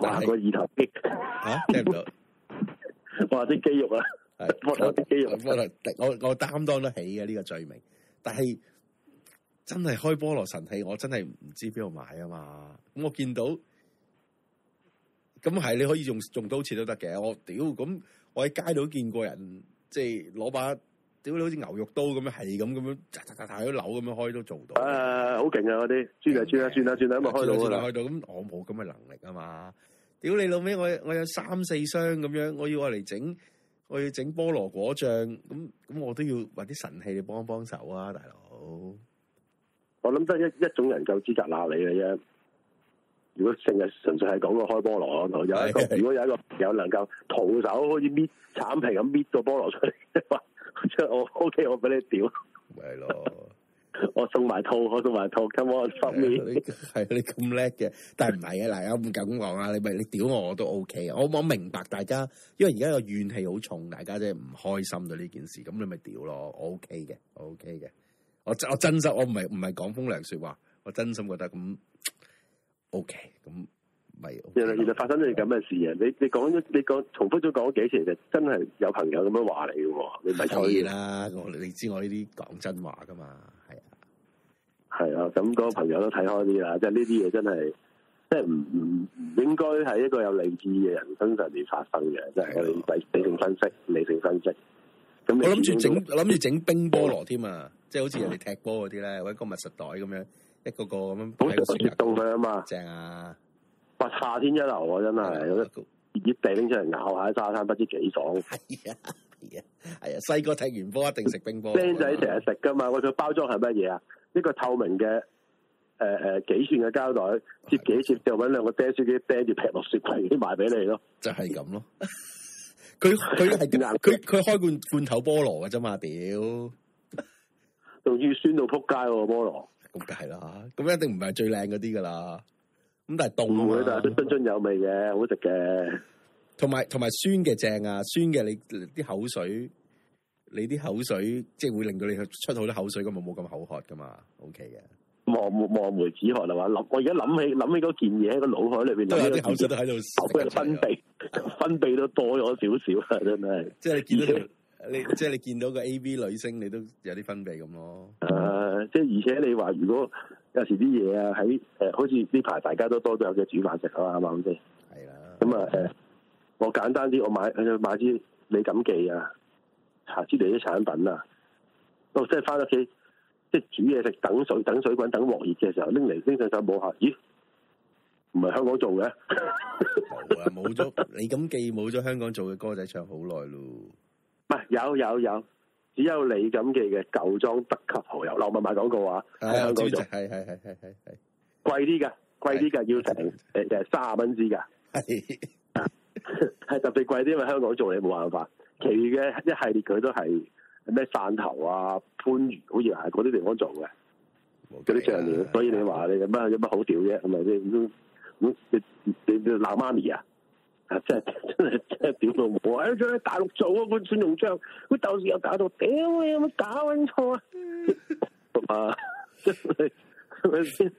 話個耳頭激，聽唔到，話啲肌肉啊，剝落啲肌肉，我我擔當得起嘅呢個罪名，但係真係開菠蘿神器，我真係唔知邊度買啊嘛，咁、嗯、我見到，咁係你可以用用刀切都得嘅，我屌，咁我喺街度見過人，即係攞把。屌，好似牛肉刀咁樣，係咁咁樣，扎扎扎，大咗樓咁樣開都做到。誒、uh，好勁啊！嗰啲轉啊轉啊轉下，轉啊，一路開，開到。開到。咁我冇咁嘅能力啊嘛！屌你老味，我我有三四箱咁樣，我要我嚟整，我要整菠蘿果醬，咁咁我都要揾啲神器嚟幫幫手啊，大佬！我諗得一一種人夠資格鬧你嘅啫。如果成日純粹係講個開菠蘿，又一個如果有一個朋友能夠徒手好似搣橙皮咁搣個菠蘿出嚟即係我 OK，我俾你屌，係 咯的， 我送埋套，我送埋套，咁我收面，係你咁叻嘅，但係唔係嘅，嗱，唔敢講啊，你咪你屌我，我都 OK，我我明白大家，因為而家個怨氣好重，大家即係唔開心對呢件事，咁你咪屌咯，OK 嘅，OK 嘅，我 OK 嘅，我 OK 嘅，我 OK 嘅，我、我真心，我唔係唔係講風涼說話，我真心覺得咁 OK 咁。咪，原來其實發生咗啲咁嘅事啊！你你講咗，你講重複咗講咗幾次，其實真係有朋友咁樣話你嘅，你咪可以啦。我你知我呢啲講真話噶嘛，係啊，係啊。咁嗰個朋友都睇開啲啦，即係呢啲嘢真係，即係唔唔唔應該係一個有理智嘅人身上面發生嘅，即係理性理性分析，理性分析。咁我諗住整諗住整冰菠蘿添啊，即係好似人哋踢波嗰啲咧，或者個密實袋咁樣，一個個咁樣，好似傳到去啊嘛，正啊！哇！夏天一流真係，熱地拎出嚟咬下沙灘，三三不知幾爽。係啊，係啊，細個踢完波一定食冰波，僆仔成日食噶嘛。我個包裝係乜嘢啊？呢的個透明嘅，誒、呃、誒，幾寸嘅膠袋，折幾折就搵兩個啤書機，啤住劈落雪櫃，賣俾你咯。就係咁咯。佢佢係佢佢開罐罐頭菠蘿嘅啫嘛，屌、啊！仲要 酸到扑街喎、啊，菠蘿。咁梗係啦，咁一定唔係最靚嗰啲噶啦。咁但係凍佢，但係都津津有味嘅，好食嘅。同埋同埋酸嘅正啊，酸嘅你啲口水，你啲口水即係會令到你出好多口水，咁冇冇咁口渴噶嘛？O K 嘅。望望梅止渴啦嘛，諗我而家諗起諗起嗰件嘢，喺個腦海裏邊，都對有啲口水都喺度分泌，分泌都多咗少少啦， 真係。 即係你見到你，你即係你見到個 AV 女星，你都有啲分泌咁咯。誒、啊，即係而且你話如果。有時啲嘢啊，喺誒、呃，好似呢排大家都多咗有嘅煮飯食啊嘛，係咪咁先？係啦的。咁啊誒，我簡單啲，我買買支李錦記啊，查支啲產品啊，哦、呃，即係翻屋企即係煮嘢食，等水等水滾等鑊熱嘅時候，拎嚟拎上手，冇台，咦？唔係香港做嘅？冇 咗、啊。李錦記冇咗香港做嘅歌仔唱好耐咯。唔啊，有有有。有只有李錦記嘅舊裝特級蠔油，留埋賣廣告啊！喺香港做，係係係係係係貴啲㗎，貴啲㗎，要成誒誒卅蚊支㗎，係係特別貴啲，因為香港做你冇辦法。其餘嘅一系列佢都係咩汕頭啊、番禺，好似係嗰啲地方做嘅嗰啲醬料。所以你話你有乜有乜好屌啫？係咪先？你你你鬧媽咪啊？啊！真係真係真係屌到冇喺大陸做啊，半蒜蓉醬，佢到時又搞到，屌你有冇搞錯啊？係咪先？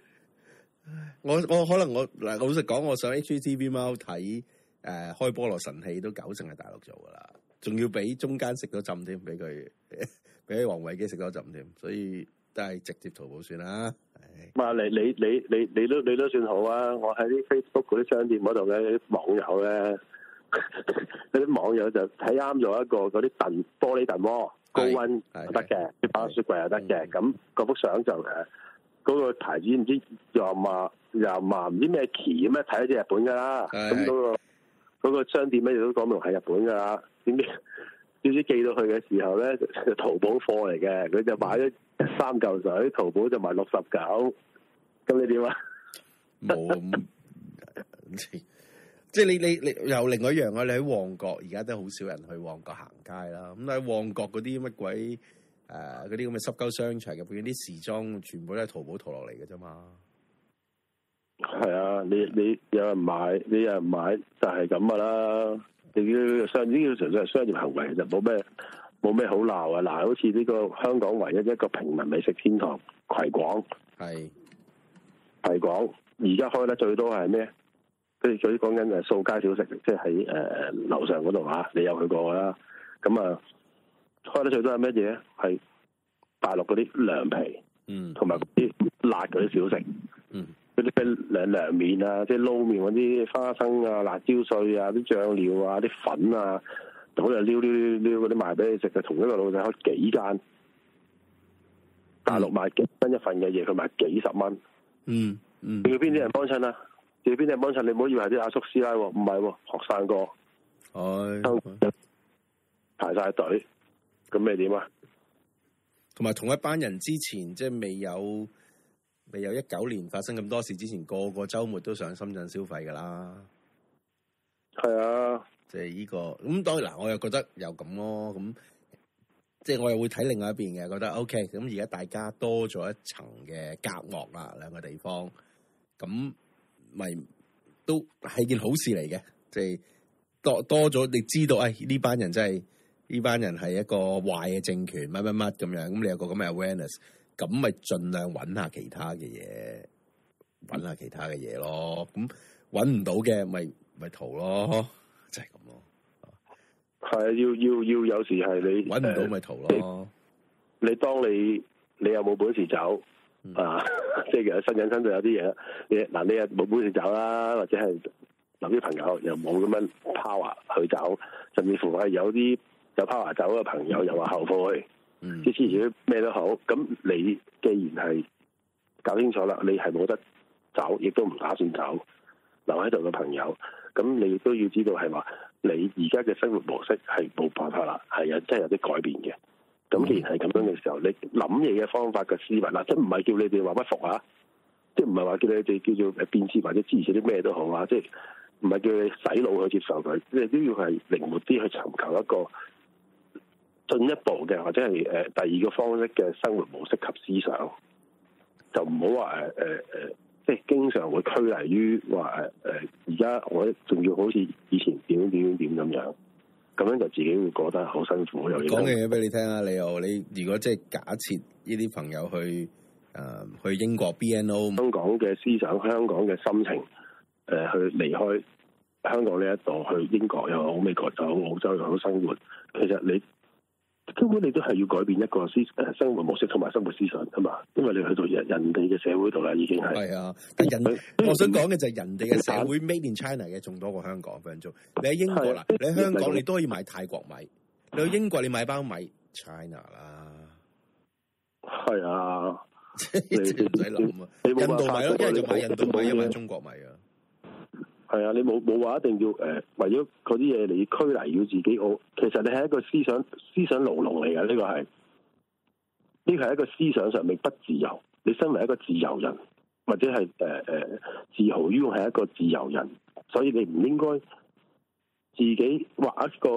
我我可能我嗱，我老實講，我上 H G T V 貓睇誒《開菠蘿神器》都九成係大陸做噶啦，仲要俾中間食咗浸添，俾佢俾黃偉基食咗浸添，所以。都係直接淘寶算啦。咁啊，你你你你你都你都算好啊！我喺啲 Facebook 嗰啲商店嗰度嘅啲網友咧是，嗰啲呢網友就睇啱咗一個嗰啲燉玻璃燉鍋，高溫得嘅，擺喺雪櫃又得嘅。咁嗰幅相就嗰個牌子唔知又話麻又話麻，唔知咩鉛咩，睇一啲日本噶啦。咁嗰是個商店亦都講明喺日本噶啦，點知？總知寄到去嘅時候咧，就係、淘寶貨嚟嘅。佢就買咗三嚿水，淘寶就賣六十九。咁你點啊？冇咁沒， 即係你你你又另外一樣啊！你喺旺角而家都好少人去旺角行街啦。咁你喺旺角嗰啲乜鬼誒，嗰啲咁嘅濕鳩商場嘅，入邊啲時裝全部都係淘寶淘落嚟嘅啫嘛。係啊，你你有人買，你有人買就係咁噶啦。你商呢啲純粹係商業行為，就冇咩冇咩好鬧啊！嗱，好似呢個香港唯一一個平民美食天堂葵廣係是葵廣，而家開得最多係咩？佢哋最講緊係掃街小食，即係喺誒樓上嗰度啊！你有去過啦，咁啊開得最多係咩嘢？係大陸嗰啲涼皮，嗯，同埋啲辣嗰啲小食，嗯。啲咩涼涼麵啊，即係撈麵嗰啲花生啊、辣椒碎啊、啲醬料啊、啲粉啊，好似撩撩撩撩嗰啲賣俾你食，嘅、就是。同一個老細開幾間，嗯、大陸賣幾蚊一份嘅嘢，佢賣幾十蚊、嗯。嗯嗯、啊，你要邊啲人幫襯啊？你要邊啲人幫襯？你唔好以為啲阿叔師奶，唔係，學生哥，哎、排晒隊，咁、哎、你點啊？同埋同一班人之前即係未有。未有一九年發生咁多事之前，個個周末都上深圳消費噶啦。係啊，即係呢個咁當然啦，我又覺得又咁咯，咁即係我又會睇另外一邊嘅，覺得 OK。咁而家大家多咗一層嘅隔膜啦，兩個地方咁咪都係件好事嚟嘅，即係多多咗，你知道誒呢班人真係呢班人係一個壞嘅政權乜乜乜咁樣，咁你有個咁嘅 awareness。咁咪盡量揾下其他嘅嘢，揾下其他嘅嘢咯。咁揾唔到嘅，咪咪逃咯，就係、是、咁咯。係啊要要要有時係你揾唔到咪逃咯、呃你。你當你你又冇本事走、嗯、啊，即係有新人身就有啲嘢。你嗱你又冇本事走啦，或者係留啲朋友又冇咁樣 power 去走，甚至乎係有啲有 power 走嘅朋友又話後悔。嗯即使而家咩都好，咁你既然係搞清楚啦，你係冇得走，亦都唔打算走，留喺度嘅朋友，咁你亦都要知道係話，你而家嘅生活模式係冇辦法啦，係啊，真係有啲改變嘅。既然係咁樣嘅時候，你諗嘢嘅方法嘅思維，嗱，即係唔係叫你哋話不服啊，即係唔係話叫你哋叫做變思或者支持啲咩都好啊，即係唔係叫你洗腦去接受佢，你都要係靈活啲去尋求一個。進一步嘅或者係誒、呃、第二個方式嘅生活模式及思想，就唔好話誒誒即係經常會拘泥於話誒而家我仲要好似以前點點點咁樣，咁樣就自己會覺得好辛苦。又講嘅嘢俾你聽啊，你又你如果即係假設呢啲朋友去誒、呃、去英國 BNO，香港嘅思想、香港嘅心情，誒、呃、去離開香港呢一度去英國又好、美國又好、澳洲又好生活，其實你。根本你都係要改變一個思誒生活模式同埋生活思想啊嘛，因為你去到人人哋嘅社會度啦，已經係係啊，但人麼我想講嘅就係人哋嘅社會 made in China 嘅仲多過香港嘅品種。你喺英國啦，係啊、你喺香港你都可以買泰國米，係啊、你去英國你買包米 China 啦，係啊，唔使諗啊，你你印度米咯，即係就買印度米，好因為中國米啊。係啊，你冇冇話一定要誒，為咗嗰啲嘢，嚟拘泥要自己我，其實你係一個思想思想牢籠嚟噶，呢個係，呢個係一個思想上面不自由。你身為一個自由人，或者係誒誒自豪，於係一個自由人，所以你唔應該自己畫一個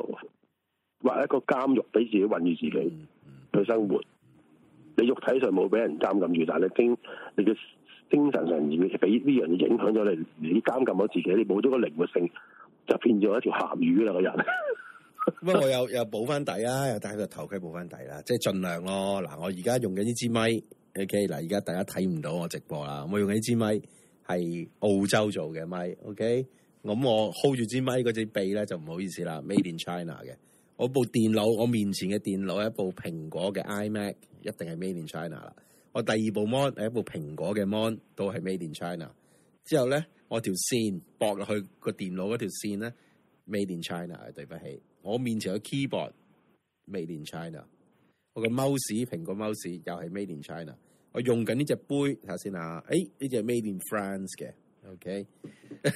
畫一個監獄俾自己困住自己去生活。你肉體上冇俾人監禁住，但係經你嘅。你精神上面俾呢樣嘢影響咗你，你監禁咗自己，你冇咗個靈活性，就變咗一條鹹魚啦！個人，咁 我又又補翻底啦，又戴佢個頭盔補翻底啦，即係盡量咯。嗱，我而家用緊呢支咪 OK。嗱，而、okay? 家大家睇唔到我直播啦，我用緊呢支咪，係澳洲做嘅咪 OK。咁我 hold 住支咪嗰隻臂咧，就唔好意思啦 ，Made in China 嘅，我部電腦，我面前嘅電腦一部蘋果嘅 iMac，一定係 Made in China 啦。我第二部 m o 係一部蘋果嘅 m 都係 made in China。之後咧，我條線駁落去個電腦嗰條線咧，made in China。對不起，我面前嘅 keyboard made in China。我嘅 mouse 蘋果 mouse 又係 made in China。我用緊呢隻杯睇下先啊。誒、哎，呢隻 made in France 嘅。OK，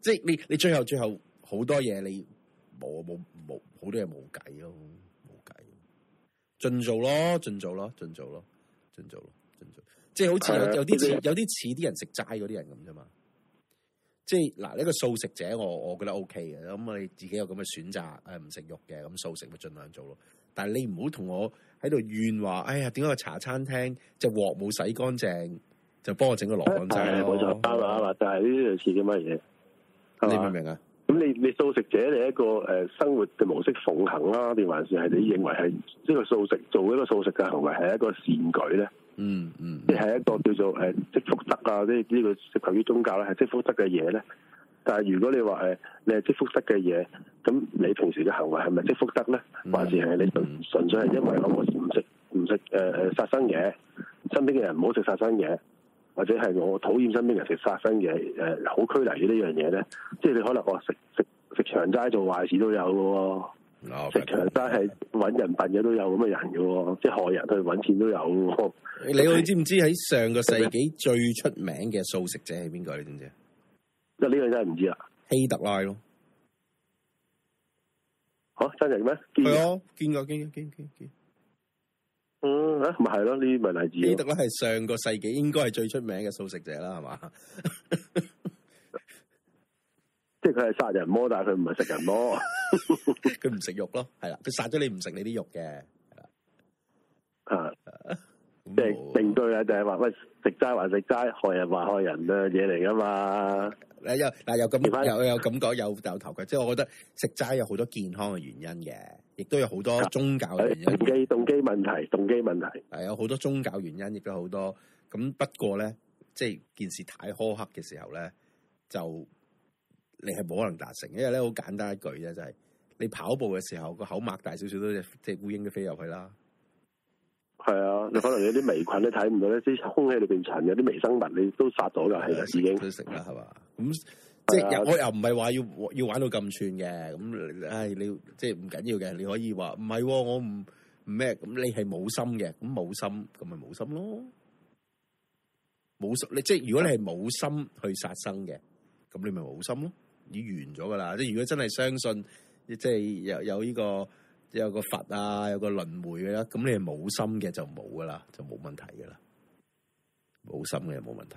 即係你你最後最後好多嘢你冇冇冇好多嘢冇計咯，冇計，盡做咯，盡做咯，盡做咯。做咯，即係好似有有啲似有啲似啲人食齋嗰啲人咁啫嘛。即係嗱，呢個素食者我，我我覺得 O K 嘅，咁你自己有咁嘅選擇，誒唔食肉嘅，咁素食咪盡量做咯。但係你唔好同我喺度怨話，哎呀，點解個茶餐廳隻鑊冇洗乾淨，就幫我整個羅崗仔咯。冇錯，啱啦，啱啦，但係呢啲類似啲乜嘢，你明唔明啊？咁你你素食者你一個誒、呃、生活嘅模式奉行啦、啊，定還是係你認為係呢個素食做一個素食嘅行為係一個善舉咧、嗯？嗯嗯，即係一個叫做誒、呃、積福德啊，呢呢、這個涉及於宗教咧，係積福德嘅嘢咧。但係如果你話誒、呃、你係積福德嘅嘢，咁你平時嘅行為係咪積福德咧？還、嗯、是係你純純粹係因為我唔食唔食誒誒殺生嘢，身邊嘅人唔好食殺生嘢？或者係我討厭身邊人食殺生嘅誒，好、呃、拘泥呢樣嘢咧，即係你可能我、哦、食食食長齋做壞事都有嘅喎、哦，哦、食長齋係揾人笨嘅都有咁嘅人嘅喎、哦，即係害人去揾錢都有你、就係、你知唔知喺上個世紀最出名嘅素食者係邊個？你知唔知，道知道啊？嗱呢樣真係唔知啦，希特拉咯。好真嘅咩？係啊，見啊，見、哦、見過見過見過。見過見過嗯，咪係咯，呢啲咪例子。希特勒係上個世紀應該係最出名嘅素食者啦，係嘛？ 即係佢係殺人魔，但係佢唔係食人魔，佢唔食肉咯，係啦，佢殺咗你唔食你啲肉嘅。啊，即係定對啊，就係話乜食齋還食齋，害人還害人啊，嘢嚟㗎嘛？有嗱又咁又又咁講又又頭鬼，即係我覺得食齋有好多健康嘅原因嘅。亦都有好多宗教嘅原因，動機動機問題，動機問題，係有好多宗教原因，亦都好多。咁不過咧，即係件事太苛刻嘅時候咧，就你係冇可能達成，因為咧好簡單一句啫，就係你跑步嘅時候，個口擘大少少都即係烏蠅都飛入去啦。係啊，你可能有啲微菌都睇唔到咧，啲空氣裏邊塵有啲微生物你都殺咗噶，係啊，已經都食啦，係嘛咁。即係又我又唔係話要要玩到咁串嘅，咁唉，你即係唔緊要嘅，你可以話唔係我唔唔咩，咁你係冇心嘅。咁冇心咁咪冇心咯，冇心你即係如果你係冇心去殺生嘅，咁你咪冇心咯，已完咗噶啦。即係如果真係相信即係有有呢個有個佛啊，有個輪回嘅啦，咁你係冇心嘅就冇噶啦，就冇問題噶啦，冇心嘅冇問題。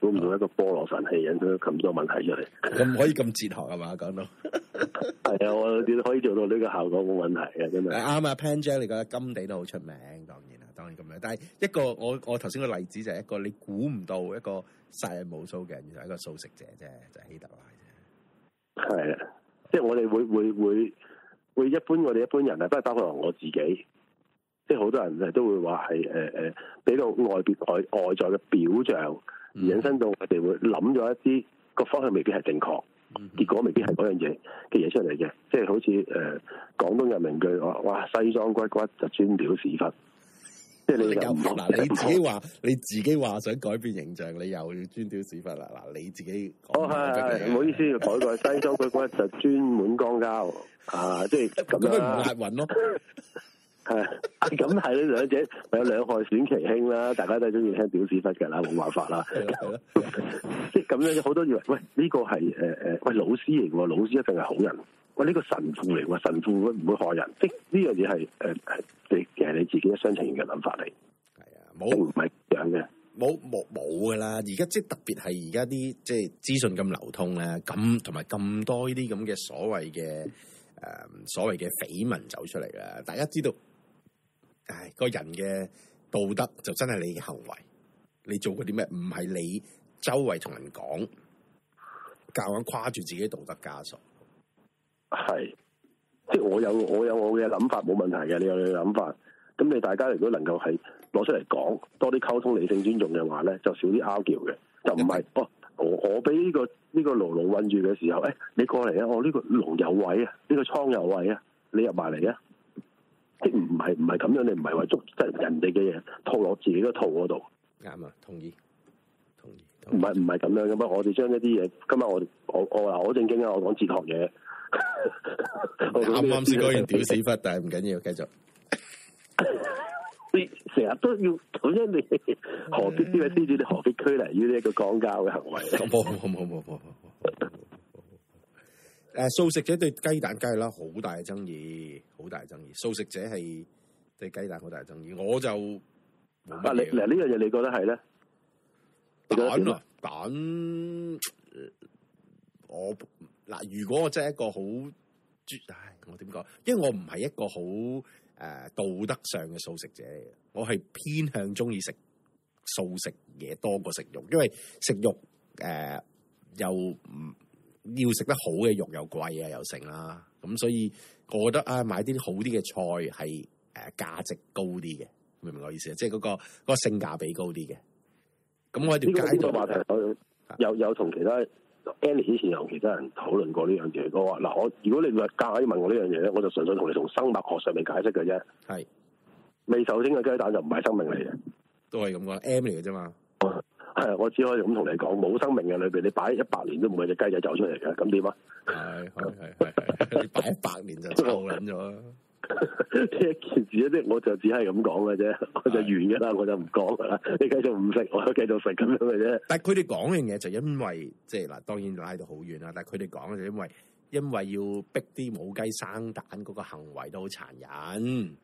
估唔到一個菠蘿神器引咗咁多問題出嚟是， 我唔可以咁哲學係嘛講到，係啊，我可以做到呢個效果冇問題嘅？咁啊，啱啊，Panjang，你覺得金地都好出名，當然啦，當然咁樣。但係一個我我頭先個例子就係一個你估唔到一個殺人無數嘅人，原來係一個素食者啫，就係、是、希特拉啫。係啊，即係我哋會會會會一般我哋一般人啊，不係包括我自己，即係好多人都會話係誒誒，俾、呃、到外邊外外在嘅表象。嗯、引申到佢哋會諗咗一啲個方向未必係正確，嗯、結果未必係嗰樣嘢嘅嘢出嚟嘅，即係好似誒、呃、廣東有名句話：哇，西裝骨骨就專屌屎忽，即係你又、啊、你自己話好你自己話想改變形象，你又要專屌屎忽啦！嗱、啊，你自己你，我係唔好意思， 改個西裝骨骨就專門肛交，啊，即係咁樣唔押韻咯。 係，咁係呢兩者有兩 害選其輕啦。大家都係中意聽表示忽嘅啦，冇辦法啦。即咁 樣，好多人以為，喂呢個係誒誒，喂老師嚟嘅，老師一定係好人。喂呢、呢個神父嚟嘅，神父唔會害人。即呢樣嘢係誒誒，你其實你自己嘅一廂情願嘅諗法嚟。係啊，冇唔係樣嘅，冇冇冇噶啦。而家即特別係而家啲即資訊咁流通咧，咁同埋咁多呢啲咁嘅所謂嘅誒、呃、所謂嘅緋聞走出嚟啦，大家知道。唉，個人嘅道德就真係你嘅行為，你做過啲咩？唔係你周圍同人講，夾硬跨住自己道德枷鎖，係即係我，我有我有我嘅諗法，冇問題嘅。你有你嘅諗法，咁你大家如果能夠係攞出嚟講，多啲溝通、理性、尊重嘅話咧，就少啲拗撬嘅，就唔係哦。我我俾呢、這個呢、這個籠籠韫住嘅時候，誒、哎，你過嚟啊！我、哦、呢、這個籠有位啊，呢、這個倉有位啊，你入埋嚟啊！唔係唔係咁樣，你唔係為捉人哋嘅嘢，套落自己個套嗰度。啱啊，同意同意。唔係唔係咁樣噶嘛？我哋將一啲嘢，今日我我我話好正經啊，我講哲學嘢。啱啱先講完屌屎忽， 但係唔緊要，繼續。你成日都要，咁樣你何必呢位師姐？你 何必拘泥於呢一個講交嘅行為？好好好好好好好。誒，素食者對雞蛋雞啦，好大嘅爭議，好大嘅爭議。素食者係對雞蛋好大爭議，我就冇乜嘢。嗱，呢樣嘢，你覺得係咧？蛋啊，蛋！我嗱，如果我真係一個好，我點講？因為我唔係一個好誒道德上嘅素食者，我係偏向中意食素食嘢多過食肉，因為食肉誒、呃、又唔。要食得好嘅肉又貴啊，又成啦，咁所以我覺得啊，買啲好啲嘅菜係誒價值高啲嘅，明唔明我意思啊？即係嗰個、嗰個性價比高啲嘅。咁我喺條街呢、呢個呢個話題我，我、啊、有有同其他 Annie 以前同其他人討論過呢樣嘢。我話嗱，我如果你問隔下要問我呢樣嘢咧，我就純粹同你從生物學上面解釋嘅啫。係是未受精嘅雞蛋就唔係生命嚟嘅，都係咁講 M 嚟嘅啫嘛。係，我只可以咁同你講，冇生命嘅裏邊，你擺一百年都唔會隻雞仔走出嚟嘅，咁點啊？係係係係，你擺一百年就臭撚咗。呢一 件事咧，我就只係咁講嘅啫，我就完嘅啦的，我就唔講啦。你繼續唔食，我都繼續食咁樣嘅啫。但係佢哋講嘅嘢，就因為，即係嗱，當然拉到好遠啦。但係佢哋講嘅就因為，因為要逼啲母雞生蛋嗰個行為都好殘忍，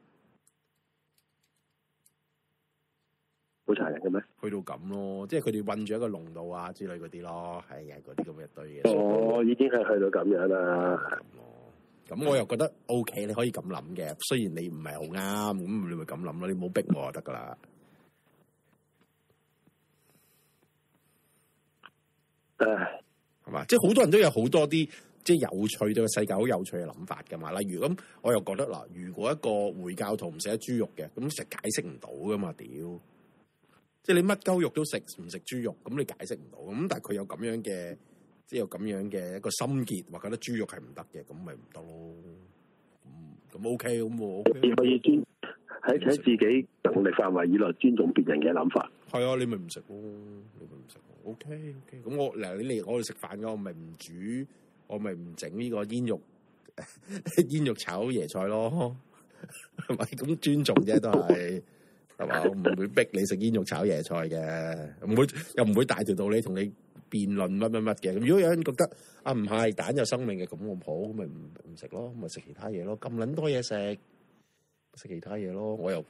好殘忍嘅咩？去到咁咯，即係佢哋困住一個籠度啊之類嗰啲咯，係啊，嗰啲咁嘅一堆嘢。哦，已經係去到咁樣啦。咁咁我又覺得 OK，你可以咁諗嘅。雖然你唔係好啱，咁你咪咁諗啦，你唔好逼我就得噶啦。唉，係嘛，即係好多人都有好多啲即係有趣對個世界好有趣嘅諗法噶嘛。例如咁，我又覺得嗱，如果一個回教徒唔食得豬肉嘅，咁食解釋唔到噶嘛？屌！即係你乜鳩肉都食，唔食豬肉，咁你解釋唔到。咁但係佢有咁樣嘅，即係有咁樣嘅一個心結，或者覺得豬肉係唔得嘅，咁咪唔得咯。咁 OK 咁，OK 你可以尊喺喺是在自己能力範圍以內尊重別人嘅諗法。係啊，你咪唔食咯，你咪唔食。OK OK，咁我嗱你嚟，我哋食飯嘅，我咪唔煮，我咪唔整呢個煙肉煙 肉炒椰菜咯。咪 咁尊重啫，都係。 係嘛，我唔會逼你食煙肉炒椰菜嘅，唔會又唔會帶條道理同你辯論乜乜乜嘅。咁如果有人覺得啊唔係蛋有生命嘅咁咁好，咁咪唔唔食咯，咪食其他嘢咯。咁捻，多嘢食，食其他嘢咯。我又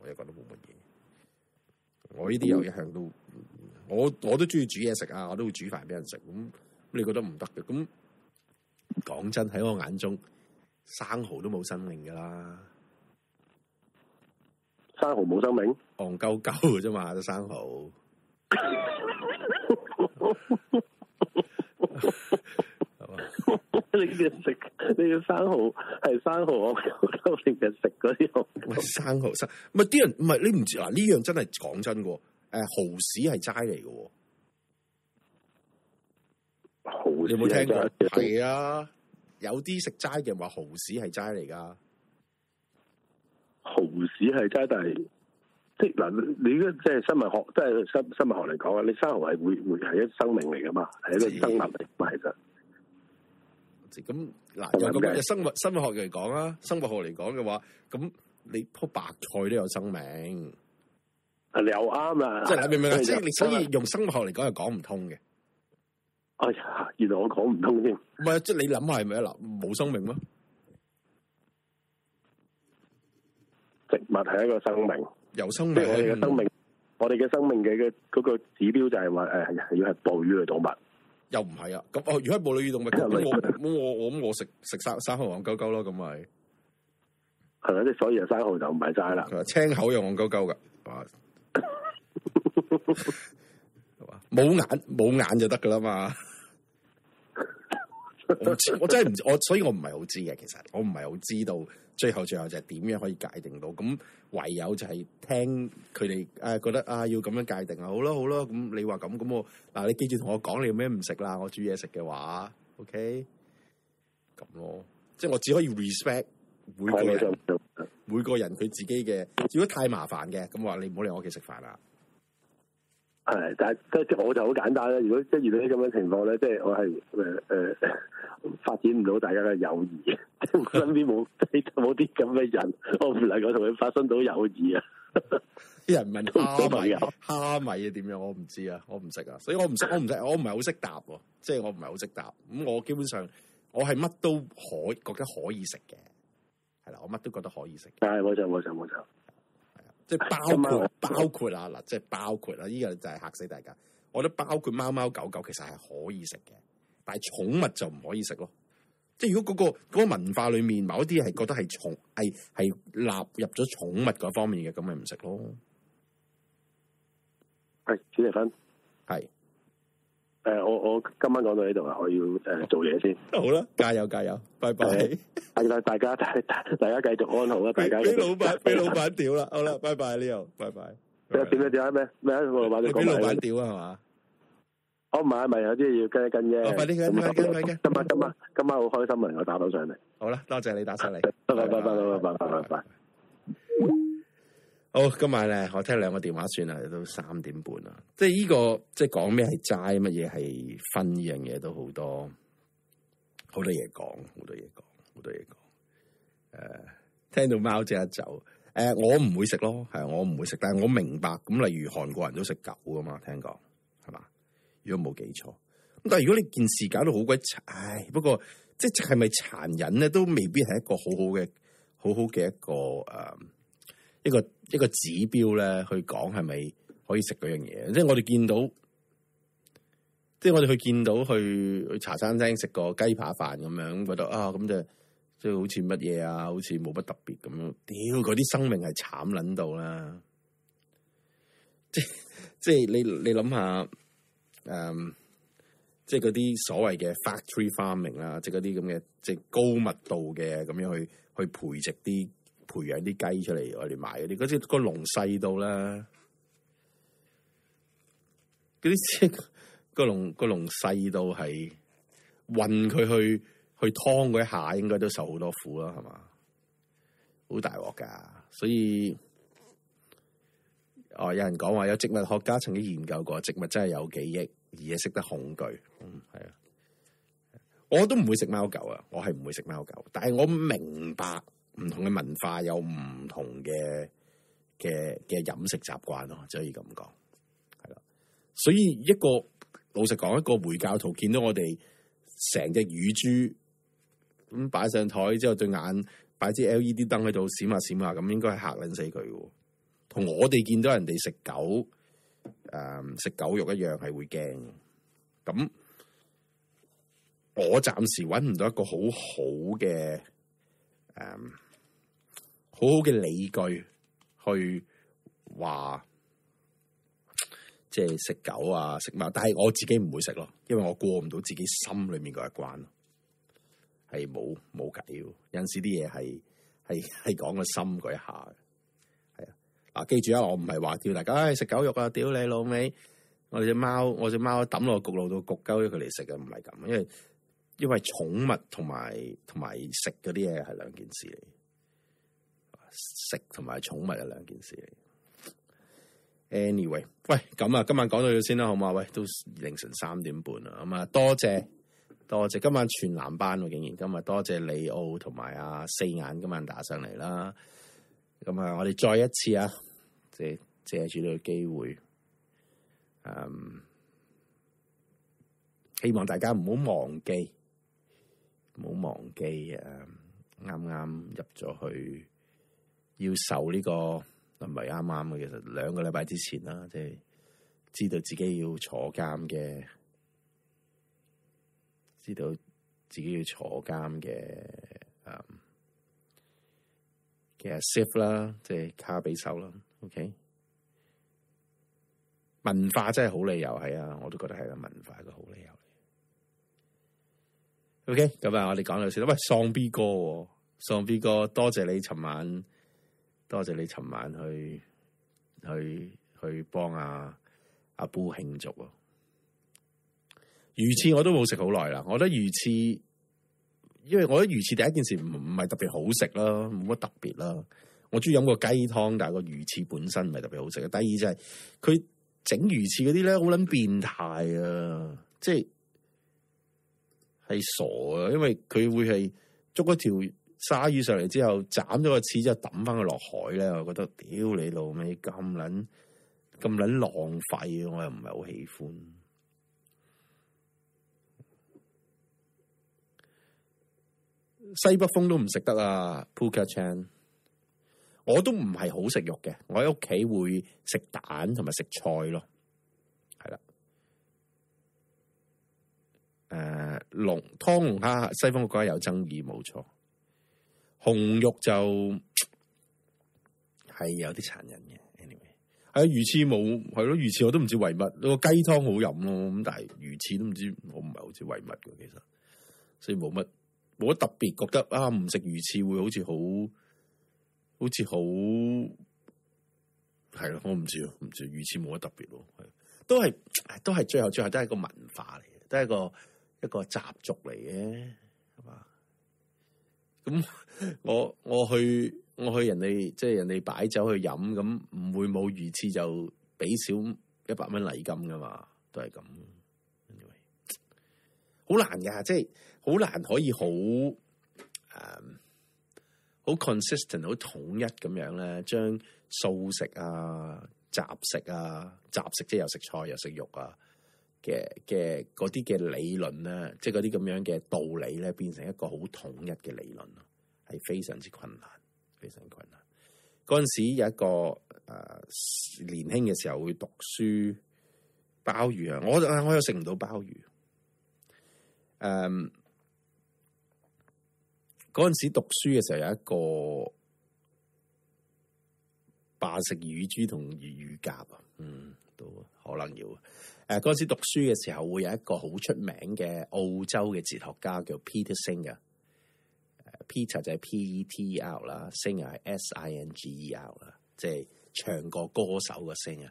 我又覺得冇乜嘢。我呢啲又一向都我我都中意煮嘢食啊，我都會煮飯俾人食。咁你覺得唔得嘅？咁講真喺我眼中，生蠔都冇生命噶啦。生蠔冇生命，戇鳩鳩嘅啫嘛，啲生蠔。你啲食、嗯，你啲生蠔係生蠔戇鳩，定係食嗰啲戇鳩？生蠔生，唔係啲人唔係你唔知嗱，呢樣真係講真嘅，誒，蠔屎係齋嚟嘅。蠔，你，你有冇聽過？係啊，有啲食齋嘅人話，蠔屎係齋嚟噶。蠔豉係真，但係即嗱，你依家即係生物學，即係生生物學嚟講啊，你生蠔係會會係一生命嚟噶嘛？係一個生命嚟，嗯、其實咁嗱，用個生物生物學嚟講啊，生物學嚟講嘅話，咁你棵白菜都有生命，你又啱啦，即係明唔明啊？即係所以用生物學嚟講又講唔通嘅，哎呀，原來我講唔通添。唔係即係你諗下係咪啊？嗱，冇生命咯。植物係一個生命，由生命，即我哋嘅生命，我哋嘅生命嘅嘅嗰個指標就係話，誒係要係哺乳類動物，又唔係啊？咁哦，如果係哺乳類動物，咁我，我，我咁我食食生生蠔戇鳩鳩咯，咁咪係啊。即所以啊，生蠔就唔係齋啦，青口又戇鳩鳩噶，冇眼冇眼就得噶啦嘛？我真係唔知我，所以我唔係好知嘅，其實我唔係好知道。最後最後就係點樣可以界定到？咁唯有就係聽佢哋誒覺得啊，要咁樣界定啊，好啦好啦，咁你話咁咁我嗱、啊，你記住同我講，你有咩唔食啦？我煮嘢食嘅話，OK，咁咯，即係我只可以 respect 每個人，每個人佢自己嘅。如果太麻煩嘅，咁我話你唔好嚟我屋企食飯啦。係，但即係我就好簡單啦。如果即係遇到啲咁樣情況咧，即係我係誒誒。呃呃發展唔到大家嘅友誼，身邊冇冇啲咁嘅人，我唔能夠同佢發生到友誼啊！啲人問蝦米蝦米啊？點樣？我唔知啊，我唔識啊，所以我唔識，我唔識，我唔係好識答，即係我唔係好識答。咁我基本上我係乜都可覺得可以食嘅，係啦，我乜都覺得可以食。係冇錯，冇錯，冇錯，係啊，即係包括包括啊嗱，即係包括啦，依個就係嚇死大家。我覺得包括貓貓狗狗其實係可以食嘅。但係寵物就唔可以食咯，即係如果嗰個嗰個文化裏面某一啲係覺得係寵係係納入咗寵物嗰方面嘅，咁咪唔食咯。係，朱麗芬，係，誒，我我今晚講到呢度啊，我要誒做嘢先好啦，加油加油，拜拜。係啦，大家大家繼續安好啊。俾俾老闆俾老闆屌啦，好啦，拜拜 Leo，拜拜。誒，點啊點啊咩咩老闆你講俾老闆屌啊嘛？ 哦、不不我唔係，咪有啲要跟一跟啫。多謝、哦、今晚今晚今晚好開心啊！我打到上嚟，好啦，多謝，謝你打上嚟。拜拜拜拜拜拜拜拜。好，今晚咧，我聽兩個電話算啦，都三點半啦。即係呢、呢個，即係講咩係齋，乜嘢係分，呢樣嘢都好多好多嘢講，好多嘢講，好多嘢講。誒、呃，聽到貓即刻走。誒、呃，我唔會食咯，係我唔會食。但係我明白，咁例如韓國人都食狗噶嘛，聽講。如果冇記錯，咁但係如果你件事搞到好鬼殘，唉，不過即係係咪殘忍咧，都未必係一個好好嘅好好嘅一個誒、呃、一個一個指標咧，去講係咪可以食嗰樣嘢？即係我哋見到，即係我哋去見到去去茶餐廳食個雞扒飯咁樣，覺得啊咁就即係好似乜嘢啊，好似冇乜特別咁樣。屌，嗰啲生命係慘撚到啦！即即係你你諗下。誒，即係嗰啲所謂嘅 factory farming 啦，即係嗰啲咁嘅，即係高密度嘅咁樣去去培植啲培養啲雞出嚟我哋買嗰啲，嗰隻個籠細到啦，嗰啲個籠個籠細到係運佢去去湯嗰下，應該都受好多苦啦，係嘛，好大鑊㗎，所以。哦，有人講話有植物學家曾經研究過，植物真係有記憶，而且識得恐懼。嗯，係啊，我都唔會食貓狗啊，我係唔會食貓狗。但係我明白唔同嘅文化有唔同嘅嘅嘅飲食習慣咯，就可以咁講係啦。的所以一個老實講，一個回教徒見到我哋成隻乳豬咁擺上台之後，對眼擺支 LED 燈喺度閃下閃下，咁應該係嚇撚死佢嘅。同我哋見到人哋食狗，誒、嗯、食狗肉一樣係會驚。咁我暫時揾唔到一個好好嘅、嗯、好好嘅，誒好好嘅理據去話，即係食狗啊食物，但係我自己唔會食咯，因為我過唔到自己心裏面嗰一關咯，係冇冇計。有時啲嘢係係係講個心嗰一下。記住啊！我唔係話叫大家，唉、哎、食狗肉啊！屌你老味！我哋隻貓，我隻貓抌落焗爐度焗鳩咗佢嚟食嘅，唔係咁。因為因為寵物同埋同埋食嗰啲嘢係兩件事嚟，食同埋寵物係兩件事嚟。Anyway，喂，咁啊，今晚講到要先啦，好嘛？喂，都凌晨三點半啦。咁、嗯、啊，多謝多謝，今晚全男班喎，竟然今日多謝里奧同埋阿四眼今晚打上嚟啦。咁啊，我哋再一次啊！借借住呢個機會，嗯，希望大家唔好忘記，唔好忘記，誒，嗯，啱啱入咗去，要受呢，呢個唔係啱啱嘅，其實兩個禮拜之前啦，即係知道自己要坐監嘅，知道自己要坐監嘅，嗯，其實 safe 啦，即係卡比手啦。O、okay? K，文化真係好理由，係啊，我都覺得係個，文化嘅好理由。O K，咁啊，我哋講到先啦。喂，喪 B 哥、哦，喪 B 哥，多謝你尋晚，多謝你尋晚去，去去幫阿阿 Bo 慶祝啊！魚、啊、翅我都冇食好耐啦，我覺得魚翅，因為我覺得魚翅第一件事唔唔係特別好食啦，冇乜特別啦。我中意飲個雞湯，但係個魚翅本身唔係特別好食。第二就係佢整魚翅嗰啲咧，好撚變態啊！即係係傻啊，因為佢會係捉嗰條鯊魚上嚟之後，斬咗個翅之後抌翻佢落海咧。我覺得，屌你老味，咁撚咁撚浪費啊，我又唔係好喜歡。西北風都唔食得啊，Puka Chan。我都唔係好食肉嘅，我喺屋企會食蛋同埋食菜咯，係啦。誒、啊，龍湯龍蝦，西方國家有爭議，冇錯。紅肉就係有啲殘忍嘅，anyway，係魚翅冇，係咯魚翅我都唔知為乜，個雞湯好飲咯，咁但係魚翅都唔知我唔係好知為乜嘅，其實，所以冇乜冇乜特別覺得啊，唔食魚翅會好似好。好似好係咯，我唔知，唔知魚翅冇乜特別咯，係的都係都係最後最後都係一個文化嚟嘅，都係一個一個習俗嚟嘅，係嘛吧？咁我我去我去人哋即係人哋擺酒去飲，咁唔會冇魚翅就俾少一百蚊禮金噶嘛？都係咁，好、嗯 anyway、難噶，即係好難可以好誒。嗯好 consistent，好統一咁樣咧，將素食啊、雜食啊、雜食即係又食菜又食肉啊嘅嘅嗰啲嘅理論咧，即係嗰啲咁樣嘅道理咧，變成一個好統一嘅理論咯，係非常之困難，非常困難。嗰陣時有一個誒、呃、年輕嘅時候會讀書鮑魚啊，我我又食唔到鮑魚，嗯、um。嗰陣時讀書嘅時候有一個霸食乳豬同乳鴿啊，嗯，都可能要誒。嗰陣時讀書嘅時候會有一個好出名嘅澳洲嘅哲學家叫 Peter Singer Peter 就係 P E T e L 啦，Singer 係 S I N G E R 啦，即係唱個歌，歌手嘅 Singer。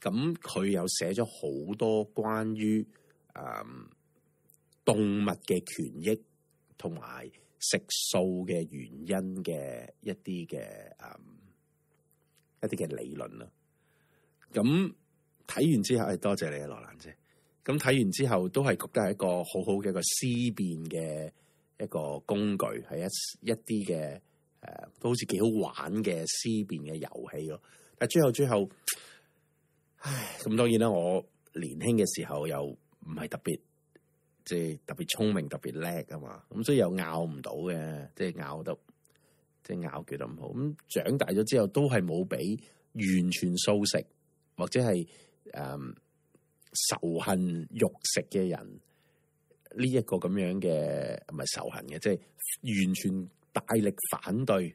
咁佢又寫咗好多關於誒、嗯、動物嘅權益同埋。食素嘅原因嘅一啲嘅，嗯，一啲嘅理論啦。咁睇完之後係、哎、多謝你啊，羅蘭姐。咁睇完之後都係覺得係一個好好嘅一個思辨嘅一個工具，係一一啲嘅，誒、呃，都好似幾好玩嘅思辨嘅遊戲咯。但係最後最後，唉，咁當然啦，我年輕嘅時候又唔係特別。即係特別聰明特別叻啊嘛，咁所以又咬唔到嘅，即係咬得即係咬叫得唔好。咁長大咗之後都係冇俾完全素食或者係誒、嗯、仇恨肉食嘅人呢一、這個咁樣嘅唔係仇恨嘅，即、就、係、是、完全大力反對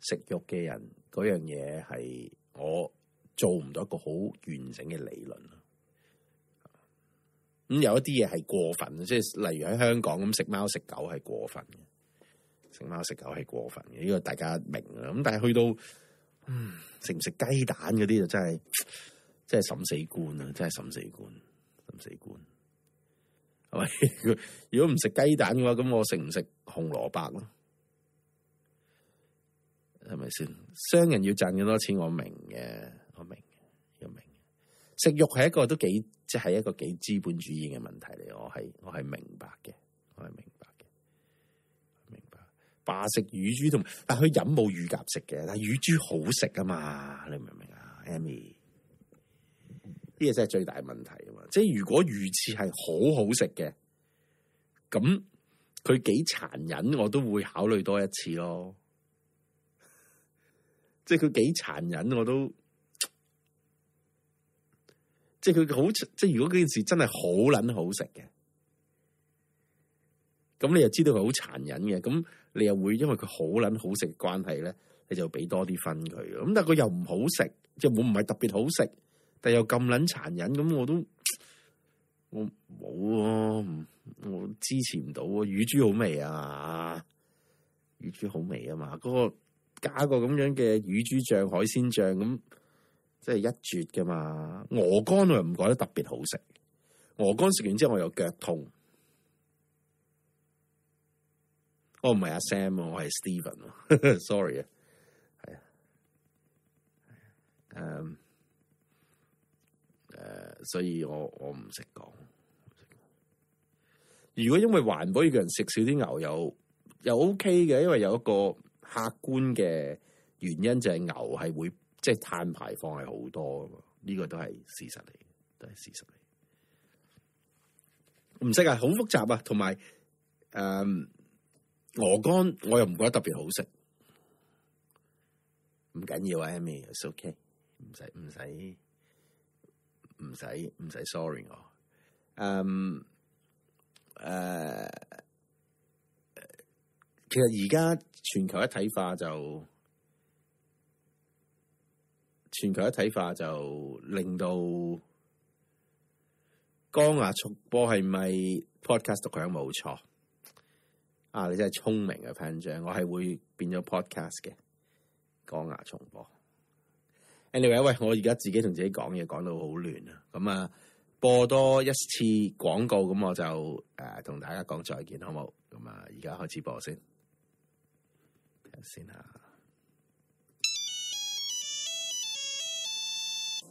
食肉嘅人嗰樣嘢係我做唔到一個好完整嘅理論。咁、嗯、有一啲嘢係過分，即係例如喺香港咁食貓食狗係過分嘅，食貓食狗係過分嘅，呢、這個大家明啦。咁但係去到、嗯、食唔食雞蛋嗰啲就真係，真係審死官啊！真係審死官，審死官係咪？是不是 如果唔食雞蛋嘅話，咁我食唔食紅蘿蔔咯？係咪先？商人要賺咁多錢，我明嘅，我明嘅，我明嘅。食肉係一個都幾。即係一個幾資本主義嘅問題嚟，我係我係明白嘅，我係明白嘅，明白。霸食乳豬同，但佢飲冇乳鴿食嘅，但乳豬好食啊嘛，你明唔明啊，Amy？呢嘢真係最大嘅問題啊嘛！即係如果魚翅係好好食嘅，咁佢幾殘忍，我都會考慮多一次咯。即係佢幾殘忍，我都。即係佢好，即係如果嗰件事真係好捻好食嘅，咁你又知道佢好殘忍嘅，咁你又會因為佢好捻好食關係咧，你就俾多啲分佢。咁但係佢又唔好食，即係冇唔係特別好食，但又咁捻殘忍，咁我都我冇啊，我支持唔到啊。乳豬好味啊，乳豬好味啊嘛，嗰、個加個咁樣嘅乳豬醬、海鮮醬咁。即係一絕噶嘛？鵝肝我又唔覺得特別好食，鵝肝食完之後我又腳痛。我唔係阿 Sam，我係 Steven，sorry 啊，係 啊，誒誒，所以我我唔識講。如果因為環保呢個人食少啲牛油，又 OK 嘅，因為有一個客觀嘅原因就係、是、牛係會。即係碳排放係好多噶，呢、這個都係事實嚟，都係事實嚟。唔識啊，好複雜啊，同埋誒，鵝肝我又唔覺得特別好食。唔緊要啊，Amy，it's okay，唔使唔使唔使唔使，sorry 我、啊。誒、嗯、誒、嗯，其實而家全球一體化就。全球一體化就令到江牙重播係咪 podcast 佢響冇錯？啊，你真係聰明嘅朋友，我係會變咗 podcast 嘅江牙重播。Anyway，喂，我而家自己同自己講嘢，講到好亂啊！咁啊，播多一次廣告，咁我就誒同、呃、大家講再見，好冇？咁啊，而家開始播先，開始啦。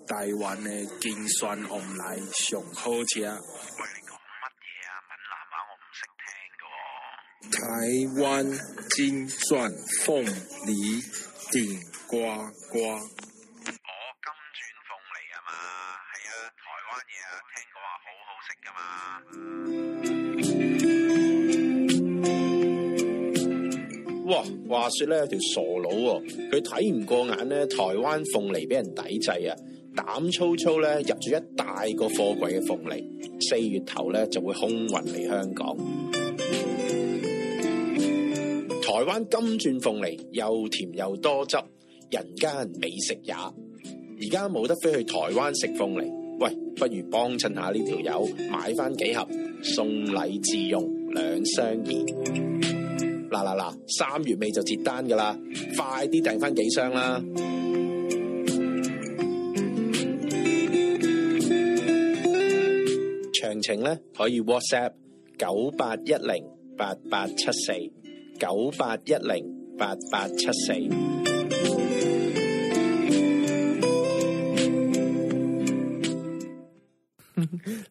台灣嘅金鑽鳳梨上好食啊。喂，你講乜嘢啊？閩南話我唔識聽噶喎。台灣金鑽鳳梨頂呱呱。我、哦、金鑽鳳梨係、啊、嘛？係啊，台灣嘢啊，聽講話好好食噶嘛。哇，話說咧有條傻佬、哦，佢睇唔過眼咧，台灣鳳梨俾人抵制啊！膽粗粗咧，入咗一大個貨櫃嘅鳳梨，四月頭咧就會空運嚟香港。台灣金鑽鳳梨又甜又多汁，人間美食也。而家冇得飛去台灣食鳳梨，喂，不如幫襯下呢條友買翻幾盒送禮自用，兩相宜。嗱嗱嗱，三月尾就截單噶啦，快啲訂翻幾箱啦！請咧可以 WhatsApp 九八一零八八七四九八一零八八七四。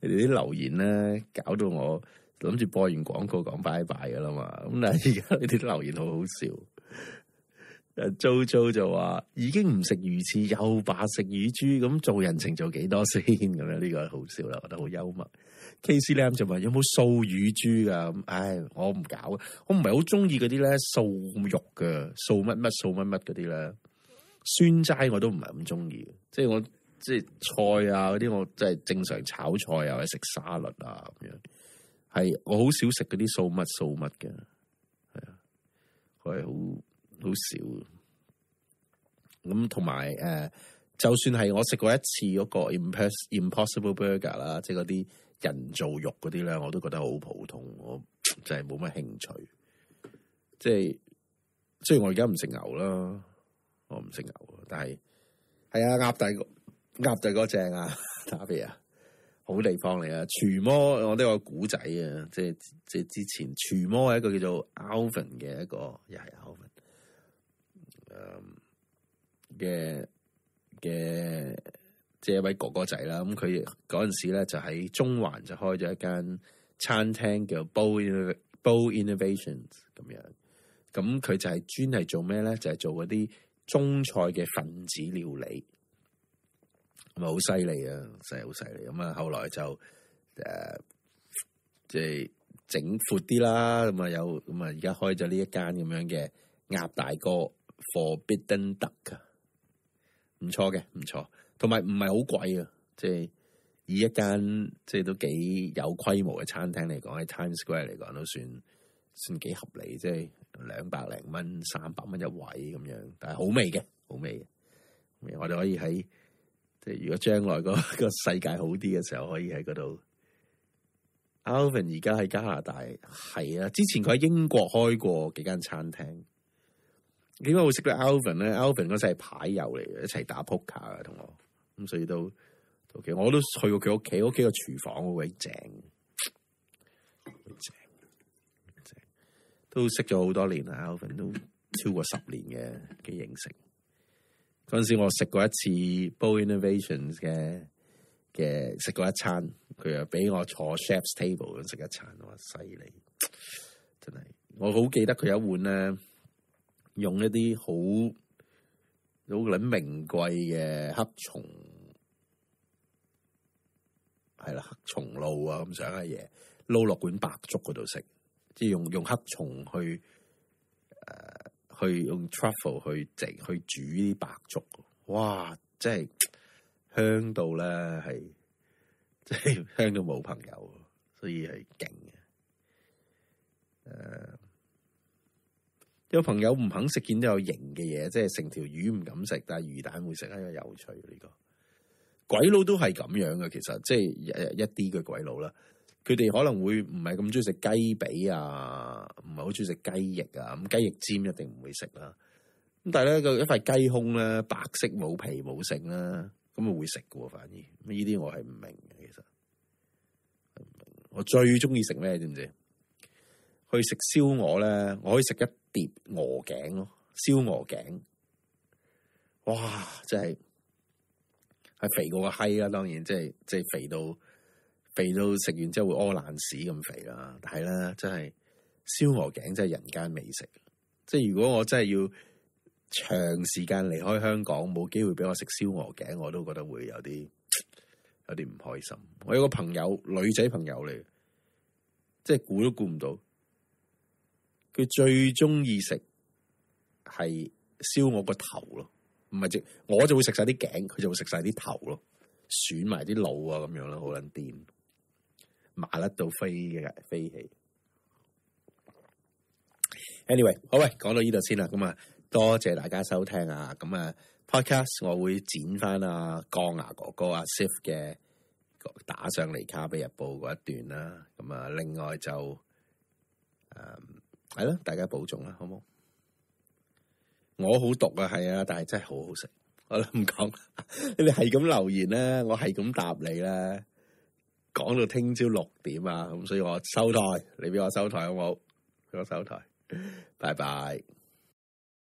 你哋啲留言咧，搞到我諗住播完廣告講拜拜噶啦嘛。咁但係而家你啲留言好好笑。誒，Jojo 就話已經唔食魚翅，又把食乳豬，咁做人情做幾多先咁樣？呢個好笑啦，我覺得好幽默。KC 咧，就問有冇素乳豬噶唉，我唔搞，我唔係好中意嗰啲咧素肉嘅，素乜乜素乜乜嗰啲啦。酸齋我都唔係咁中意，即係我即係菜啊嗰啲，我真係正常炒菜啊，或者食沙律啊咁樣，係我好少食嗰啲素乜素乜嘅，係啊，佢係好。好少的，咁同埋誒就算係我食過一次個 Imp os, Impossible Burger 啦，即係啲人造肉啲咧，我都覺得好普通，我就係冇乜興趣。即係雖然我而家唔食牛啦，我唔食牛，但係，係啊，鴨大鴨大嗰正啊，打邊啊，好地方嚟啊！廚魔我都有個古仔啊，即係即係之前廚魔係一個叫做 Alvin 嘅一個又係 Alvin。嘅嘅，即係、嗯，就是、一位哥哥仔啦。咁佢嗰陣時咧就喺中環就開咗一間餐廳叫 Bo Bo Innovations 咁樣。咁、嗯、佢就係專係做咩咧？就係、是、做嗰啲中菜嘅分子料理，咁啊好犀利啊，真係好犀利。咁啊、嗯，後來就誒即係整闊啲啦。咁、嗯、啊有咁啊，而、嗯、家開咗呢一間咁樣嘅鴨大哥。Forbidden Duck 唔錯嘅，唔錯。同埋唔係好貴啊，即係以一間即係都幾有規模嘅餐廳嚟講，喺 Times Square 嚟講都算算幾合理，即係兩百零蚊、三百蚊一位咁樣。但係好味嘅，好味嘅。我哋可以喺即係如果將來個個世界好啲嘅時候，可以喺嗰度。Alvin 而家喺加拿大，係啊，之前佢喺英國開過幾間餐廳。點解會識到 Alvin 咧？Alvin 嗰陣係牌友嚟嘅，一齊打撲克嘅同我，咁所以都 OK。我都去過佢屋企，屋企個廚房好鬼正，正，正。都識咗好多年啦，Alvin 都超過十年嘅嘅認識。嗰陣時我食過一次 Bo Innovation 嘅嘅食過一餐，佢又俾我坐 Chef's Table 咁食一餐，我話犀利，真係。我好記得佢一碗咧。用一啲好好名貴嘅黑松，係啦黑松露啊咁上下嘢撈落碗白粥嗰度食，即係用用黑松去誒、呃、去用 truffle 去整去煮啲白粥，哇！即係香到咧係，即係香到冇朋友，所以係勁嘅，誒、呃。有朋友唔肯食見到有形嘅嘢，即係成條魚唔敢食，但係魚蛋會食，因為有趣。呢個鬼佬都係咁樣嘅，其實即係一啲嘅鬼佬啦。佢哋可能會唔係咁中意食雞髀啊，唔係好中意食雞翼啊，咁雞翼尖一定唔會食啦。咁但係咧，個一塊雞胸咧，白色冇皮冇剩啦，咁啊會食嘅，反而呢啲我係唔明嘅。其實我最中意食咩，知唔知？去食燒鵝咧，我可以食一碟鵝頸咯。哦，燒鵝頸，哇！真係係肥過個閪啊，當然、就是、即係即係肥到肥到食完之後會屙爛屎咁肥啦，但係咧真係燒鵝頸真係人間美食，即係如果我真係要長時間離開香港，冇機會俾我食燒鵝頸，我都覺得會有啲有啲唔開心。我有個朋友女仔朋友嚟，即係估都估唔到。佢最中意食係燒我個頭咯，唔係，即我就會食晒啲頸，佢就會食晒啲頭咯，損埋啲腦啊咁樣啦，好捻癲，麻甩到飛嘅，飛起。Anyway，好喂，講到呢度先啦，咁啊，多謝大家收聽啊，咁啊，podcast 我會剪翻啊，鋼牙哥哥、哥啊 Sif 嘅打上嚟《卡比日報》嗰一段啦，咁啊，另外就誒。嗯係咯，大家保重啦，好唔好？我好毒啊，係啊，但係真係好好食。好啦，唔講啦，你係咁留言啦，我係咁答你啦。講到聽朝六點啊，咁所以我收台，你俾我收台好唔好？好，好？俾我收台，拜拜。